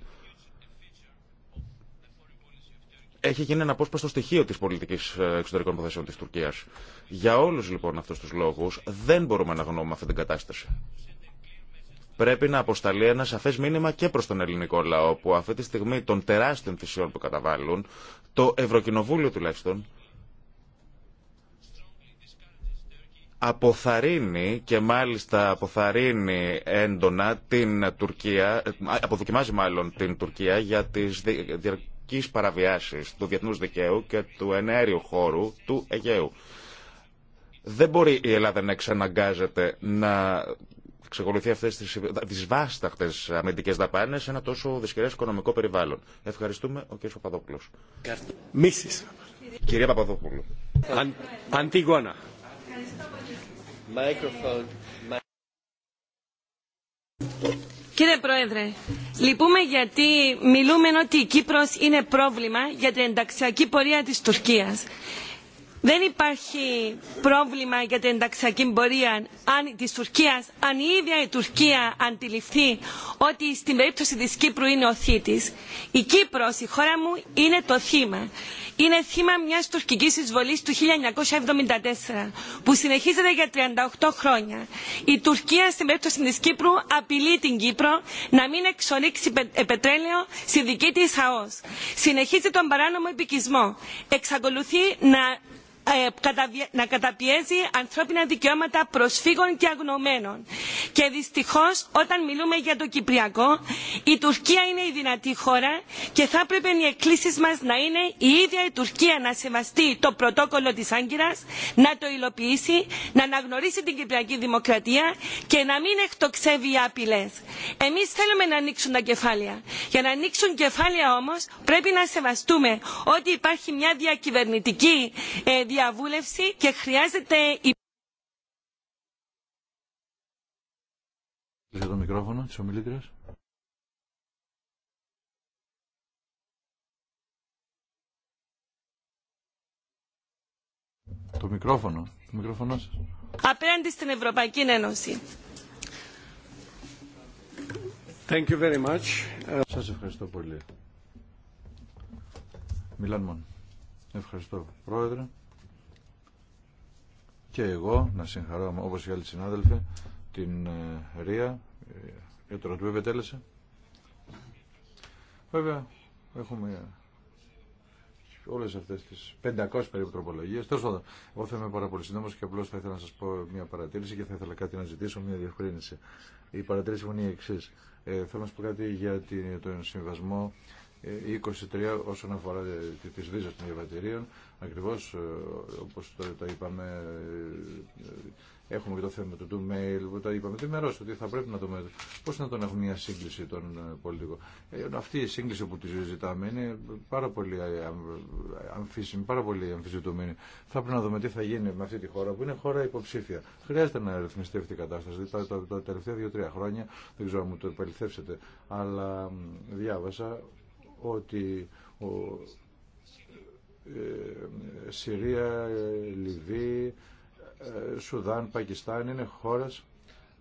Speaker 4: έχει γίνει ένα απόσπαστο στοιχείο της πολιτικής ε, εξωτερικών υποθέσεων της Τουρκίας. Για όλους λοιπόν αυτούς τους λόγους δεν μπορούμε να γνώμουμε αυτή την κατάσταση πρέπει να αποσταλεί ένα σαφέ μήνυμα και προ τον ελληνικό λαό, που αυτή τη στιγμή των τεράστιων θυσιών που καταβάλουν, το Ευρωκοινοβούλιο τουλάχιστον, αποθαρρύνει και μάλιστα αποθαρρύνει έντονα την Τουρκία, αποδοκιμάζει μάλλον την Τουρκία για τις διαρκείς παραβιάσεις του διεθνούς δικαίου και του ενέργειου χώρου του Αιγαίου. Δεν μπορεί η Ελλάδα να εξαναγκάζεται να εξακολουθεί αυτέ τι βάσταχτε αμυντικέ δαπάνε σε ένα τόσο δυσκερέ οικονομικό περιβάλλον. Ευχαριστούμε, ο κ. Παπαδόπουλο. Μίση. Κυρία Παπαδόπουλο,
Speaker 3: αντίγωνα.
Speaker 5: Κύριε Πρόεδρε, λυπούμε γιατί μιλούμε ότι η Κύπρος είναι πρόβλημα για την ενταξιακή πορεία της Τουρκίας δεν υπάρχει πρόβλημα για την ενταξιακή πορεία της τουρκίας αν η ίδια η τουρκία αντιληφθεί ότι στην περίπτωση της κύπρου είναι ο θήτης. η κύπρος η χώρα μου είναι το θύμα. είναι θύμα μιας τουρκικής εισβολής του 1974 που συνεχίζεται για 38 χρόνια. η τουρκία στην περίπτωση της κύπρου απειλεί την κύπρο να μην εξορίξει πετρέλαιο στη δική της ΑΟΣ. συνεχίζει τον παράνομο επικισμό. εξακολουθεί να ε, να καταπιέζει ανθρώπινα δικαιώματα προσφύγων και αγνωμένων. Και δυστυχώς όταν μιλούμε για το Κυπριακό η Τουρκία είναι η δυνατή χώρα και θα έπρεπε οι εκκλήσει μας να είναι η ίδια η Τουρκία να σεβαστεί το πρωτόκολλο της Άγκυρας, να το υλοποιήσει, να αναγνωρίσει την Κυπριακή Δημοκρατία και να μην εκτοξεύει οι άπειλες. Εμείς θέλουμε να ανοίξουν τα κεφάλια. Για να ανοίξουν κεφάλια όμως πρέπει να σεβαστούμε ότι υπάρχει μια διακυβερνητική ε, διαβούλευση και χρειάζεται
Speaker 7: το μικρόφωνο της ομιλήτριας. Το μικρόφωνο, το μικρόφωνο σας.
Speaker 5: Απέναντι στην Ευρωπαϊκή Ένωση.
Speaker 7: Thank you very much. Σας ευχαριστώ πολύ. Μιλάν μόνο. Ευχαριστώ, Πρόεδρε και εγώ να συγχαρώ όπως οι άλλοι συνάδελφοι την ε, Ρία για ε, το ραντεβού τέλεσε.
Speaker 1: Βέβαια έχουμε
Speaker 7: όλες αυτές τις 500 περίπου τροπολογίες. Τέλος πάντων, εγώ θα είμαι πάρα πολύ σύντομος και απλώς θα ήθελα να σας πω μια παρατήρηση και θα ήθελα κάτι να ζητήσω, μια διευκρίνηση. Η παρατήρηση μου είναι η εξής. Ε, θέλω να σας πω κάτι για τον συμβασμό 23 ε, όσον αφορά ε, τις βίζες των διαβατηρίων. Ακριβώς ε, όπως τα είπαμε, έχουμε και το θέμα του mail που τα είπαμε μέρα ότι θα πρέπει να το πώς να τον έχουμε μια σύγκληση των πολιτικών. αυτή η σύγκληση που τη ζητάμε είναι πάρα πολύ αμφίσιμη, πάρα πολύ αμφισβητούμενη. Θα πρέπει να δούμε τι θα γίνει με αυτή τη χώρα που είναι χώρα υποψήφια. Χρειάζεται να ρυθμιστεί αυτή η κατάσταση. Τα, τα, τα τελευταία δύο-τρία χρόνια, δεν ξέρω αν μου το επαληθεύσετε, αλλά διάβασα ότι ο, ε, Συρία, Λιβύη, ε, Σουδάν, Πακιστάν είναι χώρες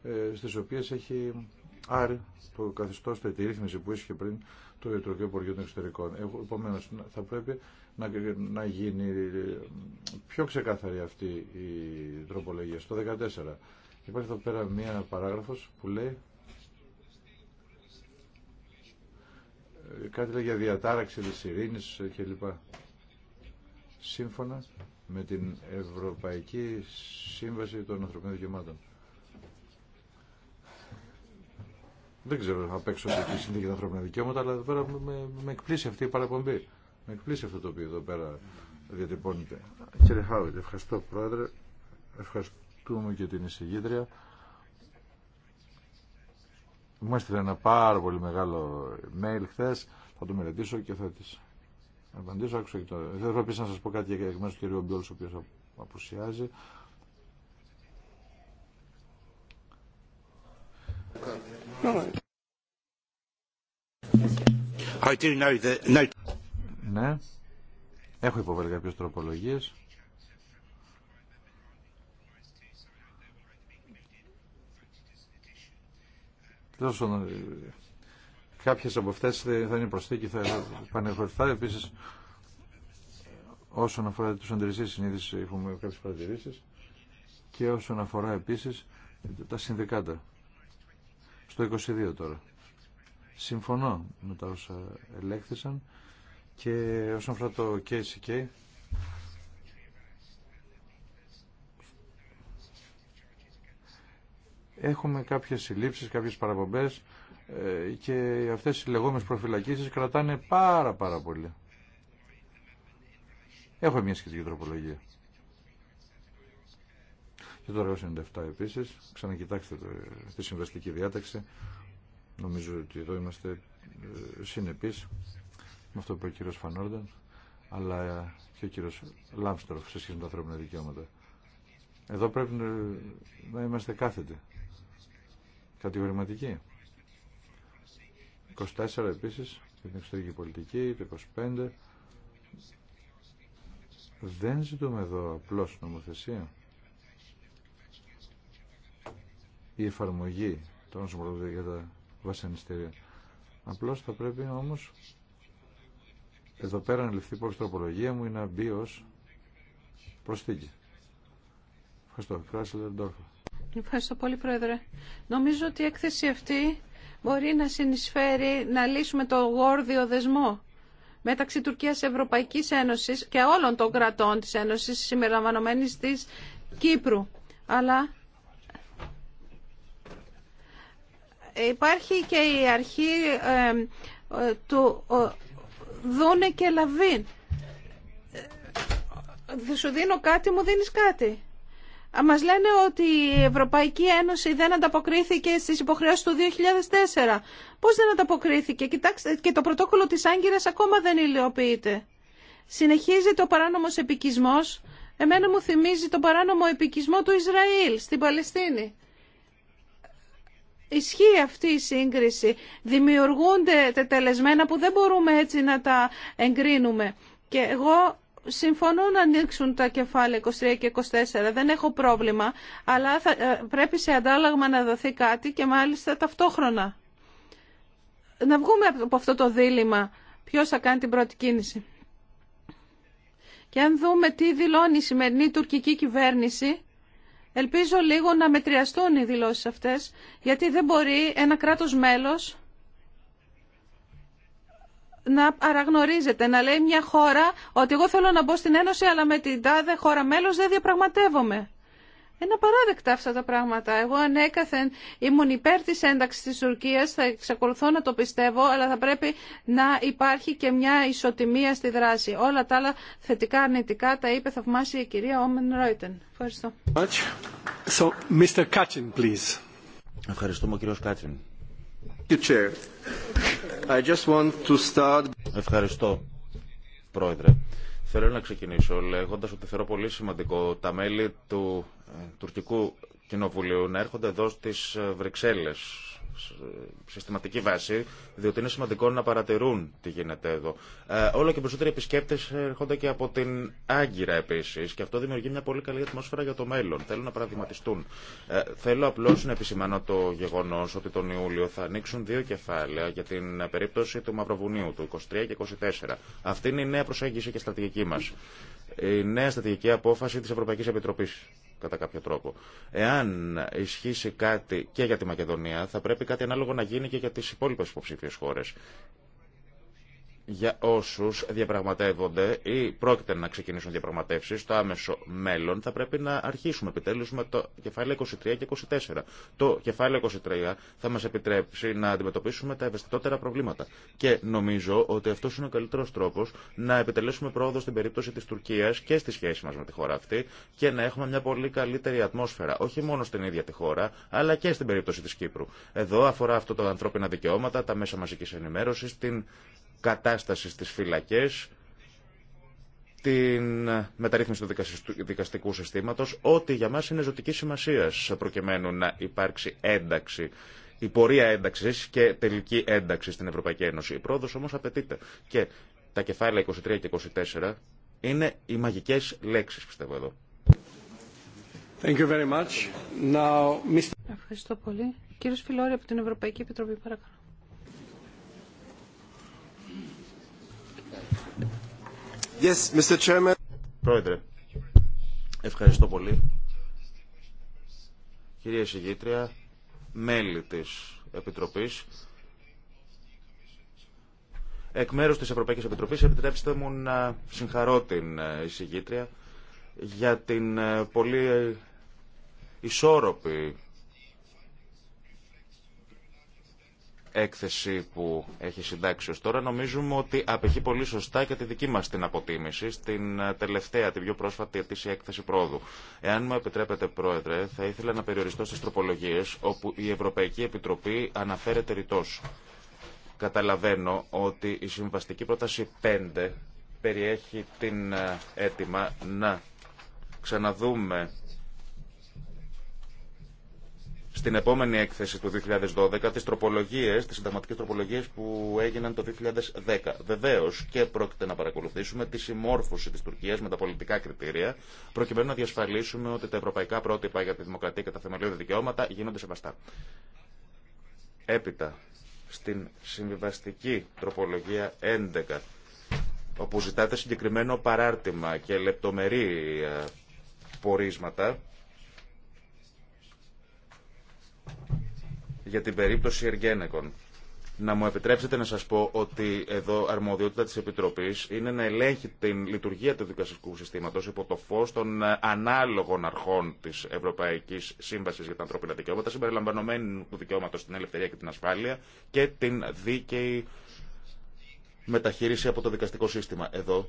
Speaker 7: ε, στις οποίες έχει άρει το καθεστώς, τη ρύθμιση που είχε πριν το Ιατροφείο Υπουργείο των Εξωτερικών. Επομένω, θα πρέπει να, να γίνει ε, πιο ξεκάθαρη αυτή η τροπολογία. Στο 14 υπάρχει εδώ πέρα μία παράγραφος που λέει κάτι λέει για διατάραξη της ειρήνης κλπ. Σύμφωνα με την Ευρωπαϊκή Σύμβαση των Ανθρωπίνων Δικαιωμάτων. Δεν ξέρω απ' έξω τι τη τα των δικαιώματα, αλλά εδώ πέρα με, με εκπλήσει αυτή η παραπομπή. Με εκπλήσει αυτό το οποίο εδώ πέρα διατυπώνεται. Κύριε Χάουιτ, ευχαριστώ Πρόεδρε. Ευχαριστούμε και την εισηγήτρια. Μου έστειλε ένα πάρα πολύ μεγάλο mail χθε. Θα το μελετήσω και θα τη απαντήσω. Άκουσα και το... Θέλω επίση να σα πω κάτι για εκ μέρου του κ. Μπιόλ, ο οποίο απουσιάζει. Ναι. Έχω υποβάλει κάποιε τροπολογίε. Τόσο, κάποιες από αυτές θα είναι προσθήκη, θα επανεχωρηθά. Επίσης, όσον αφορά τους αντιρρησίες συνείδησης, έχουμε κάποιες παρατηρήσεις και όσον αφορά επίσης τα συνδικάτα. Στο 22 τώρα. Συμφωνώ με τα όσα ελέγχθησαν και όσον αφορά το KCK έχουμε κάποιες συλλήψεις, κάποιες παραπομπές ε, και αυτές οι λεγόμενες προφυλακίσεις κρατάνε πάρα πάρα πολύ. Έχω μια σχετική τροπολογία. Και τώρα ο 97 επίσης, ξανακοιτάξτε τη συμβαστική διάταξη. Νομίζω ότι εδώ είμαστε ε, συνεπείς με αυτό που είπε ο κύριος Φανόρνταν, αλλά και ο κύριος Λάμστροφ σε σχέση με τα ανθρώπινα δικαιώματα. Εδώ πρέπει να είμαστε κάθετοι κατηγορηματική. 24 επίσης για την εξωτερική πολιτική, το 25. Δεν ζητούμε εδώ απλώς νομοθεσία. Η εφαρμογή των όσων για τα βασανιστήρια. Απλώς θα πρέπει όμως εδώ πέρα να ληφθεί υπόψη τροπολογία μου ή να μπει ως προσθήκη. Ευχαριστώ. Κράσιλερ
Speaker 2: Ευχαριστώ πολύ, Πρόεδρε. Νομίζω ότι η έκθεση αυτή μπορεί να συνεισφέρει να λύσουμε το γόρδιο δεσμό μεταξύ Τουρκίας Ευρωπαϊκής Ένωσης και όλων των κρατών της Ένωσης συμπεριλαμβανομένης της Κύπρου. Αλλά υπάρχει και η αρχή του δούνε και «Δεν ε, Σου δίνω κάτι, μου δίνεις κάτι. Μας λένε ότι η Ευρωπαϊκή Ένωση δεν ανταποκρίθηκε στις υποχρεώσεις του 2004. Πώς δεν ανταποκρίθηκε. Κοιτάξτε, και το πρωτόκολλο της Άγκυρας ακόμα δεν υλοποιείται. Συνεχίζεται ο παράνομος επικισμός. Εμένα μου θυμίζει τον παράνομο επικισμό του Ισραήλ στην Παλαιστίνη. Ισχύει αυτή η σύγκριση. Δημιουργούνται τελεσμένα που δεν μπορούμε έτσι να τα εγκρίνουμε. Και εγώ Συμφωνώ να ανοίξουν τα κεφάλαια 23 και 24. Δεν έχω πρόβλημα, αλλά ε, πρέπει σε αντάλλαγμα να δοθεί κάτι και μάλιστα ταυτόχρονα. Να βγούμε από αυτό το δίλημα ποιος θα κάνει την πρώτη κίνηση. Και αν δούμε τι δηλώνει η σημερινή τουρκική κυβέρνηση, ελπίζω λίγο να μετριαστούν οι δηλώσεις αυτές, γιατί δεν μπορεί ένα κράτος μέλος να αναγνωρίζεται, να λέει μια χώρα ότι εγώ θέλω να μπω στην Ένωση αλλά με την τάδε χώρα μέλος δεν διαπραγματεύομαι. Είναι απαράδεκτα αυτά τα πράγματα. Εγώ ανέκαθεν ήμουν υπέρ της ένταξης της Τουρκίας, θα εξακολουθώ να το πιστεύω, αλλά θα πρέπει να υπάρχει και μια ισοτιμία στη δράση. Όλα τα άλλα θετικά αρνητικά τα είπε θαυμάσια η κυρία Όμεν Ρόιτεν. Ευχαριστώ.
Speaker 4: Ευχαριστούμε κύριο Κάτσιν. Ευχαριστώ, Πρόεδρε. Θέλω να ξεκινήσω λέγοντας ότι θεωρώ πολύ σημαντικό τα μέλη του ε, τουρκικού κοινοβουλίου να έρχονται εδώ στις ε, Βρυξέλλες ε, συστηματική βάση, διότι είναι σημαντικό να παρατηρούν τι γίνεται εδώ. Ε, όλο και περισσότεροι επισκέπτε έρχονται και από την Άγκυρα επίση και αυτό δημιουργεί μια πολύ καλή ατμόσφαιρα για το μέλλον. Θέλουν να παραδειγματιστούν. Ε, θέλω απλώ να επισημάνω το γεγονό ότι τον Ιούλιο θα ανοίξουν δύο κεφάλαια για την περίπτωση του Μαυροβουνίου, του 23 και 24. Αυτή είναι η νέα προσέγγιση και στρατηγική μα. Η νέα στρατηγική απόφαση τη Ευρωπαϊκή Επιτροπή κατά κάποιο τρόπο. Εάν ισχύσει κάτι και για τη Μακεδονία, θα πρέπει κάτι ανάλογο να γίνει και για τις υπόλοιπε υποψήφιες χώρες για όσους διαπραγματεύονται ή πρόκειται να ξεκινήσουν διαπραγματεύσεις στο άμεσο μέλλον θα πρέπει να αρχίσουμε επιτέλους με το κεφάλαιο 23 και 24. Το κεφάλαιο 23 θα μας επιτρέψει να αντιμετωπίσουμε τα ευαισθητότερα προβλήματα και νομίζω ότι αυτό είναι ο καλύτερος τρόπος να επιτελέσουμε πρόοδο στην περίπτωση της Τουρκίας και στη σχέση μας με τη χώρα αυτή και να έχουμε μια πολύ καλύτερη ατμόσφαιρα όχι μόνο στην ίδια τη χώρα αλλά και στην περίπτωση της Κύπρου. Εδώ αφορά αυτό τα ανθρώπινα δικαιώματα, τα μέσα μαζική ενημέρωση, την κατάσταση στις φυλακές, την μεταρρύθμιση του δικαστικού συστήματος, ό,τι για μας είναι ζωτική σημασία προκειμένου να υπάρξει ένταξη, η πορεία ένταξης και τελική ένταξη στην Ευρωπαϊκή Ένωση. Η πρόοδος όμως απαιτείται. Και τα κεφάλαια 23 και 24 είναι οι μαγικές λέξεις, πιστεύω εδώ. Thank you very much. Now, Mr.
Speaker 2: Ευχαριστώ πολύ. Κύριος Φιλόρη από την Ευρωπαϊκή Επιτροπή, παρακαλώ.
Speaker 4: Yes, Πρόεδρε, ευχαριστώ πολύ. Κυρία Συγγήτρια, μέλη της Επιτροπής, εκ μέρους της Ευρωπαϊκής Επιτροπής επιτρέψτε μου να συγχαρώ την ε, εισηγήτρια για την ε, πολύ ε, ισόρροπη έκθεση που έχει συντάξει ως τώρα νομίζουμε ότι απεχεί πολύ σωστά και τη δική μας την αποτίμηση στην ε, τελευταία, την πιο πρόσφατη ετήσια έκθεση πρόοδου. Εάν μου επιτρέπετε Πρόεδρε, θα ήθελα να περιοριστώ στις τροπολογίες όπου η Ευρωπαϊκή Επιτροπή αναφέρεται ρητός. Καταλαβαίνω ότι η συμβαστική πρόταση 5 περιέχει την ε, αίτημα να ξαναδούμε στην επόμενη έκθεση του 2012 τις τροπολογίες, τις συνταγματικές τροπολογίες που έγιναν το 2010. Βεβαίως και πρόκειται να παρακολουθήσουμε τη συμμόρφωση της Τουρκίας με τα πολιτικά κριτήρια προκειμένου να διασφαλίσουμε ότι τα ευρωπαϊκά πρότυπα για τη δημοκρατία και τα θεμελιώδη δικαιώματα γίνονται σεβαστά. Έπειτα, στην συμβιβαστική τροπολογία 11 όπου ζητάτε συγκεκριμένο παράρτημα και λεπτομερή ε, πορίσματα για την περίπτωση εργένεκων. Να μου επιτρέψετε να σας πω ότι εδώ αρμοδιότητα της Επιτροπής είναι να ελέγχει την λειτουργία του δικαστικού συστήματος υπό το φως των ανάλογων αρχών της Ευρωπαϊκής Σύμβασης για τα Ανθρώπινα Δικαιώματα, συμπεριλαμβανομένου του δικαιώματος στην ελευθερία και την ασφάλεια και την δίκαιη μεταχείριση από το δικαστικό σύστημα. Εδώ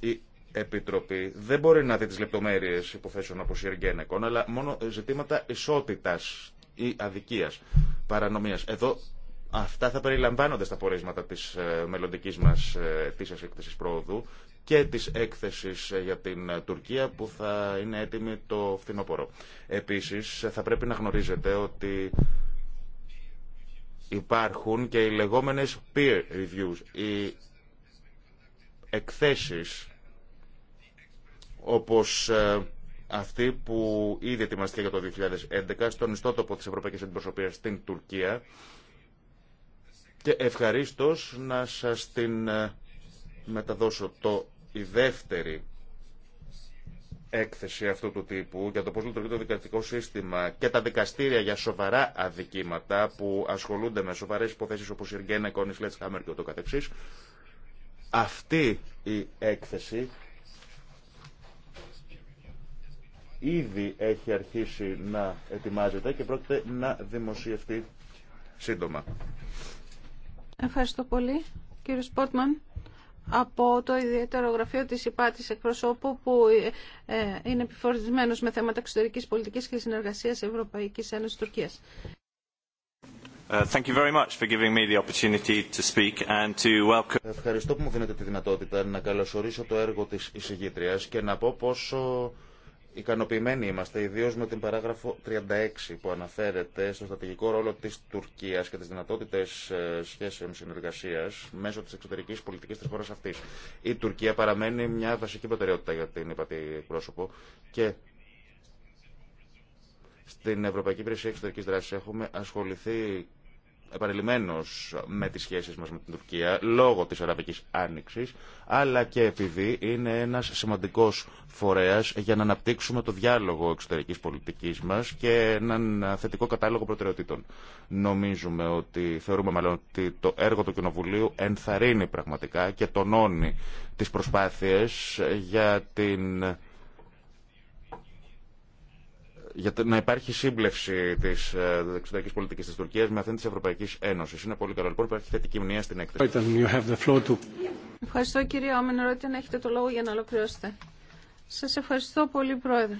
Speaker 4: η Επιτροπή δεν μπορεί να δει τις λεπτομέρειες υποθέσεων όπως η Εργένεκον, αλλά μόνο ζητήματα ισότητα ή αδικίας, παρανομίας. Εδώ αυτά θα περιλαμβάνονται στα πορίσματα της ε, μελλοντική μας ε, της έκθεσης πρόοδου και της έκθεσης ε, για την Τουρκία που θα είναι έτοιμη το φθινόπωρο. Επίσης θα πρέπει να γνωρίζετε ότι υπάρχουν και οι λεγόμενες peer reviews, οι εκθέσεις όπως αυτή που ήδη ετοιμαστήκε για το 2011 στον ιστότοπο της Ευρωπαϊκής Αντιπροσωπείας στην Τουρκία και ευχαρίστως να σας την ε, μεταδώσω το η δεύτερη έκθεση αυτού του τύπου για το πώς λειτουργεί το δικαστικό σύστημα και τα δικαστήρια για σοβαρά αδικήματα που ασχολούνται με σοβαρές υποθέσεις όπως η Εργένα, η Κόνης, Χάμερ και ούτω καθεξής. Αυτή η έκθεση ήδη έχει αρχίσει να ετοιμάζεται και πρόκειται να δημοσιευτεί σύντομα.
Speaker 2: Ευχαριστώ πολύ κύριε Σπότμαν από το ιδιαίτερο γραφείο της ΥΠΑΤΗΣ εκπροσώπου που ε, ε, είναι επιφορτισμένος με θέματα εξωτερικής πολιτικής και συνεργασίας Ευρωπαϊκής Ένωσης Τουρκίας.
Speaker 4: Ευχαριστώ που μου δίνετε τη δυνατότητα να καλωσορίσω το έργο της εισηγήτριας και να πω πόσο Ικανοποιημένοι είμαστε, ιδίω με την παράγραφο 36 που αναφέρεται στο στρατηγικό ρόλο τη Τουρκία και τι δυνατότητε ε, σχέσεων συνεργασία μέσω τη εξωτερική πολιτική τη χώρα αυτή. Η Τουρκία παραμένει μια βασική προτεραιότητα για την υπατή πρόσωπο και στην Ευρωπαϊκή Υπηρεσία Εξωτερική Δράση έχουμε ασχοληθεί επανειλημμένως με τις σχέσεις μας με την Τουρκία λόγω της Αραβικής Άνοιξης αλλά και επειδή είναι ένας σημαντικός φορέας για να αναπτύξουμε το διάλογο εξωτερικής πολιτικής μας και έναν θετικό κατάλογο προτεραιοτήτων. Νομίζουμε ότι, θεωρούμε μάλλον ότι το έργο του Κοινοβουλίου ενθαρρύνει πραγματικά και τονώνει τι προσπάθειε για την για να υπάρχει σύμπλευση τη ε, εξωτερική πολιτική τη Τουρκία με αυτήν τη Ευρωπαϊκή Ένωση. Είναι πολύ καλό. Λοιπόν, υπάρχει θετική μνήμα στην έκθεση.
Speaker 2: Ευχαριστώ κύριε Όμεν Ρόιτεν. Έχετε το λόγο για να ολοκληρώσετε. Σα ευχαριστώ πολύ, Πρόεδρε.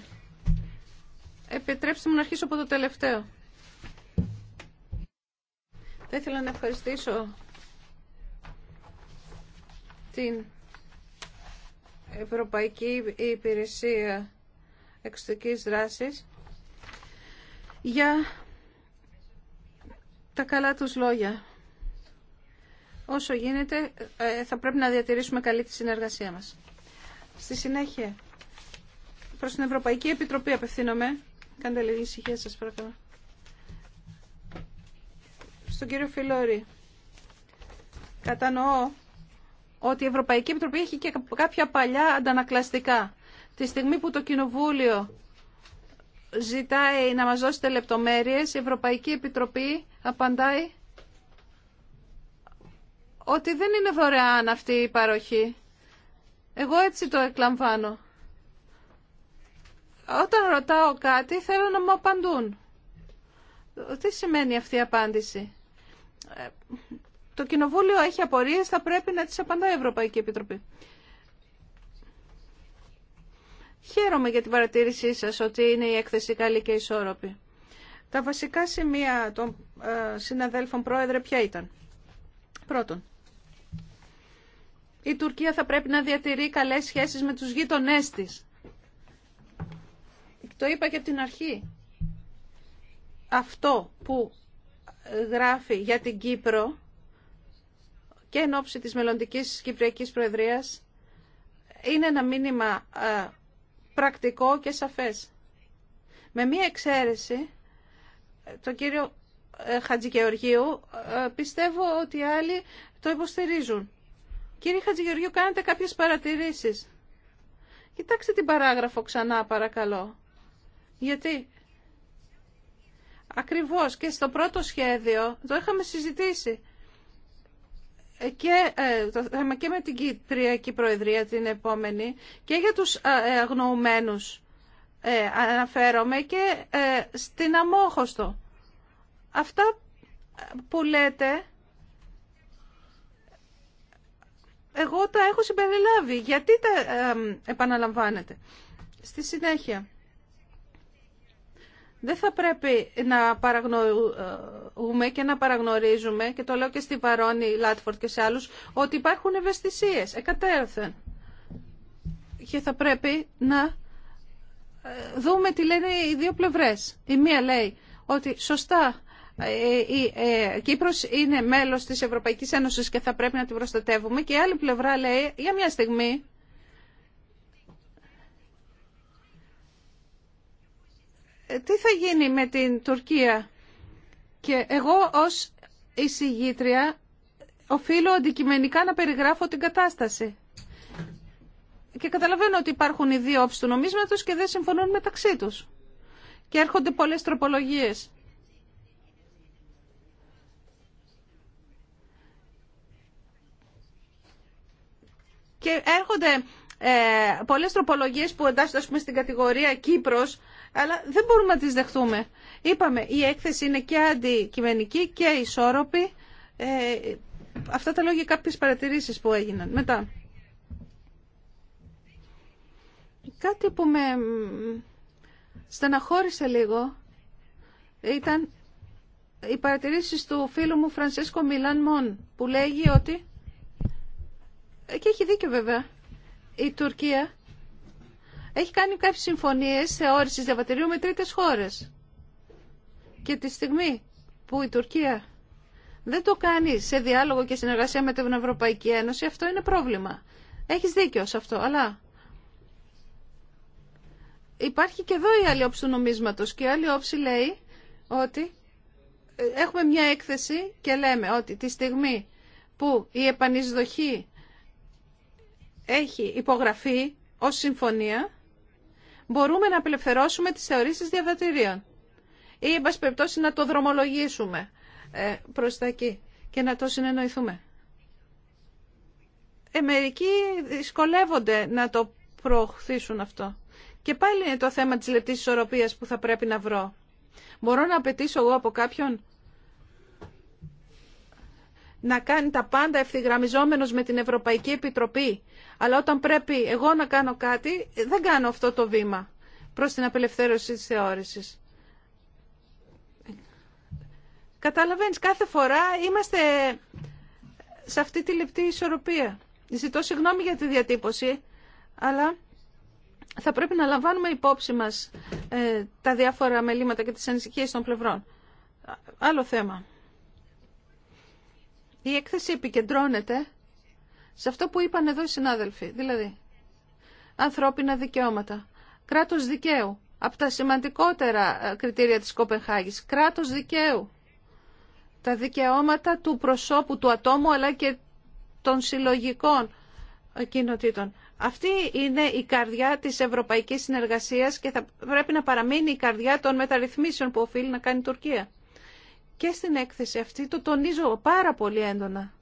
Speaker 2: Επιτρέψτε μου να αρχίσω από το τελευταίο. Θα ήθελα να ευχαριστήσω την Ευρωπαϊκή Υπηρεσία Εξωτικής Δράσης για τα καλά τους λόγια. Όσο γίνεται ε, θα πρέπει να διατηρήσουμε καλή τη συνεργασία μας. Στη συνέχεια, προς την Ευρωπαϊκή Επιτροπή απευθύνομαι. Κάντε λίγη ησυχία σας παρακαλώ. Στον κύριο Φιλόρη, κατανοώ ότι η Ευρωπαϊκή Επιτροπή έχει και κάποια παλιά αντανακλαστικά. Τη στιγμή που το Κοινοβούλιο ζητάει να μας δώσετε λεπτομέρειες, η Ευρωπαϊκή Επιτροπή απαντάει ότι δεν είναι δωρεάν αυτή η παροχή. Εγώ έτσι το εκλαμβάνω. Όταν ρωτάω κάτι θέλω να μου απαντούν. Τι σημαίνει αυτή η απάντηση. Ε, το Κοινοβούλιο έχει απορίες, θα πρέπει να τις απαντάει η Ευρωπαϊκή Επιτροπή. Χαίρομαι για την παρατήρησή σας ότι είναι η έκθεση καλή και ισόρροπη. Τα βασικά σημεία των ε, συναδέλφων πρόεδρε ποια ήταν. Πρώτον, η Τουρκία θα πρέπει να διατηρεί καλές σχέσεις με τους γείτονές της. Το είπα και από την αρχή. Αυτό που γράφει για την Κύπρο και εν ώψη της μελλοντικής Κυπριακής Προεδρίας είναι ένα μήνυμα ε, πρακτικό και σαφές. Με μία εξαίρεση, το κύριο ε, Χατζηγεωργίου, ε, πιστεύω ότι άλλοι το υποστηρίζουν. Κύριε Χατζηγεωργίου, κάνετε κάποιες παρατηρήσεις. Κοιτάξτε την παράγραφο ξανά, παρακαλώ. Γιατί ακριβώς και στο πρώτο σχέδιο το είχαμε συζητήσει και ε, το θέμα και με την Κυπριακή Προεδρία την επόμενη και για τους ε, ε, αγνοουμένους αναφέρομαι και στην αμόχωστο. Αυτά που λέτε εγώ τα έχω συμπεριλάβει. Γιατί τα επαναλαμβάνετε. Στη συνέχεια δεν θα πρέπει να παραγνωρούμε και να παραγνωρίζουμε, και το λέω και στη Βαρόνη Λάτφορτ και σε άλλους, ότι υπάρχουν ευαισθησίες, εκατέρωθεν. Και θα πρέπει να ε, δούμε τι λένε οι δύο πλευρές. Η μία λέει ότι σωστά ε, η ε, Κύπρος είναι μέλος της Ευρωπαϊκής Ένωσης και θα πρέπει να την προστατεύουμε και η άλλη πλευρά λέει για μια στιγμή τι θα γίνει με την Τουρκία. Και εγώ ως εισηγήτρια οφείλω αντικειμενικά να περιγράφω την κατάσταση. Και καταλαβαίνω ότι υπάρχουν οι δύο όψεις του νομίσματος και δεν συμφωνούν μεταξύ τους. Και έρχονται πολλές τροπολογίες. Και έρχονται ε, πολλές τροπολογίες που εντάσσονται στην κατηγορία Κύπρος αλλά δεν μπορούμε να τις δεχτούμε. Είπαμε, η έκθεση είναι και αντικειμενική και ισόρροπη. Ε, αυτά τα λόγια κάποιες παρατηρήσεις που έγιναν. Μετά. Κάτι που με στεναχώρησε λίγο ήταν οι παρατηρήσεις του φίλου μου Φρανσίσκο Μιλάν Μον που λέγει ότι ε, και έχει δίκιο βέβαια η Τουρκία έχει κάνει κάποιες συμφωνίες θεώρησης διαβατηρίου με τρίτες χώρες. Και τη στιγμή που η Τουρκία δεν το κάνει σε διάλογο και συνεργασία με την Ευρωπαϊκή Ένωση, αυτό είναι πρόβλημα. Έχεις δίκιο σε αυτό, αλλά υπάρχει και εδώ η άλλη όψη του νομίσματος και η άλλη όψη λέει ότι έχουμε μια έκθεση και λέμε ότι τη στιγμή που η επανεισδοχή έχει υπογραφεί ως συμφωνία μπορούμε να απελευθερώσουμε τις θεωρήσεις διαβατηρίων ή, εν να το δρομολογήσουμε ε, προς τα εκεί και να το συνεννοηθούμε. Ε, μερικοί δυσκολεύονται να το προωθήσουν αυτό. Και πάλι είναι το θέμα της λεπτής ισορροπίας που θα πρέπει να βρω. Μπορώ να απαιτήσω εγώ από κάποιον να κάνει τα πάντα ευθυγραμμιζόμενος με την Ευρωπαϊκή Επιτροπή αλλά όταν πρέπει εγώ να κάνω κάτι, δεν κάνω αυτό το βήμα προς την απελευθέρωση της θεώρησης. Καταλαβαίνεις, κάθε φορά είμαστε σε αυτή τη λεπτή ισορροπία. Ζητώ συγγνώμη για τη διατύπωση, αλλά θα πρέπει να λαμβάνουμε υπόψη μας ε, τα διάφορα μελήματα και τις ανησυχίες των πλευρών. Άλλο θέμα. Η έκθεση επικεντρώνεται σε αυτό που είπαν εδώ οι συνάδελφοι, δηλαδή ανθρώπινα δικαιώματα, κράτος δικαίου, από τα σημαντικότερα ε, κριτήρια της Κοπενχάγης, κράτος δικαίου, τα δικαιώματα του προσώπου, του ατόμου, αλλά και των συλλογικών κοινοτήτων. Αυτή είναι η καρδιά της ευρωπαϊκής συνεργασίας και θα πρέπει να παραμείνει η καρδιά των μεταρρυθμίσεων που οφείλει να κάνει η Τουρκία. Και στην έκθεση αυτή το τονίζω πάρα πολύ έντονα.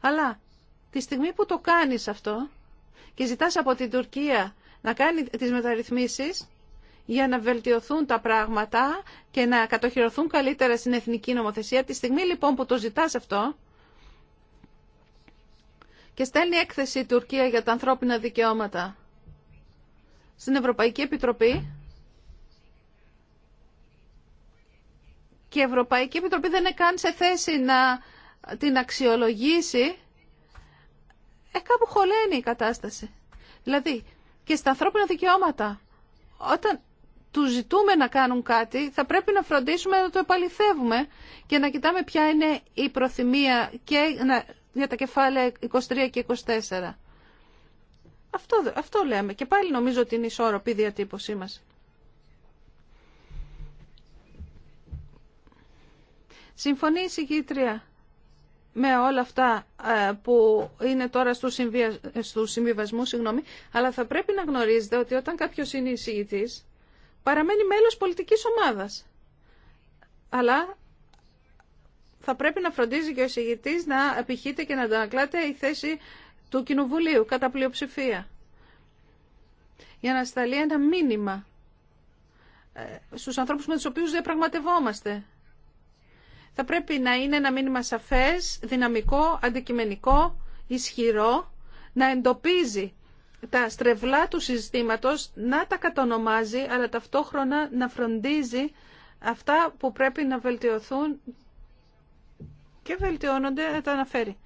Speaker 2: Αλλά Τη στιγμή που το κάνεις αυτό και ζητάς από την Τουρκία να κάνει τις μεταρρυθμίσεις για να βελτιωθούν τα πράγματα και να κατοχυρωθούν καλύτερα στην εθνική νομοθεσία, τη στιγμή λοιπόν που το ζητάς αυτό και στέλνει έκθεση η Τουρκία για τα ανθρώπινα δικαιώματα στην Ευρωπαϊκή Επιτροπή και η Ευρωπαϊκή Επιτροπή δεν είναι καν σε θέση να την αξιολογήσει ε, κάπου χωλαίνει η κατάσταση. Δηλαδή, και στα ανθρώπινα δικαιώματα, όταν του ζητούμε να κάνουν κάτι, θα πρέπει να φροντίσουμε να το επαληθεύουμε και να κοιτάμε ποια είναι η προθυμία και για τα κεφάλαια 23 και 24. Αυτό, αυτό λέμε. Και πάλι νομίζω ότι είναι ισόρροπη η διατύπωσή μας. Συμφωνεί η συγκήτρια με όλα αυτά ε, που είναι τώρα στους, συμβια... συμβιβασμούς, συγγνώμη, αλλά θα πρέπει να γνωρίζετε ότι όταν κάποιος είναι εισηγητής, παραμένει μέλος πολιτικής ομάδας. Αλλά θα πρέπει να φροντίζει και ο εισηγητής να επιχείται και να αντανακλάται η θέση του Κοινοβουλίου κατά πλειοψηφία. Για να σταλεί ένα μήνυμα ε, στους ανθρώπους με τους οποίους διαπραγματευόμαστε θα πρέπει να είναι ένα μήνυμα σαφές, δυναμικό, αντικειμενικό, ισχυρό, να εντοπίζει τα στρεβλά του συστήματος, να τα κατονομάζει, αλλά ταυτόχρονα να φροντίζει αυτά που πρέπει να βελτιωθούν και βελτιώνονται, να τα αναφέρει.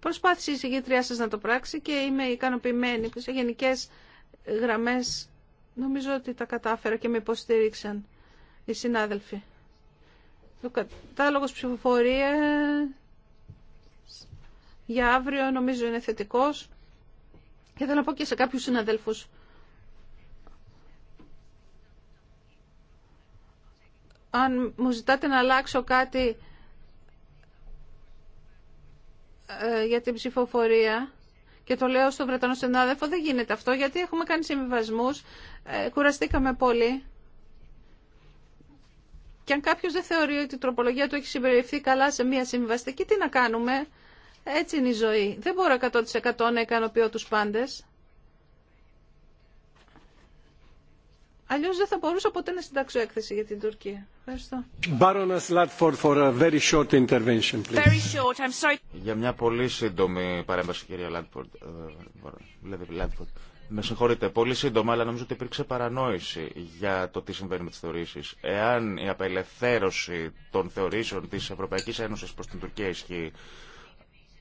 Speaker 2: Προσπάθησε η συγκήτριά σας να το πράξει και είμαι ικανοποιημένη που σε γενικές γραμμές νομίζω ότι τα κατάφερα και με υποστήριξαν οι συνάδελφοι κατάλογο ψηφοφορία για αύριο νομίζω είναι θετικό και θέλω να πω και σε κάποιου συνάδελφου. αν μου ζητάτε να αλλάξω κάτι ε, για την ψηφοφορία και το λέω στον Βρετανό συνάδελφο δεν γίνεται αυτό γιατί έχουμε κάνει συμβιβασμούς, ε, κουραστήκαμε πολύ και αν κάποιο δεν θεωρεί ότι η τροπολογία του έχει συμπεριληφθεί καλά σε μια συμβαστική, τι να κάνουμε. Έτσι είναι η ζωή. Δεν μπορώ 100% να ικανοποιώ του πάντε. Αλλιώς δεν θα μπορούσα ποτέ να συντάξω έκθεση για την Τουρκία. Ευχαριστώ.
Speaker 1: for a very short intervention,
Speaker 2: please. Very
Speaker 5: short. I'm
Speaker 4: Για μια πολύ σύντομη παρέμβαση, κυρία Λάντφορντ. Ε, με συγχωρείτε, πολύ σύντομα, αλλά νομίζω ότι υπήρξε παρανόηση για το τι συμβαίνει με τι θεωρήσει. Εάν η απελευθέρωση των θεωρήσεων τη Ευρωπαϊκή Ένωση προ την Τουρκία ισχύει,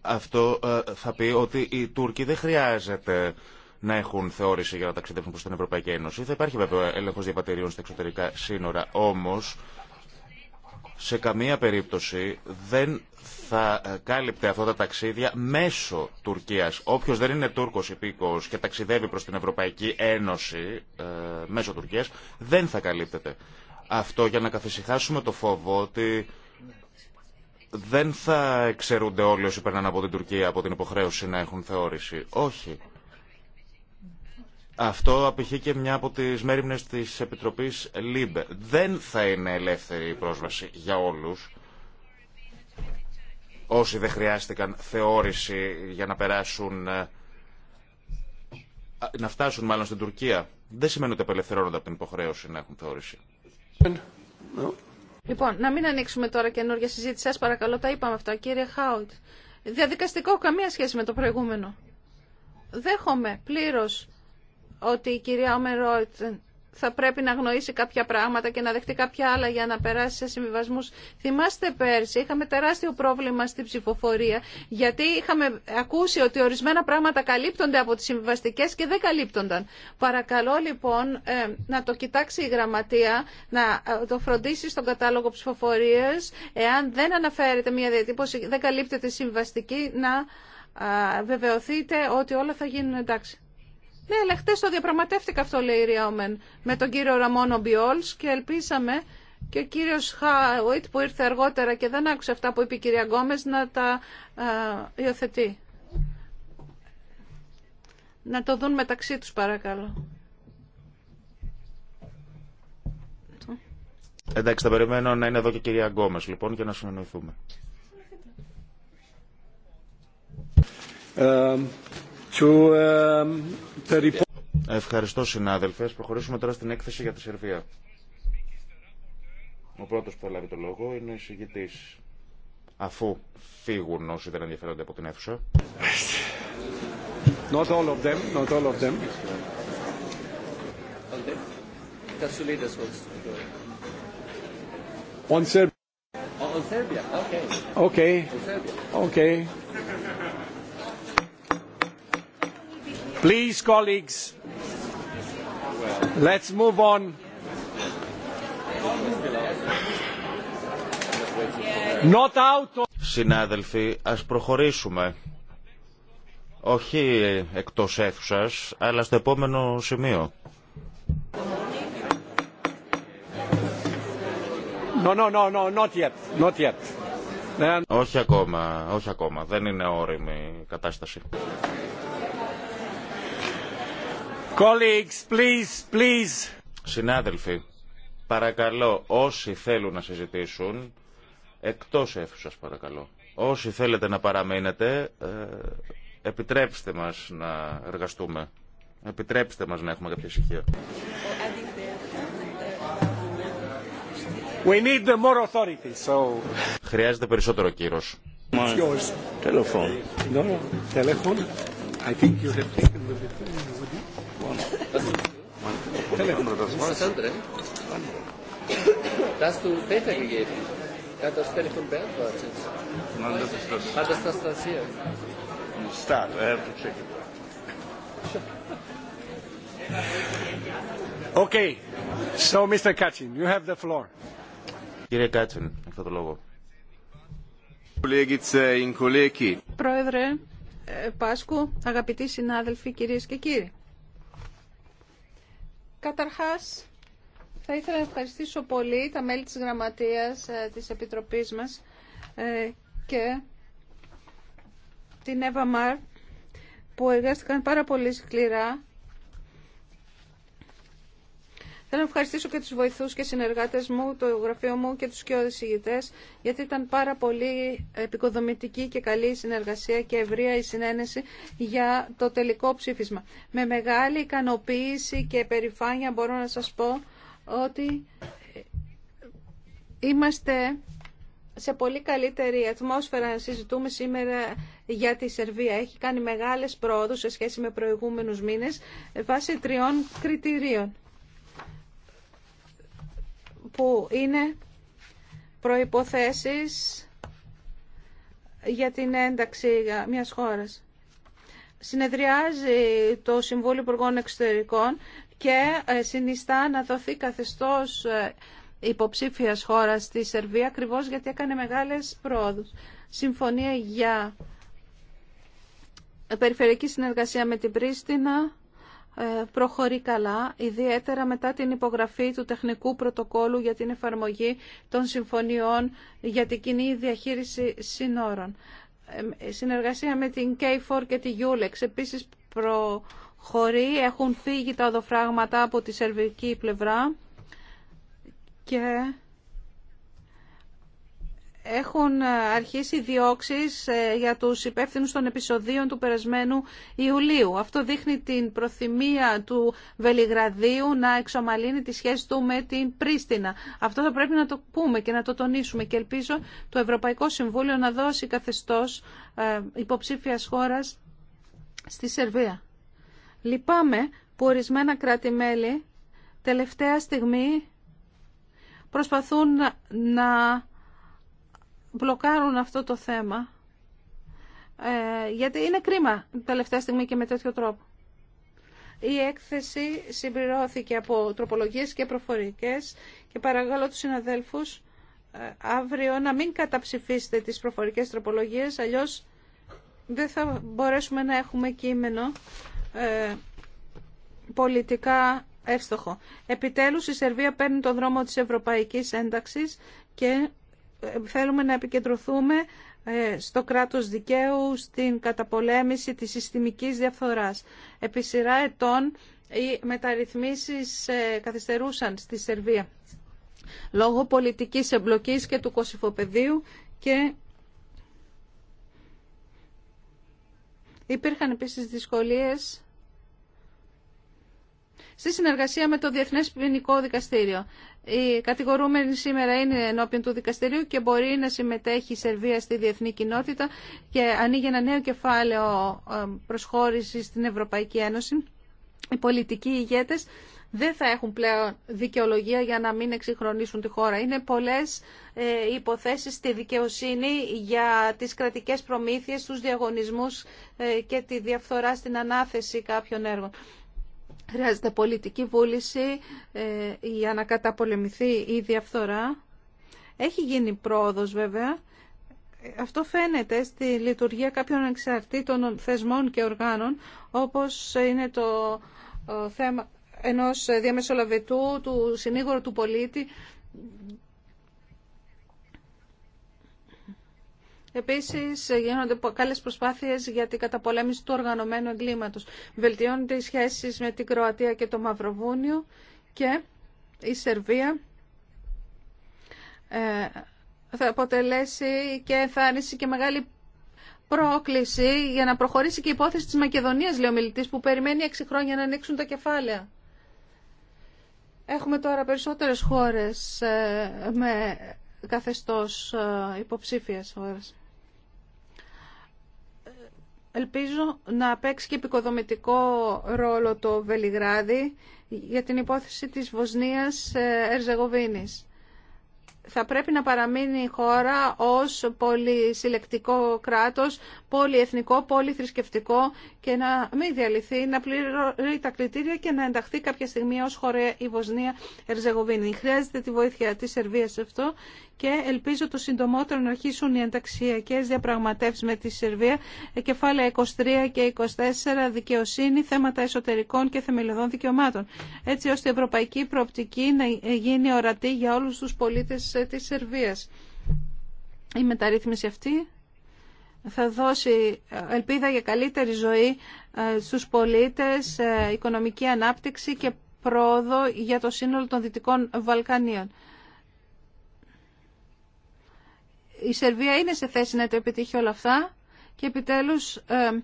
Speaker 4: αυτό ε, θα πει ότι οι Τούρκοι δεν χρειάζεται να έχουν θεώρηση για να ταξιδεύουν προ την Ευρωπαϊκή Ένωση. Θα υπάρχει βέβαια έλεγχο διαπατηρίων στα εξωτερικά σύνορα, όμω σε καμία περίπτωση δεν θα ε, κάλυπτε αυτά τα ταξίδια μέσω Τουρκίας. Όποιος δεν είναι Τούρκος υπήκος και ταξιδεύει προς την Ευρωπαϊκή Ένωση ε, μέσω Τουρκίας δεν θα καλύπτεται. Αυτό για να καθησυχάσουμε το φόβο ότι δεν θα εξαιρούνται όλοι όσοι περνάνε από την Τουρκία από την υποχρέωση να έχουν θεώρηση. Όχι. Αυτό απηχεί και μια από τις μέρημνες της Επιτροπής ΛΥΜΠΕ. Δεν θα είναι ελεύθερη η πρόσβαση για όλους. Όσοι δεν χρειάστηκαν θεώρηση για να περάσουν, ε, να φτάσουν μάλλον στην Τουρκία, δεν σημαίνει ότι απελευθερώνονται από την υποχρέωση να έχουν θεώρηση.
Speaker 2: Λοιπόν, να μην ανοίξουμε τώρα καινούργια συζήτηση. Σας παρακαλώ, τα είπαμε αυτά, κύριε Χάουτ. Διαδικαστικό, καμία σχέση με το προηγούμενο. Δέχομαι πλήρω ότι η κυρία Όμερόιτ θα πρέπει να γνωρίσει κάποια πράγματα και να δεχτεί κάποια άλλα για να περάσει σε συμβιβασμού. Θυμάστε πέρσι, είχαμε τεράστιο πρόβλημα στην ψηφοφορία, γιατί είχαμε ακούσει ότι ορισμένα πράγματα καλύπτονται από τι συμβιβαστικέ και δεν καλύπτονταν. Παρακαλώ λοιπόν ε, να το κοιτάξει η Γραμματεία, να ε, το φροντίσει στον κατάλογο ψηφοφορία. Εάν δεν αναφέρεται μια διατύπωση, δεν καλύπτεται συμβαστική, να βεβαιωθείτε ότι όλα θα γίνουν εντάξει. Ναι, αλλά χτε το διαπραγματεύτηκα αυτό, λέει η Ριόμεν, με τον κύριο Ραμόνο Μπιόλ και ελπίσαμε και ο κύριο Χάουιτ που ήρθε αργότερα και δεν άκουσε αυτά που είπε η κυρία Γκόμε να τα ε, υιοθετεί. Να το δουν μεταξύ τους παρακαλώ.
Speaker 4: Εντάξει, θα περιμένω να είναι εδώ και η κυρία Γκόμες, λοιπόν, για να συνεννοηθούμε. Ε, Um, Ευχαριστώ συνάδελφες. Προχωρήσουμε τώρα στην έκθεση για τη Σερβία. Ο πρώτος που έλαβε το λόγο είναι ο εισηγητής. Αφού φύγουν όσοι δεν ενδιαφέρονται από την αίθουσα. Not all of them, not all of
Speaker 7: them.
Speaker 1: On Serbia.
Speaker 6: On Serbia, okay. Okay.
Speaker 3: Okay. Please, colleagues, let's move on.
Speaker 4: Not out. Συνάδελφοι, ας προχωρήσουμε. Όχι εκτός αίθουσας, αλλά στο επόμενο σημείο. No, no, no, no, not yet, not yet. Όχι ακόμα, όχι ακόμα. Δεν είναι όριμη η κατάσταση. Συνάδελφοι, παρακαλώ όσοι θέλουν να συζητήσουν, εκτός αίθουσας παρακαλώ, όσοι θέλετε να παραμείνετε, ε, επιτρέψτε μας να εργαστούμε. Επιτρέψτε μας να έχουμε κάποια ησυχία. Χρειάζεται περισσότερο κύρος.
Speaker 1: I think you have Ε, you have the floor.
Speaker 4: Κύριε Κάτσιν, το λόγο.
Speaker 2: Πρόεδρε ε, Πάσκου, αγαπητοί συνάδελφοι, κυρίες και κύριοι. Καταρχάς, θα ήθελα να ευχαριστήσω πολύ τα μέλη της Γραμματείας ε, της Επιτροπής μας ε, και την Εύα Μαρ που εργάστηκαν πάρα πολύ σκληρά Θέλω να ευχαριστήσω και τους βοηθούς και συνεργάτες μου, το γραφείο μου και τους κοιόδες ηγητές, γιατί ήταν πάρα πολύ επικοδομητική και καλή η συνεργασία και ευρεία η συνένεση για το τελικό ψήφισμα. Με μεγάλη ικανοποίηση και περηφάνεια μπορώ να σας πω ότι είμαστε σε πολύ καλύτερη ατμόσφαιρα να συζητούμε σήμερα για τη Σερβία. Έχει κάνει μεγάλες πρόοδους σε σχέση με προηγούμενους μήνες βάσει τριών κριτηρίων που είναι προϋποθέσεις για την ένταξη μιας χώρας. Συνεδριάζει το Συμβούλιο Υπουργών Εξωτερικών και ε, συνιστά να δοθεί καθεστώς ε, υποψήφιας χώρας στη Σερβία ακριβώ γιατί έκανε μεγάλες πρόοδους. Συμφωνία για περιφερειακή συνεργασία με την Πρίστινα ε, προχωρεί καλά, ιδιαίτερα μετά την υπογραφή του τεχνικού πρωτοκόλου για την εφαρμογή των συμφωνιών για την κοινή διαχείριση συνόρων. Ε, ε, συνεργασία με την K4 και τη Ulex επίσης προχωρεί, έχουν φύγει τα οδοφράγματα από τη σερβική πλευρά και έχουν ε, αρχίσει διώξει ε, για του υπεύθυνου των επεισοδίων του περασμένου Ιουλίου. Αυτό δείχνει την προθυμία του Βελιγραδίου να εξομαλύνει τη σχέση του με την Πρίστινα. Αυτό θα πρέπει να το πούμε και να το τονίσουμε και ελπίζω το Ευρωπαϊκό Συμβούλιο να δώσει καθεστώς ε, υποψήφιας χώρας στη Σερβία. Λυπάμαι που ορισμένα κράτη-μέλη τελευταία στιγμή προσπαθούν να μπλοκάρουν αυτό το θέμα. Ε, γιατί είναι κρίμα τελευταία στιγμή και με τέτοιο τρόπο. Η έκθεση συμπληρώθηκε από τροπολογίες και προφορικές και παρακαλώ τους συναδέλφους ε, αύριο να μην καταψηφίσετε τις προφορικές τροπολογίες, αλλιώς δεν θα μπορέσουμε να έχουμε κείμενο ε, πολιτικά εύστοχο. Επιτέλους η Σερβία παίρνει τον δρόμο της ευρωπαϊκής ένταξης και θέλουμε να επικεντρωθούμε ε, στο κράτος δικαίου, στην καταπολέμηση της συστημικής διαφθοράς. Επί σειρά ετών οι μεταρρυθμίσεις ε, καθυστερούσαν στη Σερβία λόγω πολιτικής εμπλοκής και του κοσυφοπεδίου και υπήρχαν επίσης δυσκολίες στη συνεργασία με το Διεθνές Ποινικό Δικαστήριο. Η κατηγορούμενη σήμερα είναι ενώπιον του δικαστηρίου και μπορεί να συμμετέχει η Σερβία στη διεθνή κοινότητα και ανοίγει ένα νέο κεφάλαιο ε, προσχώρησης στην Ευρωπαϊκή Ένωση. Οι πολιτικοί ηγέτες δεν θα έχουν πλέον δικαιολογία για να μην εξυγχρονίσουν τη χώρα. Είναι πολλές ε, υποθέσεις στη δικαιοσύνη για τις κρατικές προμήθειες, τους διαγωνισμούς ε, και τη διαφθορά στην ανάθεση κάποιων έργων. Χρειάζεται πολιτική βούληση για ε, να καταπολεμηθεί η διαφθορά. Έχει γίνει πρόοδος βέβαια. Αυτό φαίνεται στη λειτουργία κάποιων εξαρτήτων θεσμών και οργάνων, όπως είναι το ε, θέμα ενός διαμεσολαβητού, του συνήγορου του πολίτη Επίσης γίνονται καλές προσπάθειες για την καταπολέμηση του οργανωμένου εγκλήματος. Βελτιώνονται οι σχέσεις με την Κροατία και το Μαυροβούνιο και η Σερβία ε, θα αποτελέσει και θα και μεγάλη πρόκληση για να προχωρήσει και η υπόθεση της Μακεδονίας, λέει ο μιλητής, που περιμένει 6 χρόνια να ανοίξουν τα κεφάλαια. Έχουμε τώρα περισσότερες χώρες ε, με καθεστώς ε, υποψήφιας χώρες. Ελπίζω να παίξει και επικοδομητικό ρόλο το Βελιγράδι για την υπόθεση της Βοσνίας ε, Ερζεγοβίνης. Θα πρέπει να παραμείνει η χώρα ως πολυσυλλεκτικό κράτος, πολυεθνικό, πολυθρησκευτικό και να μην διαλυθεί, να πληρώνει τα κριτήρια και να ενταχθεί κάποια στιγμή ως χώρα η Βοσνία Ερζεγοβίνη. Χρειάζεται τη βοήθεια της Σερβίας σε αυτό και ελπίζω το συντομότερο να αρχίσουν οι ενταξιακές διαπραγματεύσεις με τη Σερβία, κεφάλαια 23 και 24, δικαιοσύνη, θέματα εσωτερικών και θεμελιωδών δικαιωμάτων, έτσι ώστε η ευρωπαϊκή προοπτική να γίνει ορατή για όλους τους πολίτες της Σερβίας. Η μεταρρύθμιση αυτή θα δώσει ελπίδα για καλύτερη ζωή ε, στους πολίτες, ε, οικονομική ανάπτυξη και πρόοδο για το σύνολο των Δυτικών Βαλκανίων. η Σερβία είναι σε θέση να το επιτύχει όλα αυτά και επιτέλους ε,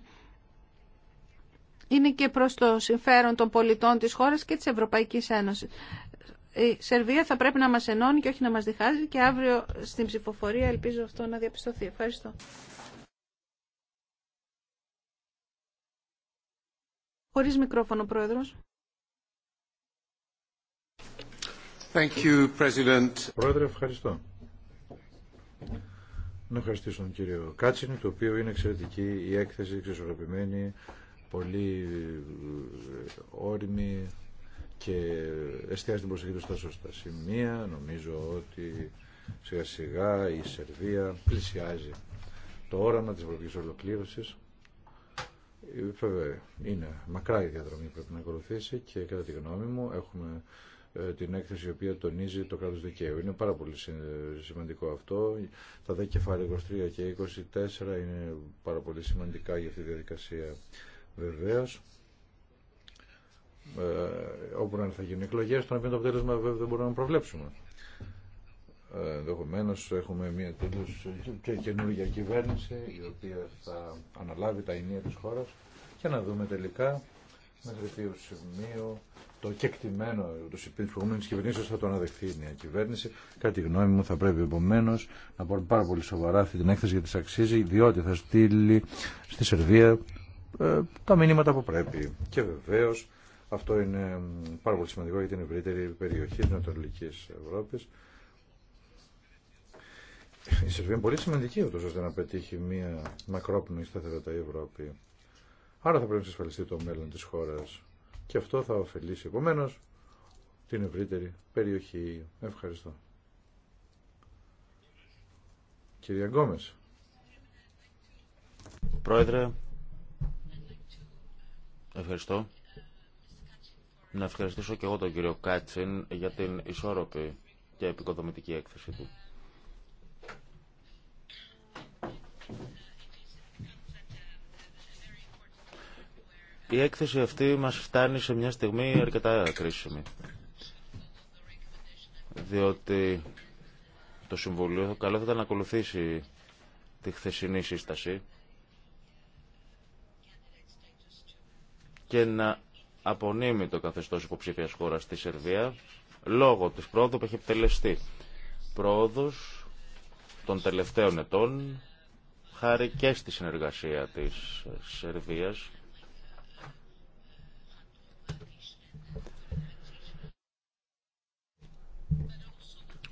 Speaker 2: είναι και προς το συμφέρον των πολιτών της χώρας και της Ευρωπαϊκής Ένωσης. Η Σερβία θα πρέπει να μας ενώνει και όχι να μας διχάζει και αύριο στην ψηφοφορία ελπίζω αυτό να διαπιστωθεί. Ευχαριστώ. Χωρίς μικρόφωνο, Πρόεδρος.
Speaker 7: Thank you, President. Πρόεδρε, ευχαριστώ. Να ευχαριστήσω τον κύριο Κάτσιν, το οποίο είναι εξαιρετική η έκθεση, εξισορροπημένη, πολύ ε, όρημη και εστιάζει την προσοχή του στα σωστά σημεία. Νομίζω ότι σιγά σιγά η Σερβία πλησιάζει το όραμα της ευρωπαϊκής ολοκλήρωσης. Ε, βέβαια, είναι μακρά η διαδρομή που πρέπει να ακολουθήσει και κατά τη γνώμη μου έχουμε ε, την έκθεση η οποία τονίζει το κράτος δικαίου. Είναι πάρα πολύ σημαντικό αυτό. Τα δε κεφάλαια 23 και 24 είναι πάρα πολύ σημαντικά για αυτή τη διαδικασία βεβαίως. Ε, όπου να θα γίνουν εκλογές, το να πει το αποτέλεσμα βέβαια δεν μπορούμε να προβλέψουμε. Ε, Ενδεχομένω έχουμε μια τελείως και καινούργια κυβέρνηση η οποία θα αναλάβει τα ενία της χώρας και να δούμε τελικά μέχρι ποιο σημείο το κεκτημένο τη προηγούμενη κυβερνήσεω θα το αναδεχθεί η νέα κυβέρνηση. Κάτι γνώμη μου, θα πρέπει επομένω να πω πάρα πολύ σοβαρά αυτή την έκθεση γιατί τη αξίζει, διότι θα στείλει στη Σερβία ε, τα μηνύματα που πρέπει. Και βεβαίω αυτό είναι πάρα πολύ σημαντικό για την ευρύτερη περιοχή τη Νοτολική Ευρώπη. Η Σερβία είναι πολύ σημαντική ούτως ώστε να πετύχει μια μακρόπνοη σταθερότητα η Ευρώπη. Άρα θα πρέπει να εξασφαλιστεί το μέλλον της χώρας και αυτό θα ωφελήσει επομένω την ευρύτερη περιοχή. Ευχαριστώ.
Speaker 4: Κυρία Γκόμες. Πρόεδρε, ευχαριστώ. Να ευχαριστήσω και εγώ τον κύριο Κάτσιν για την ισόρροπη και επικοδομητική έκθεση του. Η έκθεση αυτή μας φτάνει σε μια στιγμή αρκετά κρίσιμη. Διότι το Συμβουλίο καλό θα ήταν να ακολουθήσει τη χθεσινή σύσταση και να απονείμει το καθεστώς υποψήφιας χώρας στη Σερβία λόγω της πρόοδου που έχει επιτελεστεί. Πρόοδος των τελευταίων ετών χάρη και στη συνεργασία της Σερβίας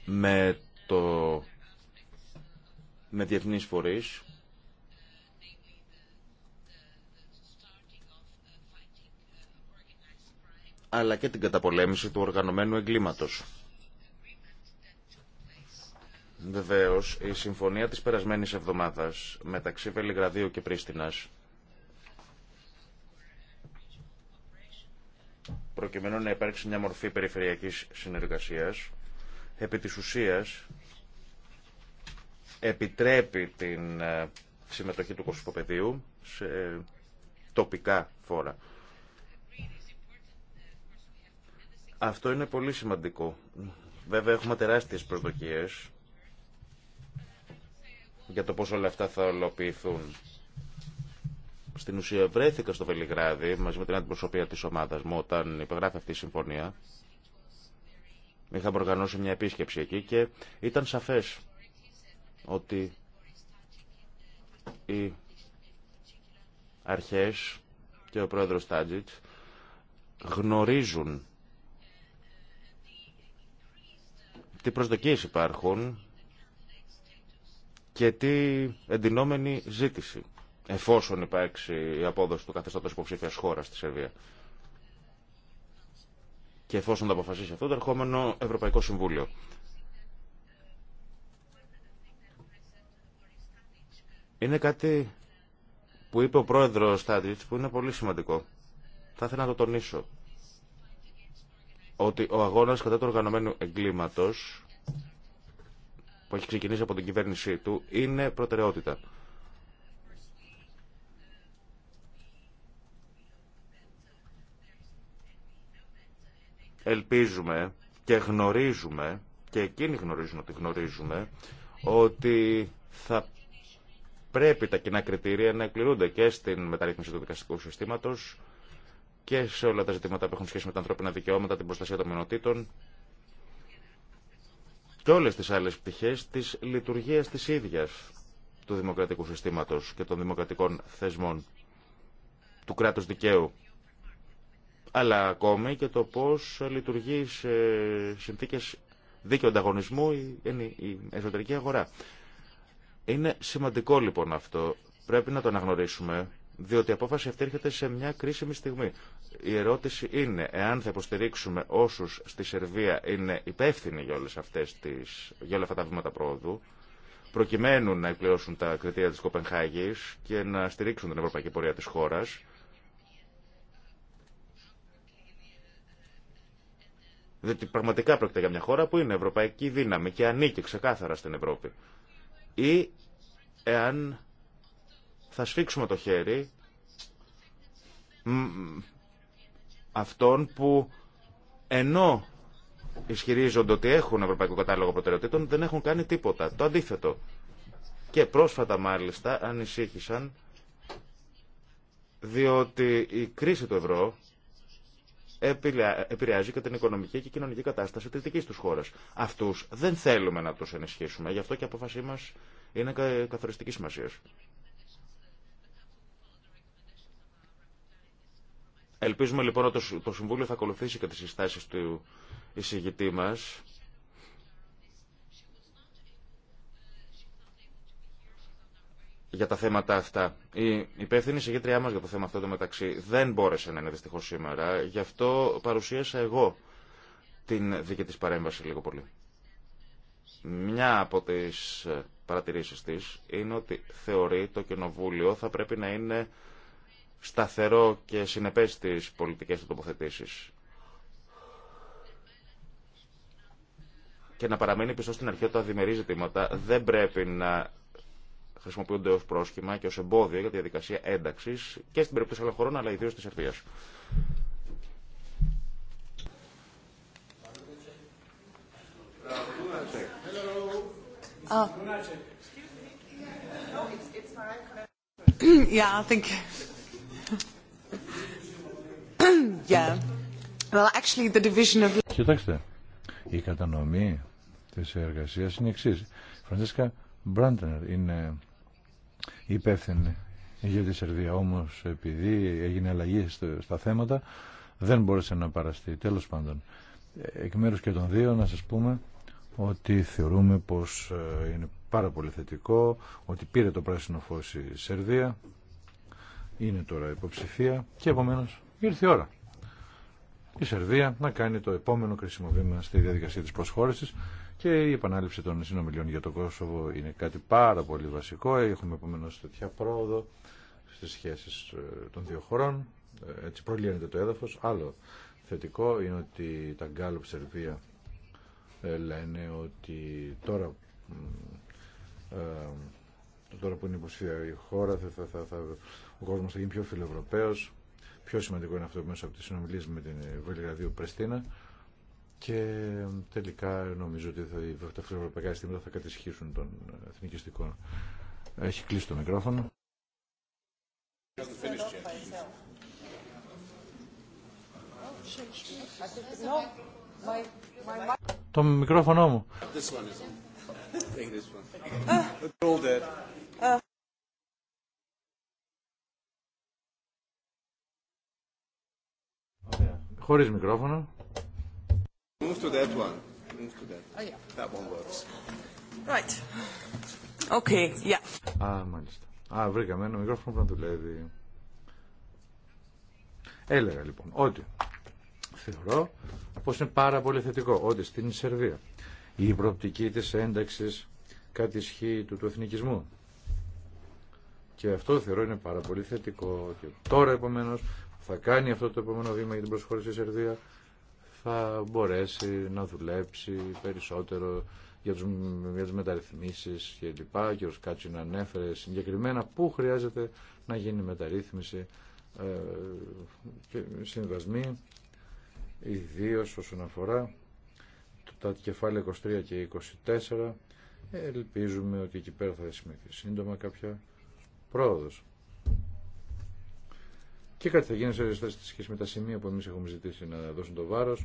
Speaker 4: με, το, με διεθνείς φορείς αλλά και την καταπολέμηση του οργανωμένου εγκλήματος. Βεβαίω, η συμφωνία της περασμένης εβδομάδας μεταξύ Βελιγραδίου και Πρίστινας προκειμένου να υπάρξει μια μορφή περιφερειακής συνεργασίας επί της ουσίας επιτρέπει την ε, συμμετοχή του κοσμοπεδίου σε τοπικά φόρα. Αυτό είναι πολύ σημαντικό. Βέβαια έχουμε τεράστιες προσδοκίες για το πώς όλα αυτά θα ολοποιηθούν. Στην ουσία βρέθηκα στο Βελιγράδι μαζί με την αντιπροσωπεία της ομάδας μου όταν υπεγράφει αυτή η συμφωνία Είχαμε οργανώσει μια επίσκεψη εκεί και ήταν σαφές ότι οι αρχές και ο πρόεδρος Τάντζιτς γνωρίζουν τι προσδοκίες υπάρχουν και τι εντυνόμενη ζήτηση εφόσον υπάρξει η απόδοση του καθεστώτος υποψήφιας χώρας στη Σερβία και εφόσον το αποφασίσει αυτό το ερχόμενο Ευρωπαϊκό Συμβούλιο. Είναι κάτι που είπε ο πρόεδρος Στάτιτς που είναι πολύ σημαντικό. Θα ήθελα να το τονίσω. Ότι ο αγώνας κατά του οργανωμένου εγκλήματος που έχει ξεκινήσει από την κυβέρνησή του είναι προτεραιότητα. Ελπίζουμε και γνωρίζουμε, και εκείνοι γνωρίζουν ότι γνωρίζουμε, ότι θα πρέπει τα κοινά κριτήρια να εκπληρούνται και στην μεταρρύθμιση του δικαστικού συστήματος και σε όλα τα ζητήματα που έχουν σχέση με τα ανθρώπινα δικαιώματα, την προστασία των μειονοτήτων και όλες τις άλλες πτυχές της λειτουργίας της ίδιας του δημοκρατικού συστήματος και των δημοκρατικών θεσμών του κράτους δικαίου αλλά ακόμη και το πώς λειτουργεί σε συνθήκες δίκαιου ανταγωνισμού η εσωτερική αγορά. Είναι σημαντικό λοιπόν αυτό, πρέπει να το αναγνωρίσουμε, διότι η απόφαση αυτή έρχεται σε μια κρίσιμη στιγμή. Η ερώτηση είναι εάν θα υποστηρίξουμε όσους στη Σερβία είναι υπεύθυνοι για, όλες αυτές τις, για όλα αυτά τα βήματα πρόοδου, προκειμένου να εκπληρώσουν τα κριτήρια της Κοπενχάγης και να στηρίξουν την ευρωπαϊκή πορεία της χώρας, Διότι πραγματικά πρόκειται για μια χώρα που είναι ευρωπαϊκή δύναμη και ανήκει ξεκάθαρα στην Ευρώπη. Ή εάν θα σφίξουμε το χέρι αυτών που ενώ ισχυρίζονται ότι έχουν ευρωπαϊκό κατάλογο προτεραιοτήτων δεν έχουν κάνει τίποτα. Το αντίθετο. Και πρόσφατα μάλιστα ανησύχησαν διότι η κρίση του ευρώ επηρεάζει και την οικονομική και κοινωνική κατάσταση τη δική του χώρα. Αυτού δεν θέλουμε να του ενισχύσουμε, γι' αυτό και η απόφασή μα είναι καθοριστική σημασία. Ελπίζουμε λοιπόν ότι το Συμβούλιο θα ακολουθήσει και τι συστάσει του εισηγητή μας για τα θέματα αυτά. Η υπεύθυνη συγγήτριά μα για το θέμα αυτό το μεταξύ δεν μπόρεσε να είναι δυστυχώ σήμερα, γι' αυτό παρουσίασα εγώ την δική τη παρέμβαση λίγο πολύ. Μια από τι παρατηρήσεις της είναι ότι θεωρεί το Κοινοβούλιο θα πρέπει να είναι σταθερό και συνεπέ στι πολιτικές του τοποθετήσεις. Και να παραμένει πίσω στην του διμερεί ζητήματα δεν πρέπει να χρησιμοποιούνται ω πρόσχημα και ω εμπόδιο για τη διαδικασία ένταξη και στην περίπτωση άλλων χωρών, αλλά ιδίω τη Σερβία.
Speaker 7: Κοιτάξτε, η κατανομή της εργασίας είναι εξής. Φραντσέσκα Μπράντενερ είναι υπεύθυνη για τη Σερβία. Όμως επειδή έγινε αλλαγή στα θέματα δεν μπόρεσε να παραστεί. Τέλος πάντων, εκ μέρου και των δύο να σας πούμε ότι θεωρούμε πως ε, είναι πάρα πολύ θετικό, ότι πήρε το πράσινο φως η Σερβία, είναι τώρα υποψηφία και επομένως ήρθε η ώρα η Σερβία να κάνει το επόμενο κρίσιμο βήμα στη διαδικασία της προσχώρησης και η επανάληψη των συνομιλιών για το Κόσοβο είναι κάτι πάρα πολύ βασικό. Έχουμε επομένω τέτοια πρόοδο στις σχέσεις ε, των δύο χωρών. Ε, έτσι προλύνεται το έδαφος. Άλλο θετικό είναι ότι τα Γκάλοπ Σερβία ε, λένε ότι τώρα, τώρα που είναι υποψήφια η χώρα θα, θα, θα, ο κόσμος θα γίνει πιο φιλοευρωπαίος. Πιο σημαντικό είναι αυτό μέσα από τις συνομιλίες με την Βελιγραδίου Πρεστίνα και τελικά νομίζω ότι θα, τα ευρωπαϊκά συστήματα θα κατησχίσουν τον εθνικιστικό. Έχει κλείσει το μικρόφωνο. Το μικρόφωνο μου. Χωρίς μικρόφωνο.
Speaker 5: Move to that one. Move to that. Oh, yeah. That one works. Right. Okay, yeah.
Speaker 7: Α, μάλιστα. Α, βρήκαμε ένα μικρόφωνο που να δουλεύει. Έλεγα λοιπόν ότι θεωρώ πως είναι πάρα πολύ θετικό ότι στην Σερβία η προοπτική της ένταξης κάτι ισχύει του, του εθνικισμού. Και αυτό θεωρώ είναι πάρα πολύ θετικό. Και τώρα επομένως θα κάνει αυτό το επόμενο βήμα για την προσχώρηση στη Σερβία θα μπορέσει να δουλέψει περισσότερο για, τους, για τις μεταρρυθμίσεις και λοιπά και ο ανέφερε συγκεκριμένα πού χρειάζεται να γίνει μεταρρύθμιση ε, και ιδίω όσον αφορά τα κεφάλαια 23 και 24 ελπίζουμε ότι εκεί πέρα θα σημειωθεί σύντομα κάποια πρόοδος. Και κάτι θα γίνει σε σχέση με τα σημεία που εμεί έχουμε ζητήσει να δώσουν το βάρο,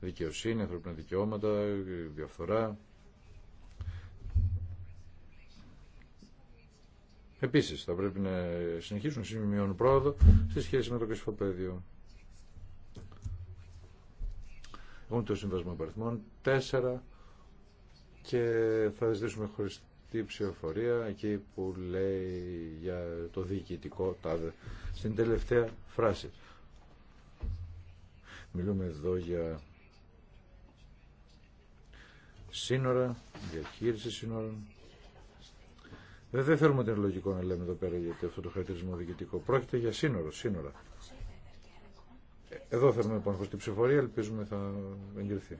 Speaker 7: δικαιοσύνη, ανθρωπινά δικαιώματα, διαφθορά. Επίση, θα πρέπει να συνεχίσουν να σημειώνουν πρόοδο στη σχέση με το κρυσφοπέδιο. Έχουν το Σύμβασμα Παριθμών 4 και θα ζητήσουμε χωρίς τη ψηφοφορία εκεί που λέει για το διοικητικό τάδε στην τελευταία φράση. Μιλούμε εδώ για σύνορα, διαχείριση σύνορων. Δεν θέλουμε ότι λογικό να λέμε εδώ πέρα γιατί αυτό το χαρακτηρισμό διοικητικό πρόκειται για σύνορο, σύνορα. Ε, εδώ θέλουμε πάνω στην ψηφορία, ελπίζουμε θα εγκριθεί.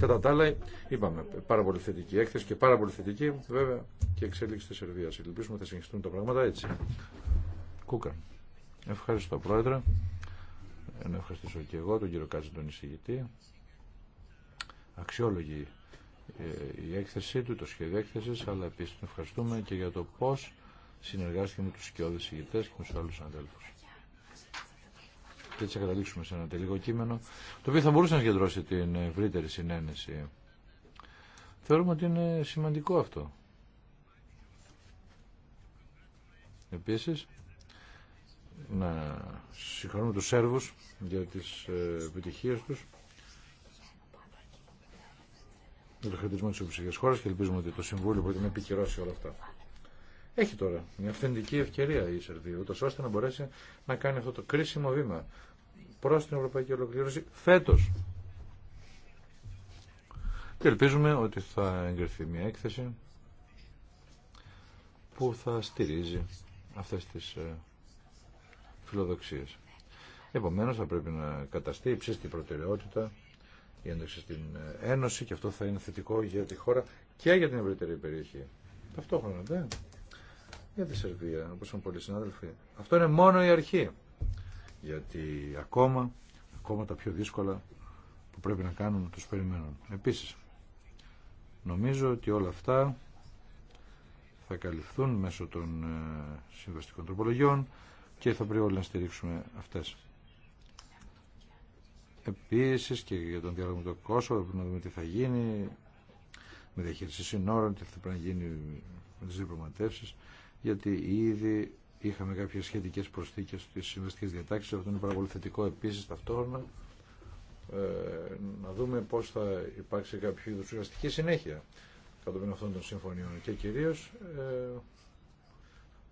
Speaker 7: Κατά τα άλλα, είπαμε, πάρα πολύ θετική έκθεση και πάρα πολύ θετική, βέβαια, και εξέλιξη τη Σερβία. Ελπίζουμε θα συνεχιστούν τα πράγματα έτσι. Κούκα. Ευχαριστώ, Πρόεδρε. Να ευχαριστήσω και εγώ τον κύριο Κάζη τον εισηγητή. Αξιόλογη ε, η έκθεσή του, το σχέδιο έκθεση, αλλά επίση τον ευχαριστούμε και για το πώ συνεργάστηκε με του οικειώδει ηγητέ και με του άλλου συναδέλφου και έτσι θα καταλήξουμε σε ένα τελικό κείμενο το οποίο θα μπορούσε να συγκεντρώσει την ευρύτερη συνένεση. Θεωρούμε ότι είναι σημαντικό αυτό. Επίσης, να συγχωρούμε τους Σέρβους για τις ε, επιτυχίες τους για το χαιρετισμό της χώρας και ελπίζουμε ότι το Συμβούλιο μπορεί να επικυρώσει όλα αυτά. Έχει τώρα μια αυθεντική ευκαιρία η Σερβία, ώστε να μπορέσει να κάνει αυτό το κρίσιμο βήμα προς την Ευρωπαϊκή Ολοκλήρωση φέτος. Και ελπίζουμε ότι θα εγκριθεί μια έκθεση που θα στηρίζει αυτές τις ε, φιλοδοξίες. Επομένως θα πρέπει να καταστεί υψίστη προτεραιότητα η ένταξη στην ε, Ένωση και αυτό θα είναι θετικό για τη χώρα και για την ευρύτερη περιοχή. Ταυτόχρονα, δεν για τη Σερβία, όπω είπαν πολλοί συνάδελφοι. Αυτό είναι μόνο η αρχή. Γιατί ακόμα, ακόμα τα πιο δύσκολα που πρέπει να κάνουν του περιμένουν. Επίσης, νομίζω ότι όλα αυτά θα καλυφθούν μέσω των ε, συμβαστικών τροπολογιών και θα πρέπει όλοι να στηρίξουμε αυτές. Επίση και για τον διάλογο με το Κόσοβο πρέπει να δούμε τι θα γίνει με διαχείριση συνόρων, τι θα πρέπει να γίνει με τι διπλωματεύσεις γιατί ήδη είχαμε κάποιες σχετικές προσθήκες στις συμβαστικές διατάξεις, αυτό είναι πάρα πολύ επίσης ταυτόχρονα. Ε, να δούμε πώς θα υπάρξει κάποιο είδους ουσιαστική συνέχεια κατόπιν αυτών των συμφωνιών και κυρίως ε,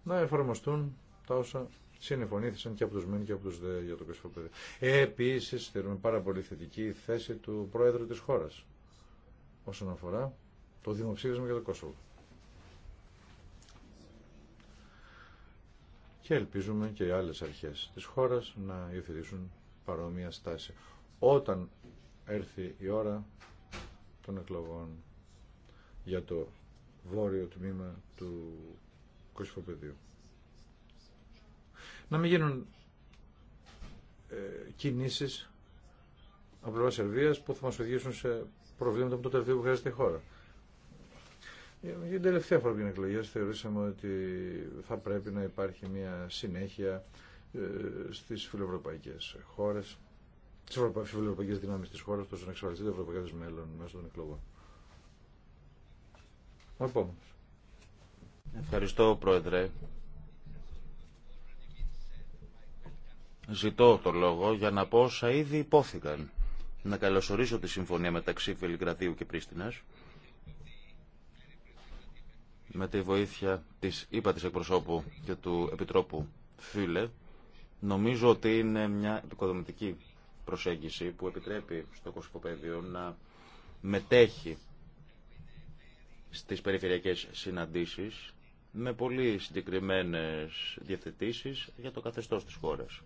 Speaker 7: να εφαρμοστούν τα όσα συνεφωνήθησαν και από τους ΜΕΝ και από τους ΔΕ για το κρίσιμο παιδί. Επίσης, θεωρούμε πάρα πολύ θετική θέση του Πρόεδρου της χώρας όσον αφορά το δημοψήφισμα για το Κόσοβο. και ελπίζουμε και οι άλλες αρχές της χώρας να υιοθετήσουν παρόμοια στάση όταν έρθει η ώρα των εκλογών για το βόρειο τμήμα του Κωσυφοπεδίου. Να μην γίνουν ε, κινήσεις από πλευρά Σερβίας που θα μας οδηγήσουν σε προβλήματα που το τελευταίο που χρειάζεται η χώρα. Για την τελευταία φορά που είναι εκλογέ θεωρήσαμε ότι θα πρέπει να υπάρχει μια συνέχεια ε, στις φιλοευρωπαϊκές χώρες, τη φιλοευρωπαϊκές δυνάμεις τη χώρα ώστε να εξασφαλιστεί το ευρωπαϊκό τη μέλλον
Speaker 4: μέσω των εκλογών. Ευχαριστώ, Πρόεδρε. Ζητώ το λόγο για να πω όσα ήδη υπόθηκαν. Να καλωσορίσω τη συμφωνία μεταξύ Βελιγραδίου και Πρίστινας με τη βοήθεια της ΥΠΑ της εκπροσώπου και του Επιτρόπου Φίλε, νομίζω ότι είναι μια επικοδομητική προσέγγιση που επιτρέπει στο κοσμοπέδιο να μετέχει στις περιφερειακές συναντήσεις με πολύ συγκεκριμένες διευθετήσεις για το καθεστώς της χώρας.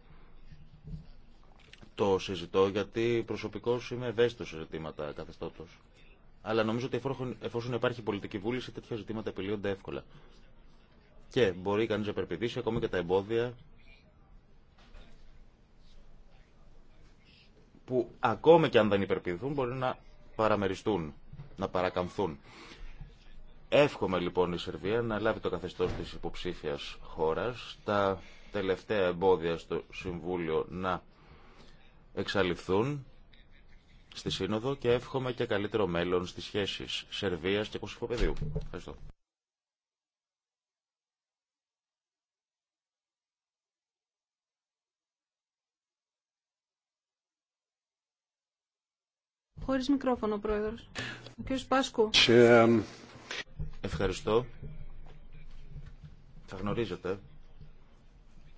Speaker 4: Το συζητώ γιατί προσωπικώς είμαι ευαίσθητος σε ζητήματα καθεστώτος. Αλλά νομίζω ότι εφόσον υπάρχει πολιτική βούληση, τέτοια ζητήματα επιλύονται εύκολα. Και μπορεί κανεί να υπερπηδήσει ακόμη και τα εμπόδια που ακόμη και αν δεν υπερπηδούν μπορεί να παραμεριστούν, να παρακαμφθούν. Εύχομαι λοιπόν η Σερβία να λάβει το καθεστώς της υποψήφιας χώρας, τα τελευταία εμπόδια στο Συμβούλιο να εξαλειφθούν στη Σύνοδο και εύχομαι και καλύτερο μέλλον στις σχέσεις Σερβίας και Κωσυφοπεδίου. Ευχαριστώ.
Speaker 2: Χωρίς μικρόφωνο, Πρόεδρος. Ο κ. Πάσκου.
Speaker 4: Ευχαριστώ. Θα γνωρίζετε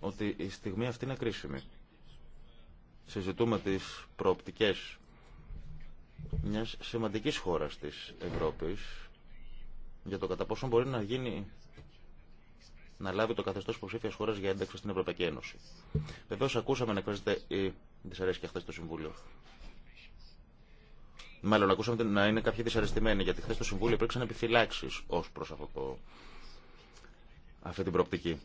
Speaker 4: ότι η στιγμή αυτή είναι κρίσιμη. Συζητούμε τις προοπτικές μια σημαντικής χώρα της Ευρώπης για το κατά πόσο μπορεί να γίνει να λάβει το καθεστώ υποψήφια χώρα για ένταξη στην Ευρωπαϊκή Ένωση. Βεβαίω, ακούσαμε να εκφράζεται η δυσαρέσκεια χθε στο Συμβούλιο. Μάλλον, ακούσαμε να είναι κάποιοι δυσαρεστημένοι, γιατί χθε στο Συμβούλιο υπήρξαν επιφυλάξει ω προ το... αυτή την προοπτική.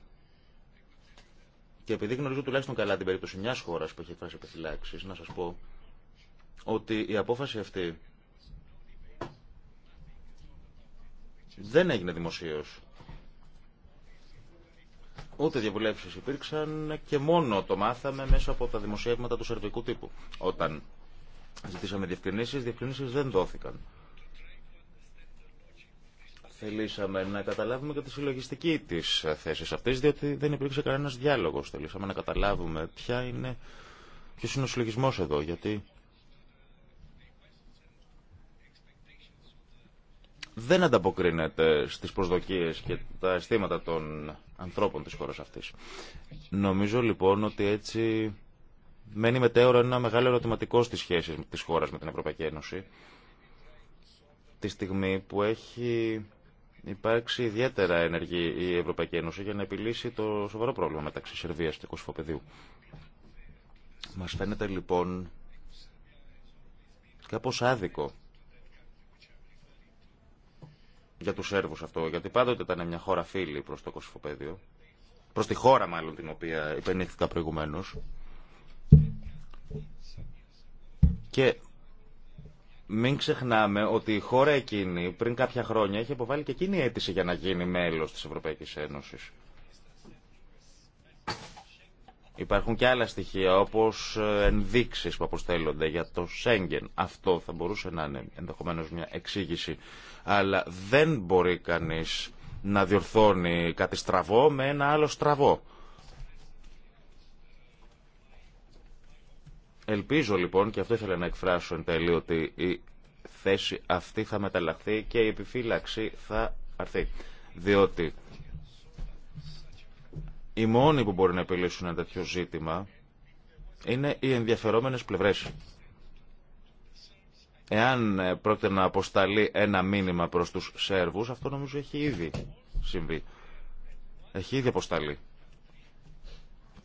Speaker 4: Και επειδή γνωρίζω τουλάχιστον καλά την περίπτωση μια χώρα που έχει εκφράσει επιφυλάξει, να σα πω ότι η απόφαση αυτή δεν έγινε δημοσίως. Ούτε διαβουλεύσει υπήρξαν και μόνο το μάθαμε μέσα από τα δημοσιεύματα του σερβικού τύπου. Όταν ζητήσαμε διευκρινήσεις, διευκρινήσεις δεν δόθηκαν. Θελήσαμε να καταλάβουμε και τη συλλογιστική της θέσης αυτής, διότι δεν υπήρξε κανένας διάλογος. Θελήσαμε να καταλάβουμε ποια είναι, ποιος είναι ο συλλογισμός εδώ, γιατί δεν ανταποκρίνεται στις προσδοκίες και τα αισθήματα των ανθρώπων της χώρας αυτής. Νομίζω λοιπόν ότι έτσι μένει μετέωρο ένα μεγάλο ερωτηματικό στις σχέσεις της χώρας με την Ευρωπαϊκή Ένωση τη στιγμή που έχει υπάρξει ιδιαίτερα ενεργή η Ευρωπαϊκή Ένωση για να επιλύσει το σοβαρό πρόβλημα μεταξύ Σερβίας και Κοσφοπεδίου. Μας φαίνεται λοιπόν κάπως άδικο για τους Σέρβους αυτό, γιατί πάντοτε ήταν μια χώρα φίλη προς το Κωσυφοπαίδιο, προς τη χώρα μάλλον την οποία υπενήχθηκα προηγουμένως. Και μην ξεχνάμε ότι η χώρα εκείνη πριν κάποια χρόνια είχε υποβάλει και εκείνη αίτηση για να γίνει μέλος της Ευρωπαϊκής Ένωσης. Υπάρχουν και άλλα στοιχεία όπως ε, ενδείξεις που αποστέλλονται για το Σέγγεν. Αυτό θα μπορούσε να είναι ενδεχομένως μια εξήγηση. Αλλά δεν μπορεί κανείς να διορθώνει κάτι στραβό με ένα άλλο στραβό. Ελπίζω λοιπόν, και αυτό ήθελα να εκφράσω εν τέλει, ότι η θέση αυτή θα μεταλλαχθεί και η επιφύλαξη θα αρθεί. Διότι οι μόνοι που μπορεί να επιλύσουν ένα τέτοιο ζήτημα είναι οι ενδιαφερόμενες πλευρές. Εάν ε, πρόκειται να αποσταλεί ένα μήνυμα προς τους Σέρβους, αυτό νομίζω έχει ήδη συμβεί. Έχει ήδη αποσταλεί.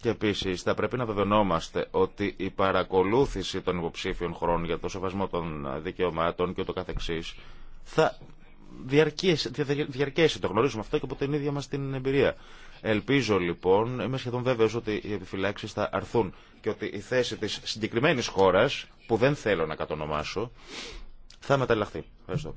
Speaker 4: Και επίση θα πρέπει να βεβαινόμαστε ότι η παρακολούθηση των υποψήφιων χρόνων για το σεβασμό των δικαιωμάτων και το καθεξής θα διαρκέσει, διαρκέσει, το γνωρίζουμε αυτό και από την ίδια μας την εμπειρία. Ελπίζω λοιπόν, είμαι σχεδόν βέβαιος ότι οι επιφυλάξεις θα αρθούν και ότι η θέση της συγκεκριμένης χώρας, που δεν θέλω να κατονομάσω, θα μεταλλαχθεί. Ευχαριστώ.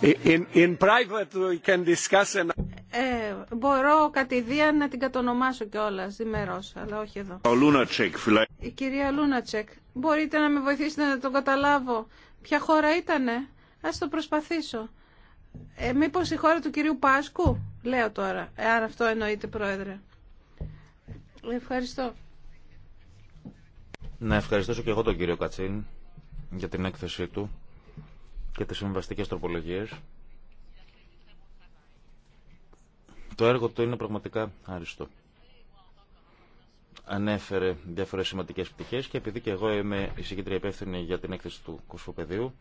Speaker 4: Ε, in,
Speaker 3: in private we can discuss and...
Speaker 2: ε, μπορώ κατηδίαν να την κατονομάσω κιόλα ημέρο, αλλά όχι εδώ.
Speaker 3: Ο Λούνατσεκ,
Speaker 2: Η κυρία Λούνατσεκ, μπορείτε να με βοηθήσετε να τον καταλάβω. Ποια χώρα ήτανε, ας το προσπαθήσω. Ε, μήπως η χώρα του κυρίου Πάσκου, λέω τώρα, εάν αυτό εννοείται πρόεδρε. Ευχαριστώ.
Speaker 4: Να ευχαριστήσω και εγώ τον κύριο Κατσίν για την έκθεσή του και τις συμβαστικές τροπολογίες. Το έργο του είναι πραγματικά άριστο. Ανέφερε διάφορες σημαντικές πτυχές και επειδή και εγώ είμαι η συγκεντρία υπεύθυνη για την έκθεση του κοσμοπεδίου,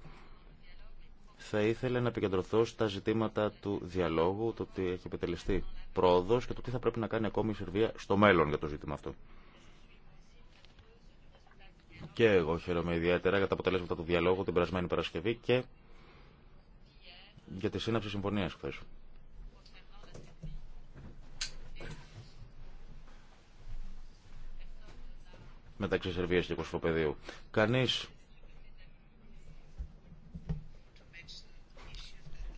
Speaker 4: θα ήθελα να επικεντρωθώ στα ζητήματα του διαλόγου, το ότι έχει επιτελεστεί πρόοδος και το τι θα πρέπει να κάνει ακόμη η Σερβία στο μέλλον για το ζήτημα αυτό. Και εγώ χαίρομαι ιδιαίτερα για τα αποτελέσματα του διαλόγου την περασμένη Παρασκευή και για τη σύναψη συμφωνίας χθε. μεταξύ Σερβίας και Κοσμοπεδίου. Κανείς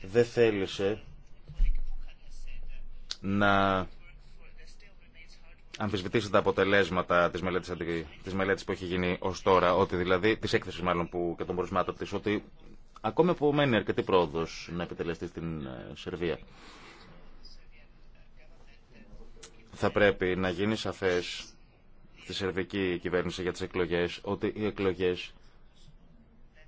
Speaker 4: δεν θέλησε να αμφισβητήσει τα αποτελέσματα της μελέτης, της μελέτης που έχει γίνει ως τώρα, ότι δηλαδή, της έκθεσης μάλλον που, και των προσμάτων της, ότι ακόμη μένει αρκετή πρόοδος να επιτελεστεί στην ε, Σερβία. Θα πρέπει να γίνει σαφές στη σερβική κυβέρνηση για τις εκλογές ότι οι εκλογές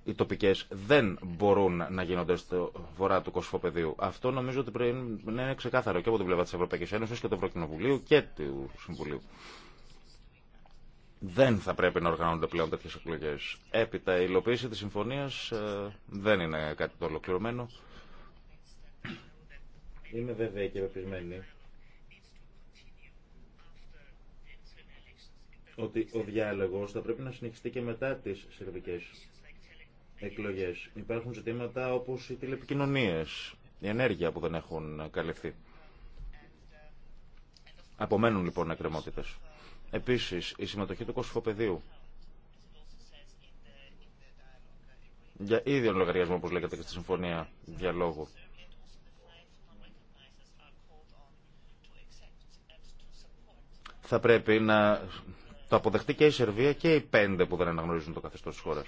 Speaker 4: οι τοπικές δεν μπορούν να γίνονται στο βορρά του κοσφοπεδίου. Αυτό νομίζω ότι πρέπει να είναι ξεκάθαρο και από την πλευρά τη Ευρωπαϊκή Ένωσης και του Ευρωκοινοβουλίου και του Συμβουλίου. Δεν θα πρέπει να οργανώνονται πλέον τέτοιε εκλογέ. Έπειτα, η υλοποίηση τη συμφωνία ε, δεν είναι κάτι το ολοκληρωμένο. Είμαι βέβαια και πεπισμένη ότι ο διάλογος θα πρέπει να συνεχιστεί και μετά τις σερβικές εκλογές. Υπάρχουν ζητήματα όπως οι τηλεπικοινωνίες, η ενέργεια που δεν έχουν καλυφθεί. Απομένουν λοιπόν εκκρεμότητε. Επίσης, η συμμετοχή του κοσφοπεδίου για ίδιο λογαριασμό, όπως λέγεται και στη Συμφωνία Διαλόγου. Θα πρέπει να το αποδεχτεί και η Σερβία και οι πέντε που δεν αναγνωρίζουν το καθεστώς της χώρας.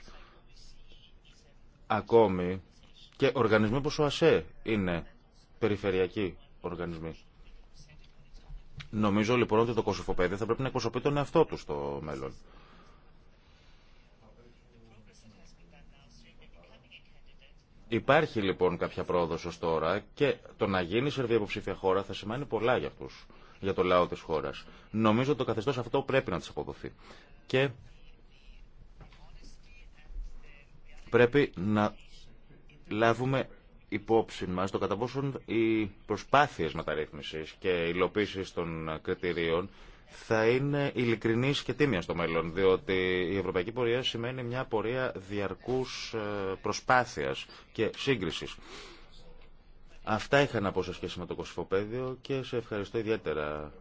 Speaker 4: Ακόμη και οργανισμοί όπως ο ΑΣΕ είναι περιφερειακοί οργανισμοί. Νομίζω λοιπόν ότι το κοσυφοπαίδιο θα πρέπει να εκπροσωπεί τον εαυτό του στο μέλλον. Υπάρχει λοιπόν κάποια πρόοδος ως τώρα και το να γίνει η Σερβία υποψήφια χώρα θα σημαίνει πολλά για αυτούς, για το λαό της χώρας. Νομίζω ότι το καθεστώς αυτό πρέπει να τη αποδοθεί. Και πρέπει να λάβουμε υπόψη μας το κατά πόσον οι προσπάθειες μεταρρύθμισης και υλοποίηση των κριτηρίων θα είναι ειλικρινής και τίμια στο μέλλον, διότι η ευρωπαϊκή πορεία σημαίνει μια πορεία διαρκούς ε, προσπάθειας και σύγκρισης. Αυτά είχα να πω σε σχέση με το κοσυφοπαίδιο και σε ευχαριστώ ιδιαίτερα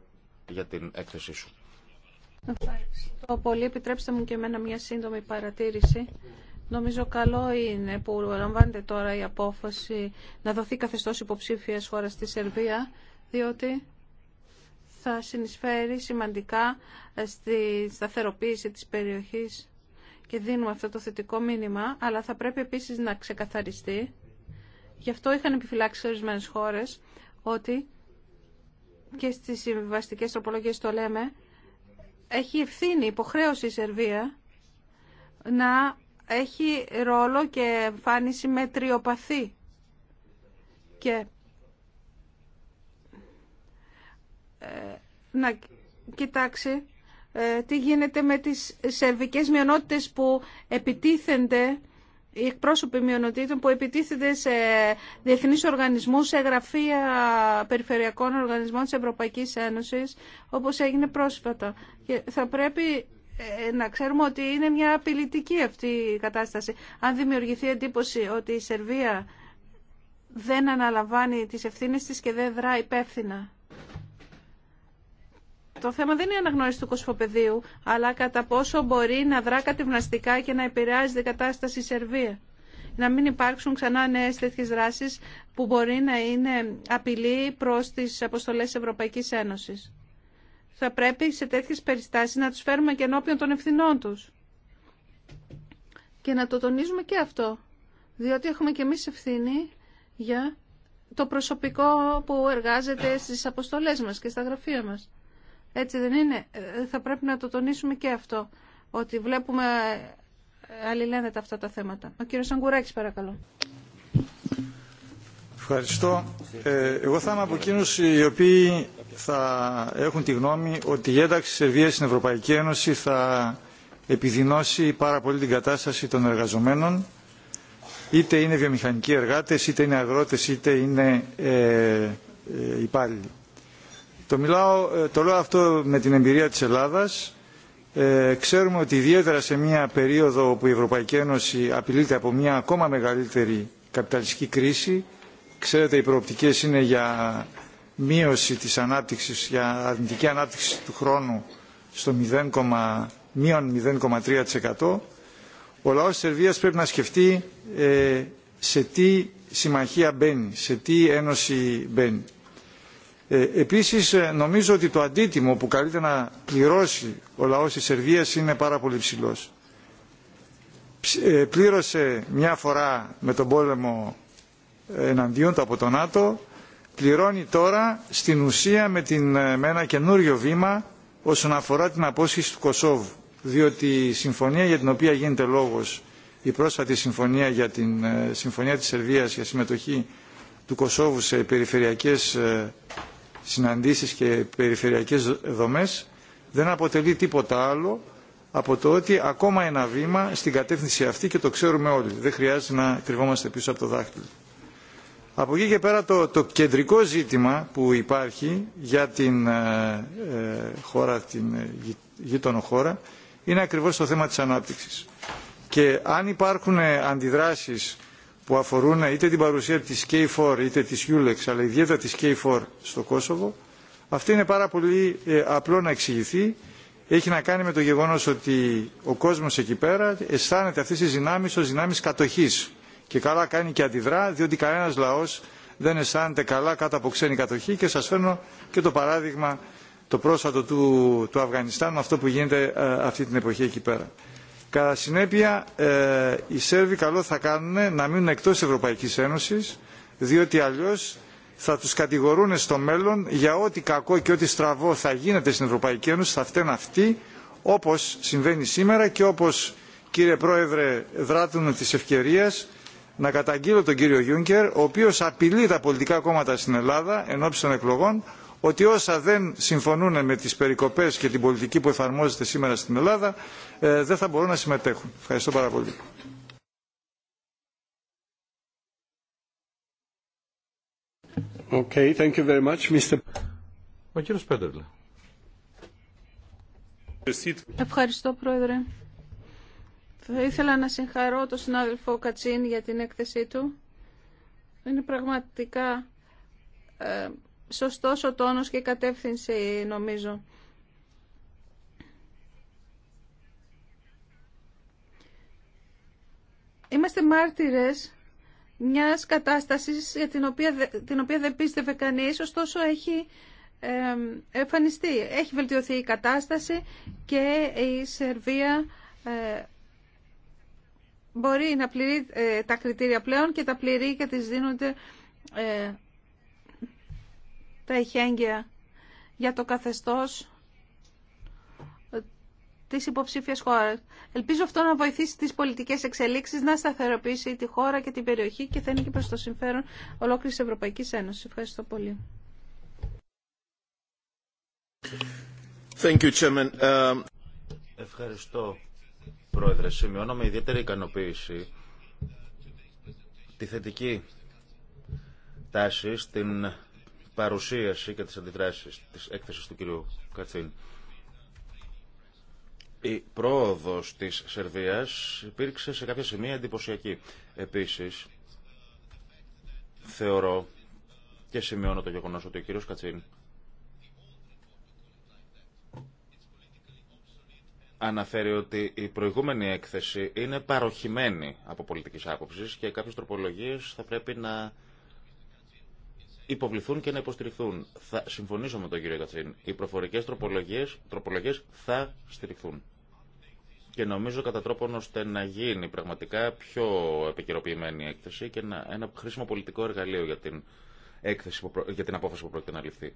Speaker 4: για την έκθεσή σου.
Speaker 2: Ευχαριστώ πολύ. Επιτρέψτε μου και εμένα μια σύντομη παρατήρηση Νομίζω καλό είναι που λαμβάνεται τώρα η απόφαση να δοθεί καθεστώς υποψήφια χώρα στη Σερβία, διότι θα συνεισφέρει σημαντικά στη σταθεροποίηση της περιοχής και δίνουμε αυτό το θετικό μήνυμα, αλλά θα πρέπει επίσης να ξεκαθαριστεί. Γι' αυτό είχαν επιφυλάξει ορισμένε χώρες ότι και στις συμβιβαστικές τροπολογίες το λέμε, έχει ευθύνη, υποχρέωση η Σερβία να έχει ρόλο και εμφάνιση με τριοπαθή. Και ε, να κοιτάξει ε, τι γίνεται με τις σερβικές μειονότητες που επιτίθενται οι εκπρόσωποι μειονοτήτων που επιτίθενται σε διεθνείς οργανισμούς, σε γραφεία περιφερειακών οργανισμών της Ευρωπαϊκής Ένωσης, όπως έγινε πρόσφατα. Και θα πρέπει ε, να ξέρουμε ότι είναι μια απειλητική αυτή η κατάσταση. Αν δημιουργηθεί εντύπωση ότι η Σερβία δεν αναλαμβάνει τις ευθύνες της και δεν δρά υπεύθυνα. Το θέμα δεν είναι η αναγνώριση του κοσφοπεδίου, αλλά κατά πόσο μπορεί να δρά κατευναστικά και να επηρεάζει την κατάσταση η Σερβία. Να μην υπάρξουν ξανά νέε τέτοιε δράσει που μπορεί να είναι απειλή προ τι αποστολέ Ευρωπαϊκή Ένωση θα πρέπει σε τέτοιες περιστάσεις να τους φέρουμε και ενώπιον των ευθυνών τους. Και να το τονίζουμε και αυτό, διότι έχουμε και εμείς ευθύνη για το προσωπικό που εργάζεται στις αποστολές μας και στα γραφεία μας. Έτσι δεν είναι. Θα πρέπει να το τονίσουμε και αυτό, ότι βλέπουμε τα αυτά τα θέματα. Ο κύριος Αγκουράκης παρακαλώ.
Speaker 1: Ευχαριστώ. Ε, εγώ θα είμαι από εκείνους οι οποίοι θα έχουν τη γνώμη ότι η ένταξη της Σερβίας στην Ευρωπαϊκή Ένωση θα επιδεινώσει πάρα πολύ την κατάσταση των εργαζομένων είτε είναι βιομηχανικοί εργάτες, είτε είναι αγρότες, είτε είναι ε, ε, υπάλληλοι. Το, μιλάω, ε, το λέω αυτό με την εμπειρία της Ελλάδας. ξέρουμε ότι ιδιαίτερα σε μια περίοδο που η Ευρωπαϊκή Ένωση απειλείται από μια ακόμα μεγαλύτερη καπιταλιστική κρίση, ξέρετε οι προοπτικές είναι για μείωση της ανάπτυξης για αρνητική ανάπτυξη του χρόνου στο 0,3%, ο λαός της Σερβίας πρέπει να σκεφτεί ε, σε τι συμμαχία μπαίνει, σε τι ένωση μπαίνει. Ε, επίσης ε, νομίζω ότι το αντίτιμο που καλείται να πληρώσει ο λαός της Σερβίας είναι πάρα πολύ ψηλός. πλήρωσε μια φορά με τον πόλεμο εναντίον του από τον πληρώνει τώρα στην ουσία με, την, ε, ένα καινούριο βήμα όσον αφορά την απόσχηση του Κωσόβου. Διότι η συμφωνία για την οποία γίνεται λόγος, η πρόσφατη συμφωνία για την ε, συμφωνία της Σερβίας για συμμετοχή του Κωσόβου σε περιφερειακές ε, συναντήσεις και περιφερειακές δομές, δεν αποτελεί τίποτα άλλο από το ότι ακόμα ένα βήμα στην κατεύθυνση αυτή και το ξέρουμε όλοι. Δεν χρειάζεται να κρυβόμαστε πίσω από το δάχτυλο. Από εκεί και πέρα το, το κεντρικό ζήτημα που υπάρχει για την ε, ε, χώρα, την ε, γείτονο χώρα, είναι ακριβώς το θέμα της ανάπτυξης. Και αν υπάρχουν αντιδράσεις που αφορούν είτε την παρουσία της K4 είτε της Ulex, αλλά ιδιαίτερα της K4 στο Κόσοβο, αυτή είναι πάρα πολύ απλό να εξηγηθεί. Έχει να κάνει με το γεγονός ότι ο κόσμος εκεί πέρα αισθάνεται αυτή τις δυνάμεις ως δυνάμεις κατοχής και καλά κάνει και αντιδρά, διότι κανένα λαό δεν αισθάνεται καλά κάτω από ξένη κατοχή και σα φέρνω και το παράδειγμα το πρόσφατο του, του Αφγανιστάν αυτό που γίνεται ε, αυτή την εποχή εκεί πέρα. Κατά συνέπεια, ε, οι Σέρβοι καλό θα κάνουν να μείνουν εκτό Ευρωπαϊκή Ένωση, διότι αλλιώ θα του κατηγορούν στο μέλλον για ό,τι κακό και ό,τι στραβό θα γίνεται στην Ευρωπαϊκή Ένωση, θα φταίνουν αυτοί, όπω συμβαίνει σήμερα και όπω κύριε Πρόεδρε, δράτουν τη ευκαιρία να καταγγείλω τον κύριο Γιούνκερ, ο οποίος απειλεί τα πολιτικά κόμματα στην Ελλάδα εν των εκλογών, ότι όσα δεν συμφωνούν με τις περικοπές και την πολιτική που εφαρμόζεται σήμερα στην Ελλάδα, ε, δεν θα μπορούν να συμμετέχουν. Ευχαριστώ πάρα πολύ.
Speaker 7: Okay, thank you very much, Mr. Ο
Speaker 2: Ευχαριστώ, Πρόεδρε. Θα ήθελα να συγχαρώ τον συνάδελφο Κατσίν για την έκθεσή του. Είναι πραγματικά ε, σωστός ο τόνος και η κατεύθυνση νομίζω. Είμαστε μάρτυρες μιας κατάστασης για την οποία, την οποία δεν πίστευε κανείς, ωστόσο έχει εμφανιστεί. Έχει βελτιωθεί η κατάσταση και η Σερβία ε, μπορεί να πληρεί ε, τα κριτήρια πλέον και τα πληρεί και της δίνονται ε, τα ειχέγγυα για το καθεστώς ε, της υποψήφιας χώρας. Ελπίζω αυτό να βοηθήσει τις πολιτικές εξελίξεις να σταθεροποιήσει τη χώρα και την περιοχή και θα είναι και προς το συμφέρον ολόκληρης Ευρωπαϊκής Ένωσης. Ευχαριστώ πολύ.
Speaker 4: Thank you, ε, Πρόεδρε, σημειώνω με ιδιαίτερη ικανοποίηση τη θετική τάση στην παρουσίαση και τις αντιδράσεις της έκθεσης του κυρίου Κατσίν. Η πρόοδος της Σερβίας υπήρξε σε κάποια σημεία εντυπωσιακή. Επίσης, θεωρώ και σημειώνω το γεγονός ότι ο κύριος Κατσίν αναφέρει ότι η προηγούμενη έκθεση είναι παροχημένη από πολιτική άποψη και κάποιε τροπολογίες θα πρέπει να υποβληθούν και να υποστηριχθούν. Θα συμφωνήσω με τον κύριο Κατσίν. Οι προφορικέ τροπολογίε θα στηριχθούν. Και νομίζω κατά τρόπον ώστε να γίνει πραγματικά πιο επικαιροποιημένη η έκθεση και να, ένα χρήσιμο πολιτικό εργαλείο για την, έκθεση, για την απόφαση που πρόκειται να ληφθεί.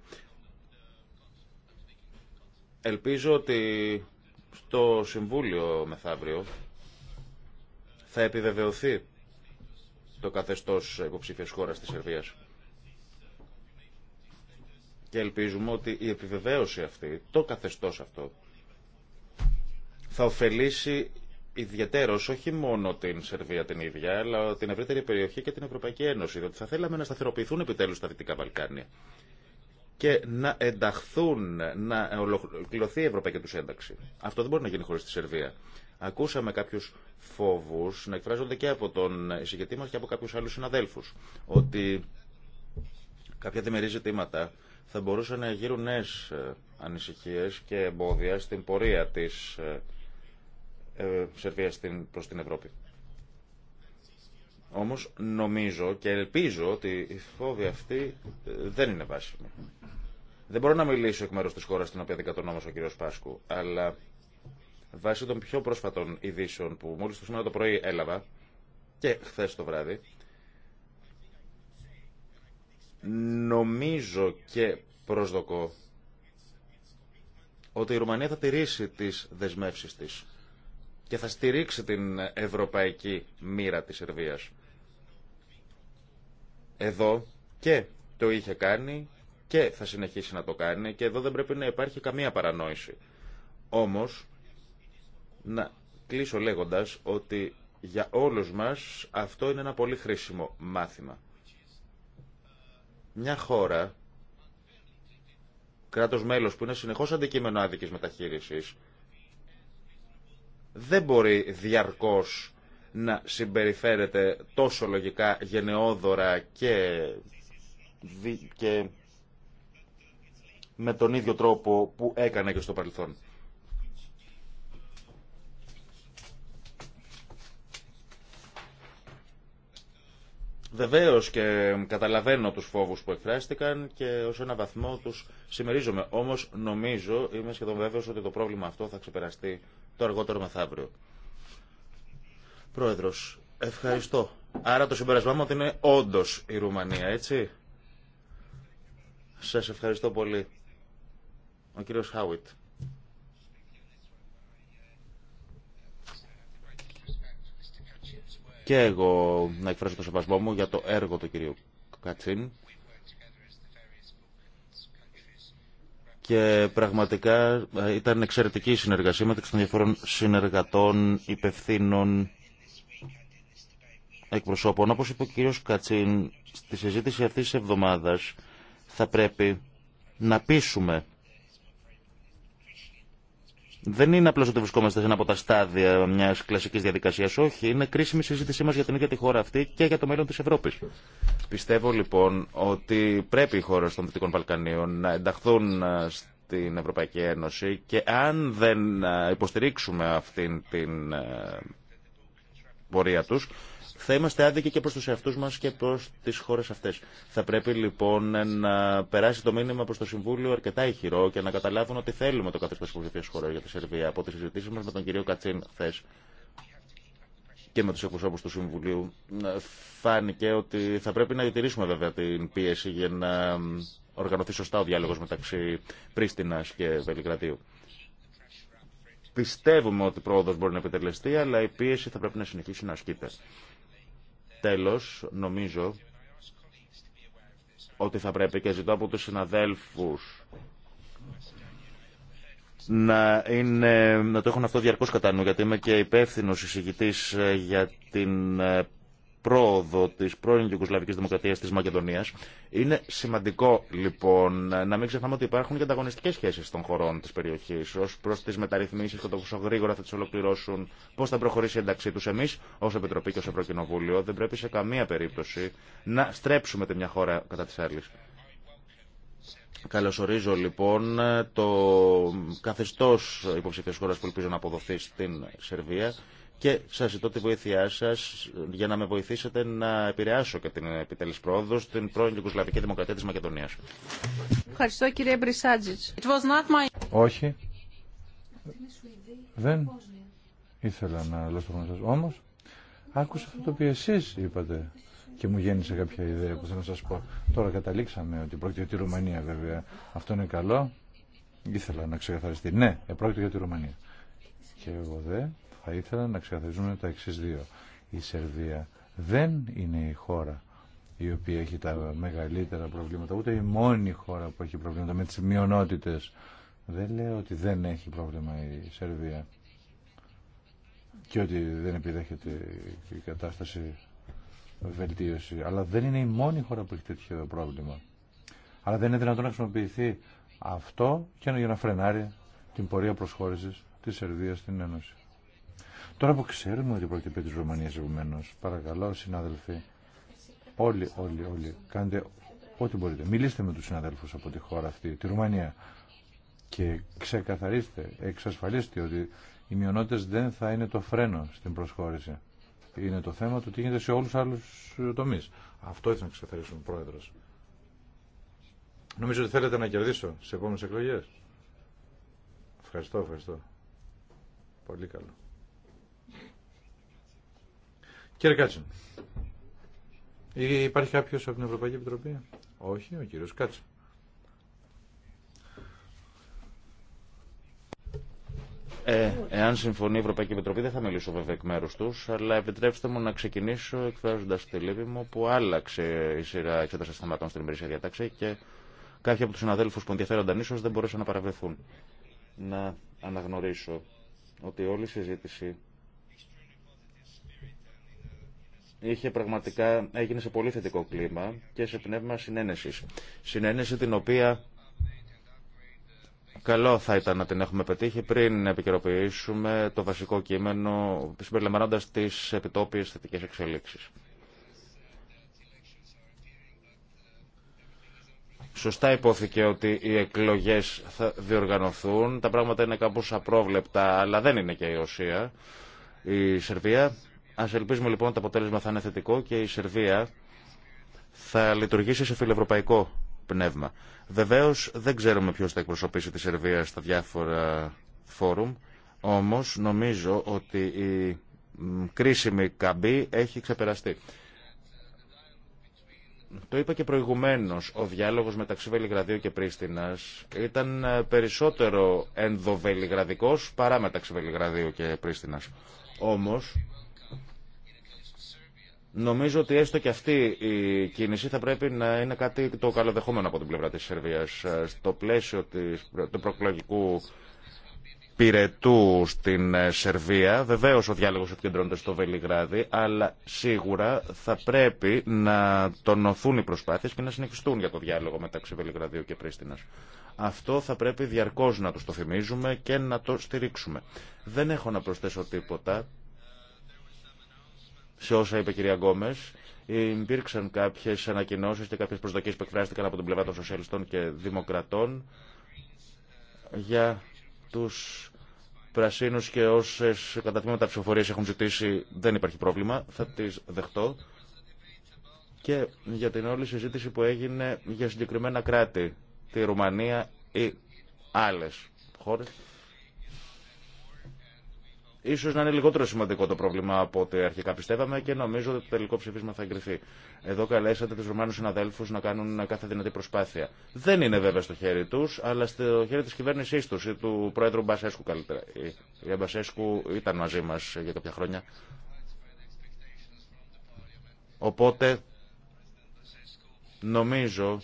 Speaker 4: Ελπίζω ότι στο Συμβούλιο μεθαύριο θα επιβεβαιωθεί το καθεστώς υποψήφιας χώρας της Σερβίας. Και ελπίζουμε ότι η επιβεβαίωση αυτή, το καθεστώς αυτό, θα ωφελήσει ιδιαίτερος όχι μόνο την Σερβία την ίδια, αλλά την ευρύτερη περιοχή και την Ευρωπαϊκή Ένωση, διότι θα θέλαμε να σταθεροποιηθούν επιτέλους τα Δυτικά Βαλκάνια και να ενταχθούν, να ολοκληρωθεί η ευρωπαϊκή του ένταξη. Αυτό δεν μπορεί να γίνει χωρί τη Σερβία. Ακούσαμε κάποιου φόβου να εκφράζονται και από τον εισηγητή και από κάποιου άλλου συναδέλφου ότι κάποια διμερεί ζητήματα θα μπορούσαν να γύρουν νέε ανησυχίε και εμπόδια στην πορεία τη ε, ε, Σερβία προ την Ευρώπη. Όμως νομίζω και ελπίζω ότι η φόβη αυτή ε, δεν είναι βάσιμη. Δεν μπορώ να μιλήσω εκ μέρους της χώρας στην οποία κατονόμασε ο κύριος Πάσκου, αλλά βάσει των πιο πρόσφατων ειδήσεων που μόλις το σήμερα το πρωί έλαβα και χθε το βράδυ, νομίζω και προσδοκώ ότι η Ρουμανία θα τηρήσει τις δεσμεύσεις της και θα στηρίξει την ευρωπαϊκή μοίρα της Σερβίας εδώ και το είχε κάνει και θα συνεχίσει να το κάνει και εδώ δεν πρέπει να υπάρχει καμία παρανόηση. Όμως, να κλείσω λέγοντας ότι για όλους μας αυτό είναι ένα πολύ χρήσιμο μάθημα. Μια χώρα, κράτος μέλος που είναι συνεχώς αντικείμενο άδικης μεταχείρισης, δεν μπορεί διαρκώς να συμπεριφέρεται τόσο λογικά γενναιόδωρα και, και με τον ίδιο τρόπο που έκανε και στο παρελθόν. Βεβαίω και καταλαβαίνω τους φόβους που εκφράστηκαν και ως ένα βαθμό τους συμμερίζομαι. Όμως νομίζω, είμαι σχεδόν βέβαιος ότι το πρόβλημα αυτό θα ξεπεραστεί το αργότερο μεθαύριο. Πρόεδρος, ευχαριστώ. Άρα το συμπέρασμά μου ότι είναι όντως η Ρουμανία, έτσι. Σας ευχαριστώ πολύ. Ο κύριος Χάουιτ. Και εγώ να εκφράσω το σεβασμό μου για το έργο του κυρίου Κατσίν. Και πραγματικά ήταν εξαιρετική η συνεργασία μεταξύ των διαφορών συνεργατών, υπευθύνων εκπροσώπων. Όπως είπε ο κύριος Κατσίν, στη συζήτηση αυτής της εβδομάδας θα πρέπει να πείσουμε. Δεν είναι απλώς ότι βρισκόμαστε σε ένα από τα στάδια μιας κλασικής διαδικασίας, όχι. Είναι κρίσιμη συζήτησή μας για την ίδια τη χώρα αυτή και για το μέλλον της Ευρώπης. Πιστεύω λοιπόν ότι πρέπει οι χώρες των Δυτικών Βαλκανίων να ενταχθούν ε, στην Ευρωπαϊκή Ένωση και αν δεν ε, υποστηρίξουμε αυτήν την ε, πορεία τους, θα είμαστε άδικοι και προς τους εαυτού μα και προ τι χώρε αυτέ. Θα πρέπει λοιπόν να περάσει το μήνυμα προ το Συμβούλιο αρκετά ηχηρό και να καταλάβουν ότι θέλουμε το καθεστώ υποψηφίας χώρα για τη Σερβία. Από τις συζητήσεις μα με τον κύριο Κατσίν χθε και με του εκπροσώπου του Συμβουλίου φάνηκε ότι θα πρέπει να διατηρήσουμε βέβαια την πίεση για να οργανωθεί σωστά ο διάλογο μεταξύ Πρίστινα και Βελιγραδίου. Πιστεύουμε ότι πρόοδος μπορεί να επιτελεστεί, αλλά η πίεση θα πρέπει να συνεχίσει να ασκείται. Τέλος, νομίζω ότι θα πρέπει και ζητώ από τους συναδέλφους να, είναι, να το έχουν αυτό διαρκώς κατά νου, γιατί είμαι και υπεύθυνο εισηγητής ε, για την ε, πρόοδο τη πρώην Ιουγκοσλαβική Δημοκρατία τη Μακεδονία. Είναι σημαντικό λοιπόν να μην ξεχνάμε ότι υπάρχουν και ανταγωνιστικέ σχέσει των χωρών τη περιοχή ω προ τι μεταρρυθμίσει και το πόσο γρήγορα θα τι ολοκληρώσουν, πώ θα προχωρήσει η ένταξή του. Εμεί ω Επιτροπή και ω Ευρωκοινοβούλιο δεν πρέπει σε καμία περίπτωση να στρέψουμε τη μια χώρα κατά τη άλλη. Καλωσορίζω λοιπόν το καθεστώ υποψηφίας χώρα που ελπίζω να αποδοθεί στην Σερβία και σα ζητώ τη βοήθειά σα για να με βοηθήσετε να επηρεάσω και την επιτέλεση πρόοδο στην πρώην Ιουγκοσλαβική Δημοκρατία τη Μακεδονία.
Speaker 2: Ευχαριστώ κύριε Μπρισάτζιτ. My...
Speaker 7: Όχι. Δεν ήθελα να λέω στον σα. Όμω άκουσα αυτό το οποίο εσεί είπατε και μου γέννησε κάποια ιδέα που θέλω να σα πω. Τώρα καταλήξαμε ότι πρόκειται για τη Ρουμανία βέβαια. Αυτό είναι καλό. Ήθελα να ξεκαθαριστεί. Ναι, ε, πρόκειται για τη Ρουμανία. Και εγώ δε θα ήθελα να ξεκαθαρίζουμε τα εξή δύο. Η Σερβία δεν είναι η χώρα η οποία έχει τα μεγαλύτερα προβλήματα, ούτε η μόνη χώρα που έχει προβλήματα με τις μειονότητες. Δεν λέω ότι δεν έχει πρόβλημα η Σερβία και ότι δεν επιδέχεται η κατάσταση βελτίωση, αλλά δεν είναι η μόνη χώρα που έχει τέτοιο πρόβλημα. Αλλά δεν είναι δυνατόν να χρησιμοποιηθεί αυτό και για να φρενάρει την πορεία προσχώρησης της Σερβίας στην Ένωση. Τώρα που ξέρουμε ότι πρόκειται περί τη Ρουμανία, επομένω, παρακαλώ συνάδελφοι, όλοι, όλοι, όλοι, κάντε ό,τι μπορείτε. Μιλήστε με του συναδέλφου από τη χώρα αυτή, τη Ρουμανία και ξεκαθαρίστε, εξασφαλίστε ότι οι μειονότητε δεν θα είναι το φρένο στην προσχώρηση. Είναι το θέμα του τι γίνεται σε όλου του άλλους τομείς. Αυτό έτσι να ξεκαθαρίσουμε, Πρόεδρος. Νομίζω ότι θέλετε να κερδίσω σε επόμενε εκλογέ. Ευχαριστώ, ευχαριστώ. Πολύ καλό. Κύριε Κάτσιν, ε, υπάρχει κάποιος από την Ευρωπαϊκή Επιτροπή?
Speaker 4: Όχι, ο κύριος Κάτσιν. Ε, εάν συμφωνεί η Ευρωπαϊκή Επιτροπή, δεν θα μιλήσω βέβαια εκ μέρου του, αλλά επιτρέψτε μου να ξεκινήσω εκφράζοντα τη λύπη μου που άλλαξε η σειρά εξέταση θεμάτων στην ημερήσια διατάξη και κάποιοι από του συναδέλφου που ενδιαφέρονταν ίσω δεν μπορούσαν να παραβρεθούν. Να αναγνωρίσω ότι όλη η συζήτηση είχε πραγματικά, έγινε σε πολύ θετικό κλίμα και σε πνεύμα συνένεσης. Συνένεση την οποία καλό θα ήταν να την έχουμε πετύχει πριν επικαιροποιήσουμε το βασικό κείμενο συμπεριλαμβάνοντας τις επιτόπιες θετικές εξελίξεις. Σωστά υπόθηκε ότι οι εκλογές θα διοργανωθούν. Τα πράγματα είναι κάπως απρόβλεπτα, αλλά δεν είναι και η Ρωσία. Η Σερβία Ας ελπίζουμε λοιπόν ότι το αποτέλεσμα θα είναι θετικό και η Σερβία θα λειτουργήσει σε φιλευρωπαϊκό πνεύμα. Βεβαίω δεν ξέρουμε ποιο θα εκπροσωπήσει τη Σερβία στα διάφορα φόρουμ, όμω νομίζω ότι η κρίσιμη καμπή έχει ξεπεραστεί. Το είπα και προηγουμένω, ο διάλογο μεταξύ Βελιγραδίου και Πρίστινα ήταν ε, περισσότερο ενδοβελιγραδικό παρά μεταξύ Βελιγραδίου και Πρίστινα. Όμω, Νομίζω ότι έστω και αυτή η κίνηση θα πρέπει να είναι κάτι το καλοδεχόμενο από την πλευρά της Σερβίας ε, στο πλαίσιο της, του προκλογικού πυρετού στην ε, Σερβία. Βεβαίως ο διάλογος επικεντρώνεται στο Βελιγράδι, αλλά σίγουρα θα πρέπει να τονωθούν οι προσπάθειες και να συνεχιστούν για το διάλογο μεταξύ Βελιγραδίου και Πρίστινας. Αυτό θα πρέπει διαρκώς να το θυμίζουμε και να το στηρίξουμε. Δεν έχω να προσθέσω τίποτα σε όσα είπε η κυρία Γκόμε. Υπήρξαν κάποιε ανακοινώσει και κάποιε προσδοκίε που εκφράστηκαν από την πλευρά των Σοσιαλιστών και Δημοκρατών για του πρασίνου και όσε κατά τμήματα ψηφοφορίε έχουν ζητήσει δεν υπάρχει πρόβλημα. Θα τι δεχτώ. Και για την όλη συζήτηση που έγινε για συγκεκριμένα κράτη, τη Ρουμανία ή άλλε χώρε Ίσως να είναι λιγότερο σημαντικό το πρόβλημα από ό,τι αρχικά πιστεύαμε και νομίζω ότι το τελικό ψηφίσμα θα εγκριθεί. Εδώ καλέσατε του Ρωμάνου συναδέλφου να κάνουν κάθε δυνατή προσπάθεια. Δεν είναι βέβαια στο χέρι του, αλλά στο χέρι τη κυβέρνησή του ή του πρόεδρου Μπασέσκου καλύτερα. Η Μπασέσκου ήταν μαζί μα για κάποια χρόνια. Οπότε νομίζω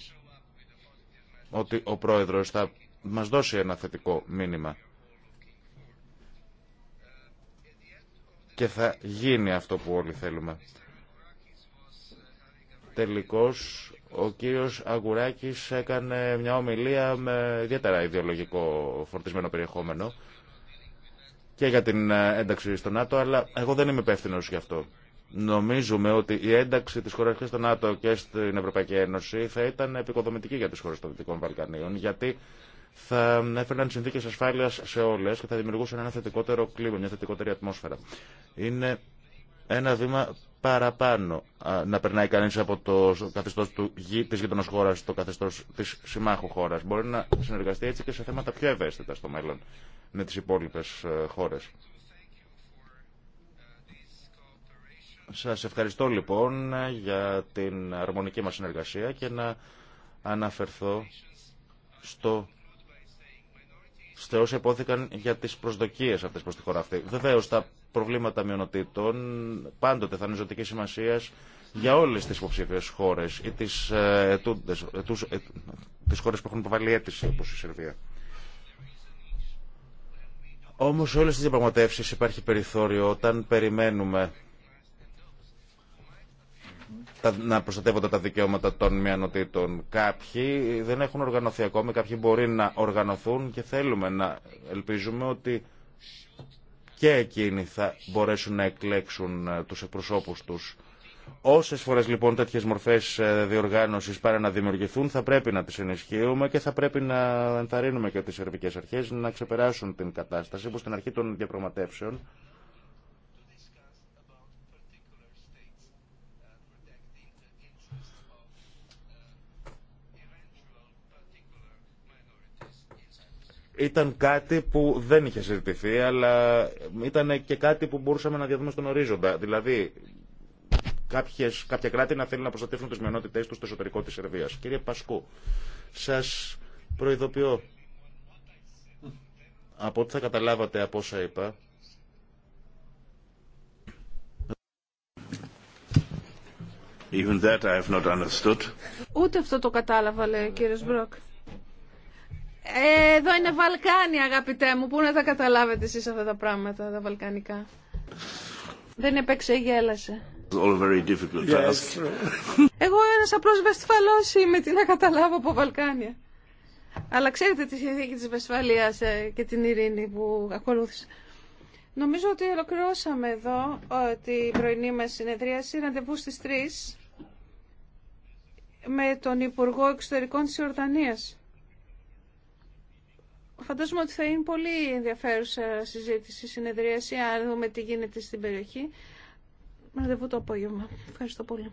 Speaker 4: ότι ο πρόεδρος θα μας δώσει ένα θετικό μήνυμα. και θα γίνει αυτό που όλοι θέλουμε. Τελικώς, ο κύριος Αγκουράκης έκανε μια ομιλία με ιδιαίτερα ιδεολογικό φορτισμένο περιεχόμενο και για την ε, ένταξη στο ΝΑΤΟ, αλλά εγώ δεν είμαι υπεύθυνο γι' αυτό. Νομίζουμε ότι η ένταξη της χώρα και στο ΝΑΤΟ και στην Ευρωπαϊκή Ένωση θα ήταν επικοδομητική για τι χώρε των Δυτικών Βαλκανίων, γιατί θα έφερναν συνθήκε ασφάλεια σε όλε και θα δημιουργούσαν ένα θετικότερο κλίμα, μια θετικότερη ατμόσφαιρα. Είναι ένα βήμα παραπάνω να περνάει κανεί από το καθεστώ τη γείτονο χώρα στο καθεστώ τη συμμάχου χώρα. Μπορεί να συνεργαστεί έτσι και σε θέματα πιο ευαίσθητα στο μέλλον με τι υπόλοιπε ε, χώρε. Σας ευχαριστώ λοιπόν για την αρμονική μας συνεργασία και να αναφερθώ στο σε όσοι υπόθηκαν για τις προσδοκίες αυτές προς τη χώρα αυτή. Βεβαίως τα προβλήματα μειονοτήτων πάντοτε θα είναι ζωτική σημασία για όλες τις υποψήφιες χώρες ή τις, ε, ε τους, ε, χώρες που έχουν υποβάλει αίτηση όπως η Σερβία. Όμως σε όλες τις διαπραγματεύσεις υπάρχει περιθώριο όταν περιμένουμε να προστατεύονται τα δικαιώματα των μειονοτήτων. Κάποιοι δεν έχουν οργανωθεί ακόμη, κάποιοι μπορεί να οργανωθούν και θέλουμε να ελπίζουμε ότι και εκείνοι θα μπορέσουν να εκλέξουν ε, τους εκπροσώπους τους. Όσες φορές λοιπόν τέτοιες μορφές ε, διοργάνωσης πάρα να δημιουργηθούν θα πρέπει να τις ενισχύουμε και θα πρέπει να ενθαρρύνουμε και τις ερβικές αρχές να ξεπεράσουν την κατάσταση που στην αρχή των διαπραγματεύσεων ήταν κάτι που δεν είχε συζητηθεί, αλλά ήταν και κάτι που μπορούσαμε να διαδούμε στον ορίζοντα. Δηλαδή, κάποιες, κάποια κράτη να θέλουν να προστατεύσουν τι μειονότητέ του στο εσωτερικό τη Σερβία. Κύριε Πασκού, σα προειδοποιώ. Από ό,τι θα καταλάβατε από όσα είπα. Even that I have not understood.
Speaker 2: Ούτε αυτό το κατάλαβα, λέει ο κύριος Μπροκ. Εδώ είναι Βαλκάνια, αγαπητέ μου. Πού να τα καταλάβετε εσείς αυτά τα πράγματα, τα βαλκανικά. Δεν επεξεγέλασε.
Speaker 4: All very difficult task.
Speaker 2: Εγώ ένας απλός Βεσφαλός είμαι, τι να καταλάβω από Βαλκάνια. Αλλά ξέρετε τη συνθήκη της Βεσφαλίας ε, και την ειρήνη που ακολούθησε. Νομίζω ότι ολοκληρώσαμε εδώ ε, την πρωινή μας συνεδρίαση. Ραντεβού στις 3 με τον Υπουργό Εξωτερικών της Ιορδανίας. Φαντάζομαι ότι θα είναι πολύ ενδιαφέρουσα συζήτηση, συνεδρίαση, αν δούμε τι γίνεται στην περιοχή. Ραντεβού το απόγευμα. Ευχαριστώ πολύ.